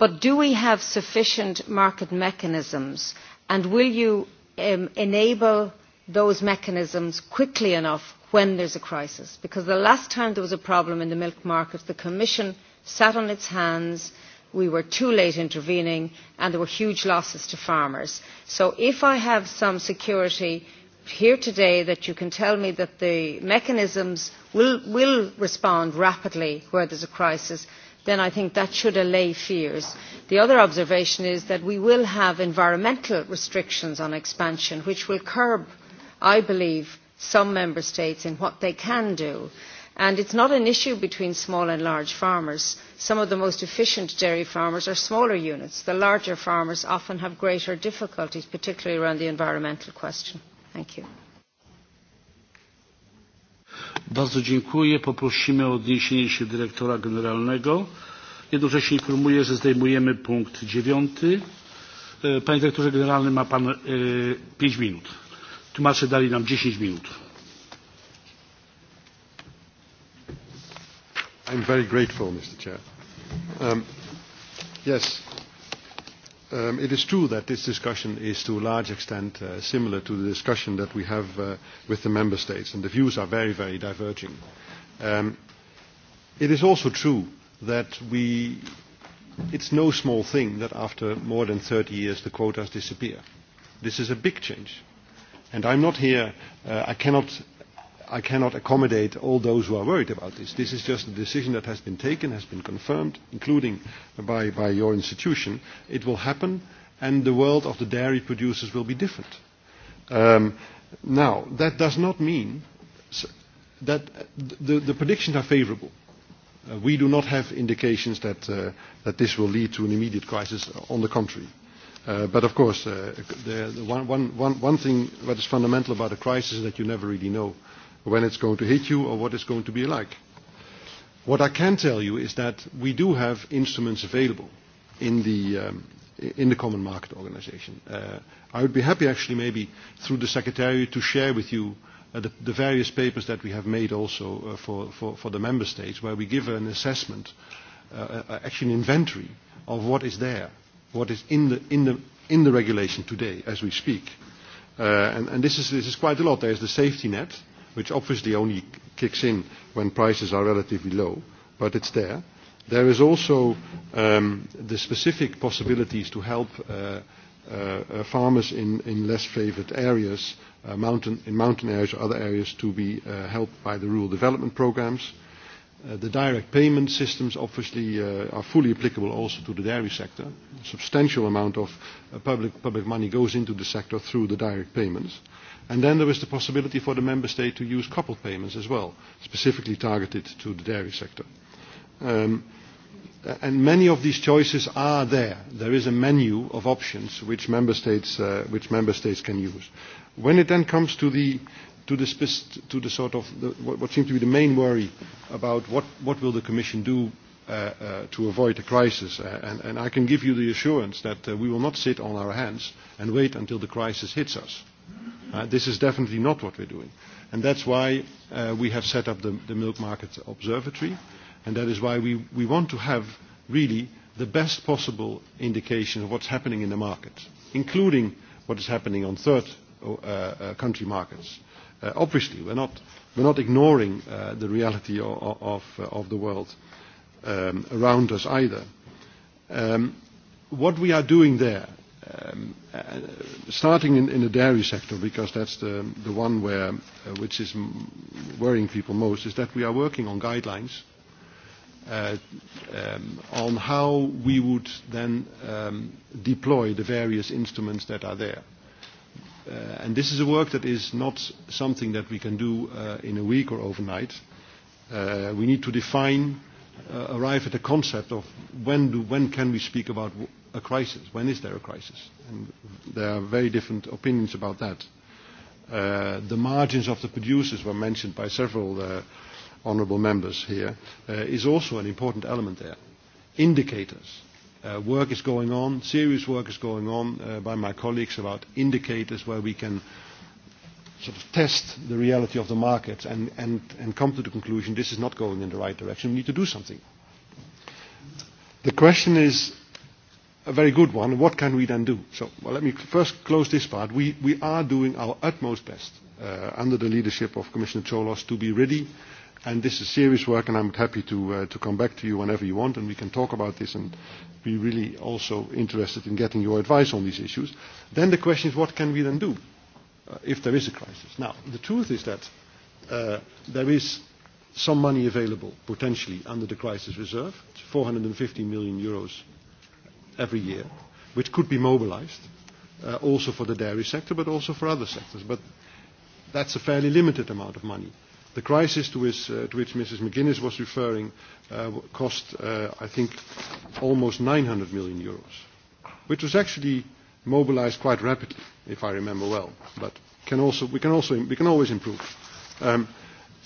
but do we have sufficient market mechanisms and will you um, enable those mechanisms quickly enough when there is a crisis because the last time there was a problem in the milk market the commission sat on its hands we were too late intervening and there were huge losses to farmers. so if i have some security here today that you can tell me that the mechanisms will, will respond rapidly where there is a crisis then I think that should allay fears. The other observation is that we will have environmental restrictions on expansion, which will curb, I believe, some member states in what they can do. And is not an issue between small and large farmers. Some of the most efficient dairy farmers are smaller units. The larger farmers often have greater difficulties, particularly around the environmental question. Thank you. Bardzo dziękuję. Poprosimy o odniesienie się dyrektora generalnego. Jednocześnie informuję, że zdejmujemy punkt dziewiąty. E, panie dyrektorze generalny ma pan e, pięć minut. Tłumacze dali nam dziesięć minut. I'm very grateful, Mr. Chair. Um, yes, um, it is true that this discussion is to a large extent uh, similar to the discussion that we have uh, with the member states, and the views are very, very diverging. Um, it is also true that we, it's no small thing that after more than 30 years the quotas disappear. This is a big change. And I'm not here, uh, I cannot i cannot accommodate all those who are worried about this. This is just a decision that has been taken, has been confirmed, including by, by your institution. It will happen, and the world of the dairy producers will be different. Um, now, that does not mean that the, the predictions are favorable. Uh, we do not have indications that, uh, that this will lead to an immediate crisis uh, on the contrary. Uh, but of course, uh, the, the one, one, one thing that is fundamental about a crisis is that you never really know when it's going to hit you or what it's going to be like. What I can tell you is that we do have instruments available in the, um, in the Common Market Organization. Uh, I would be happy actually maybe through the Secretary to share with you uh, the, the various papers that we have made also uh, for, for, for the Member States where we give an assessment, uh, uh, uh, actually an inventory of what is there, what is in the, in the, in the regulation today as we speak. Uh, and, and this, is, this is quite a lot. There is the safety net, which obviously only kicks in when prices are relatively low, but it's there. There is also um, the specific possibilities to help uh, uh, uh farmers in, in less favoured areas, uh, mountain, in mountain areas or other areas, to be uh, helped by the rural development programmes. Uh, the direct payment systems obviously uh, are fully applicable also to the dairy sector. A substantial amount of uh, public, public money goes into the sector through the direct payments. And then there was the possibility for the member state to use coupled payments as well, specifically targeted to the dairy sector. Um, and many of these choices are there. There is a menu of options which member states, uh, which member states can use. When it then comes to the, to the, to the sort of the, what, what seems to be the main worry about what, what will the Commission do uh, uh, to avoid a crisis, uh, and, and I can give you the assurance that uh, we will not sit on our hands and wait until the crisis hits us Uh, this is definitely not what we're doing. And that's why uh, we have set up the, Milk Market Observatory. And that is why we, we want to have really the best possible indication of what's happening in the market, including what is happening on third uh, country markets. obviously, we're not, we're not ignoring the reality of, of, the world um, around us either. Um, what we are doing there Um, uh, starting in, in the dairy sector, because that's the, the one where, uh, which is worrying people most, is that we are working on guidelines uh, um, on how we would then um, deploy the various instruments that are there. Uh, and this is a work that is not something that we can do uh, in a week or overnight. Uh, we need to define uh, arrive at the concept of when, do, when can we speak about a crisis, when is there a crisis. And there are very different opinions about that. Uh, the margins of the producers were mentioned by several uh, honourable members here, uh, is also an important element there. Indicators. Uh, work is going on, serious work is going on uh, by my colleagues about indicators where we can uh, sort of test the reality of the market and, and, and come to the conclusion this is not going in the right direction, we need to do something. The question is a very good one. What can we then do? So well, let me first close this part. We, we are doing our utmost best uh, under the leadership of Commissioner Cholos to be ready. And this is serious work, and I'm happy to, uh, to come back to you whenever you want, and we can talk about this, and be really also interested in getting your advice on these issues. Then the question is, what can we then do? if there is a crisis. Now, the truth is that uh, there is some money available potentially under the crisis reserve, it's 450 million euros every year, which could be mobilized uh, also for the dairy sector but also for other sectors. But that's a fairly limited amount of money. The crisis to which, uh, to which Mrs. McGuinness was referring uh, cost, uh, I think, almost 900 million euros, which was actually mobilized quite rapidly, if I remember well, but can also, we, can also, we can always improve. Um,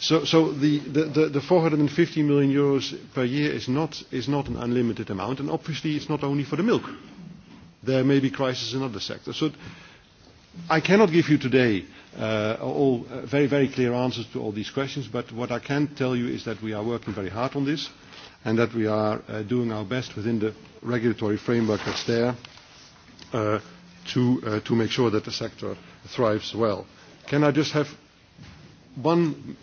so so the, the, the, the 450 million euros per year is not, is not an unlimited amount, and obviously it's not only for the milk. There may be crises in other sectors. So I cannot give you today uh, all uh, very, very clear answers to all these questions, but what I can tell you is that we are working very hard on this and that we are uh, doing our best within the regulatory framework that's there uh, to, uh, to make sure that the sector thrives well. Can I just have one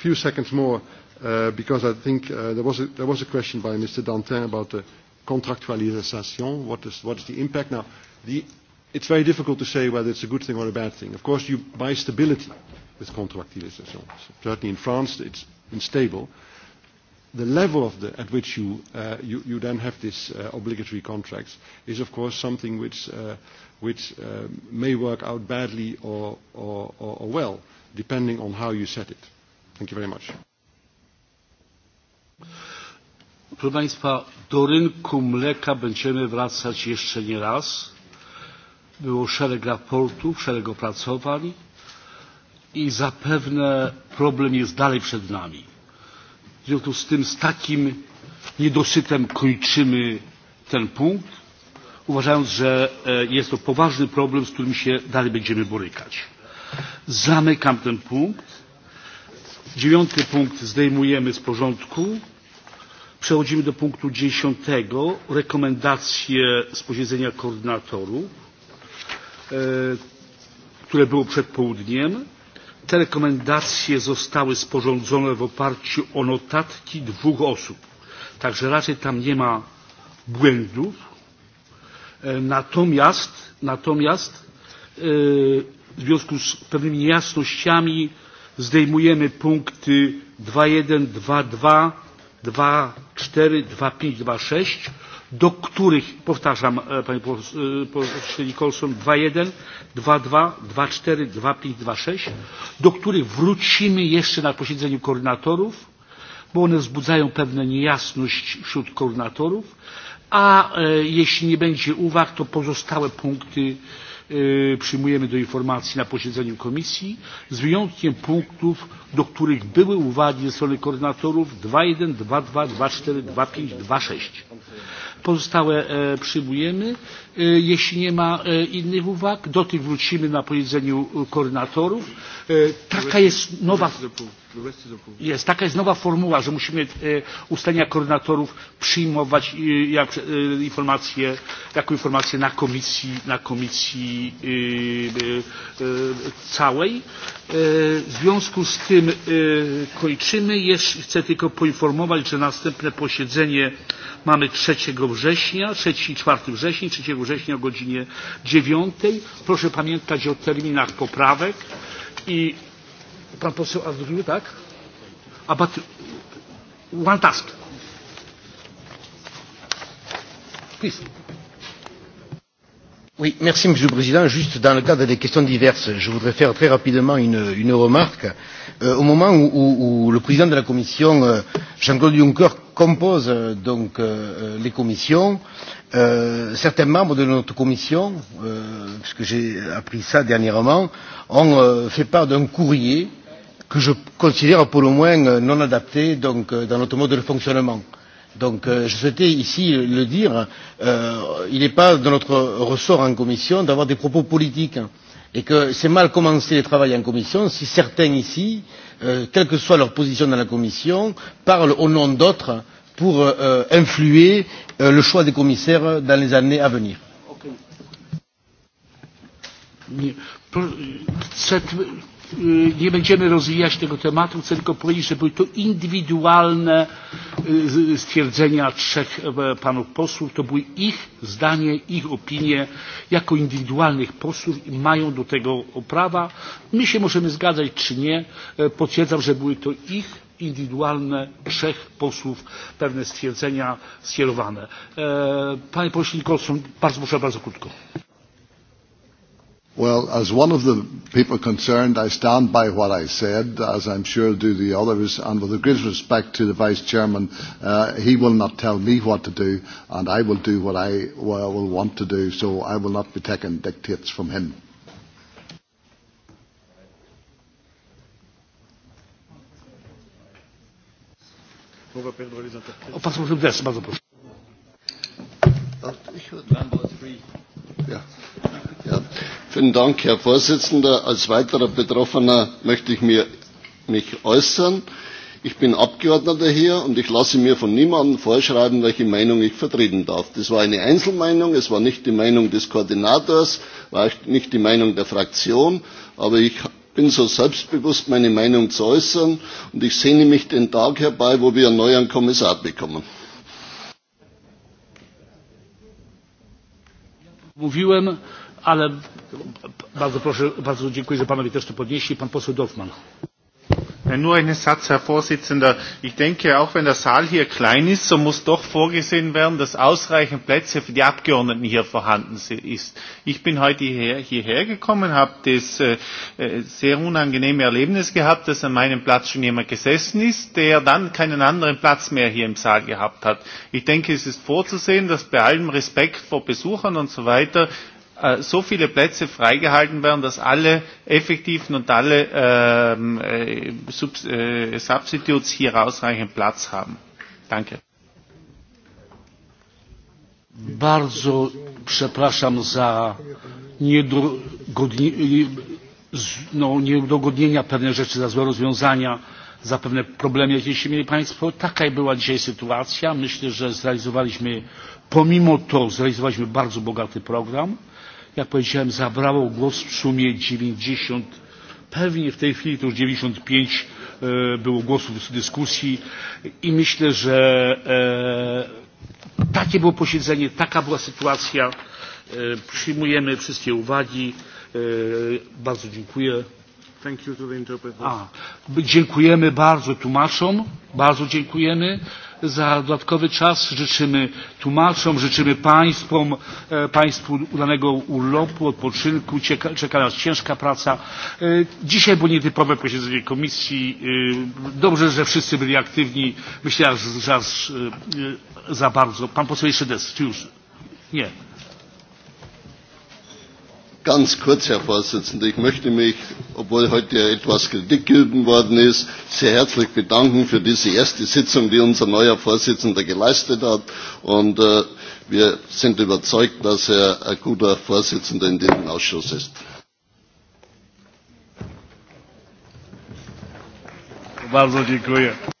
few seconds more uh, because I think uh, there, was a, there was a question by Mr. Dantin about the contractualisation. what is, what is the impact. Now, the, it's very difficult to say whether it's a good thing or a bad thing. Of course, you buy stability with contractualisation. So certainly in France, it's unstable the level of the, at which you, uh, you, you then have this uh, obligatory contracts is of course something which, uh, which uh, may work out badly or, or, or, or well, depending on how you set it. Thank you very much. Proszę Państwa, do rynku mleka będziemy wracać jeszcze nie raz. Było szereg raportów, szereg opracowań i zapewne problem jest dalej przed nami W związku z tym z takim niedosytem kończymy ten punkt, uważając, że e, jest to poważny problem, z którym się dalej będziemy borykać. Zamykam ten punkt. Dziewiąty punkt zdejmujemy z porządku. Przechodzimy do punktu dziesiątego. Rekomendacje z posiedzenia koordynatorów, e, które było przed południem te rekomendacje zostały sporządzone w oparciu o notatki dwóch osób także raczej tam nie ma błędów e, natomiast natomiast e, w związku z pewnymi niejasnościami zdejmujemy punkty 2.1, 2.2, 2.4, 2.5, 2.6 do których powtarzam e, panie e, pośle nicholson dwa jeden dwa dwa dwa cztery dwa pięć dwa sześć do których wrócimy jeszcze na posiedzeniu koordynatorów bo one wzbudzają pewną niejasność wśród koordynatorów a e, jeśli nie będzie uwag to pozostałe punkty przyjmujemy do informacji na posiedzeniu komisji z wyjątkiem punktów do których były uwagi ze strony koordynatorów dwa jeden dwa dwa dwa cztery dwa pięć dwa sześć pozostałe e, przyjmujemy e, jeśli nie ma e, innych uwag do tych wrócimy na posiedzeniu koordynatorów taka jest nowa Jest, taka jest nowa formuła, że musimy e, ustalenia koordynatorów przyjmować e, informacje, jako informację na komisji, na komisji e, całej. W związku z tym kończymy. Jeszcze chcę tylko poinformować, że następne posiedzenie mamy 3 września, 3 i 4 września, 3 września o godzinie 9. Proszę pamiętać o terminach poprawek i Pan poseł tak? one task. Please. Oui, merci Monsieur le Président. Juste dans le cadre des questions diverses, je voudrais faire très rapidement une, une remarque. Euh, au moment où, où, où, le Président de la Commission, euh, Jean-Claude Juncker, compose euh, donc euh, euh, les commissions, euh, certains membres de notre commission, puisque j'ai appris ça dernièrement, ont fait part d'un courrier que je considère pour le moins euh, non adapté donc, euh, dans notre mode de fonctionnement. Donc euh, je souhaitais ici le dire, euh, il n'est pas de notre ressort en commission d'avoir des propos politiques et que c'est mal commencer le travail en commission si certains ici, euh, quelle que soit leur position dans la commission, parlent au nom d'autres pour euh, influer le choix des commissaires dans les années à venir. Okay nie będziemy rozwijać tego tematu. Chcę tylko powiedzieć, że były to indywidualne stwierdzenia trzech e, panów posłów. To były ich zdanie, ich opinie jako indywidualnych posłów i mają do tego prawa. My się możemy zgadzać czy nie. E, potwierdzam, że były to ich indywidualne trzech posłów pewne stwierdzenia skierowane. E, panie pośle Nicholson, bardzo proszę, bardzo krótko. Well, as one of the people concerned, I stand by what I said, as I'm sure do the others, and with the greatest respect to the Vice Chairman, uh, he will not tell me what to do, and I will do what I, will want to do, so I will not be taking dictates from him. Herr Präsident. Als weiterer Betroffener möchte ich mich äußern. Ich bin Abgeordneter hier und ich lasse mir von niemandem vorschreiben, welche Meinung ich vertreten darf. Das war eine Einzelmeinung, es war nicht die Meinung des Koordinators, war nicht die Meinung der Fraktion, aber ich bin so selbstbewusst, meine Meinung zu äußern und ich sehne mich den Tag herbei, wo wir einen neuen Kommissar bekommen ale bardzo też podnieśli. Pan nur einen Satz, Herr Vorsitzender. Ich denke, auch wenn der Saal hier klein ist, so muss doch vorgesehen werden, dass ausreichend Plätze für die Abgeordneten hier vorhanden ist. Ich bin heute hierher, gekommen, habe das äh, äh, sehr unangenehme Erlebnis gehabt, dass an meinem Platz schon jemand gesessen ist, der dann keinen anderen Platz mehr hier im Saal gehabt hat. Ich denke, es ist vorzusehen, dass bei allem Respekt vor Besuchern und so weiter Äh, so viele Plätze freigehalten werden, dass alle effektiven und alle ähm, äh, äh, Substitutes hier ausreichend Platz haben. Danke. Bardzo przepraszam za no, niedogodnienia, pewne rzeczy, za złe rozwiązania, za pewne problemy, jakie się mieli Państwo. Taka była dzisiaj sytuacja. Myślę, że zrealizowaliśmy, pomimo to zrealizowaliśmy bardzo bogaty program jak powiedziałem zabrało głos w sumie 90 pewnie w tej chwili to już 95 e, było głosów w dyskusji i myślę, że e, takie było posiedzenie, taka była sytuacja. E, przyjmujemy wszystkie uwagi. Bardzo dziękuję. Thank you to the A, dziękujemy bardzo tłumaczom, bardzo dziękujemy za dodatkowy czas. Życzymy tłumaczom, życzymy państwom, e, państwu udanego urlopu, odpoczynku. Cieka, nas ciężka praca. E, dzisiaj było nietypowe posiedzenie komisji. E, dobrze, że wszyscy byli aktywni. Myślę, że za, za bardzo. Pan poseł jeszcze des, czy już? Nie. Ganz kurz, Herr Vorsitzender, ich möchte mich, obwohl heute etwas Kritik gegeben worden ist, sehr herzlich bedanken für diese erste Sitzung, die unser neuer Vorsitzender geleistet hat. Und äh, wir sind überzeugt, dass er ein guter Vorsitzender in diesem Ausschuss ist. Bardzo dziękuję.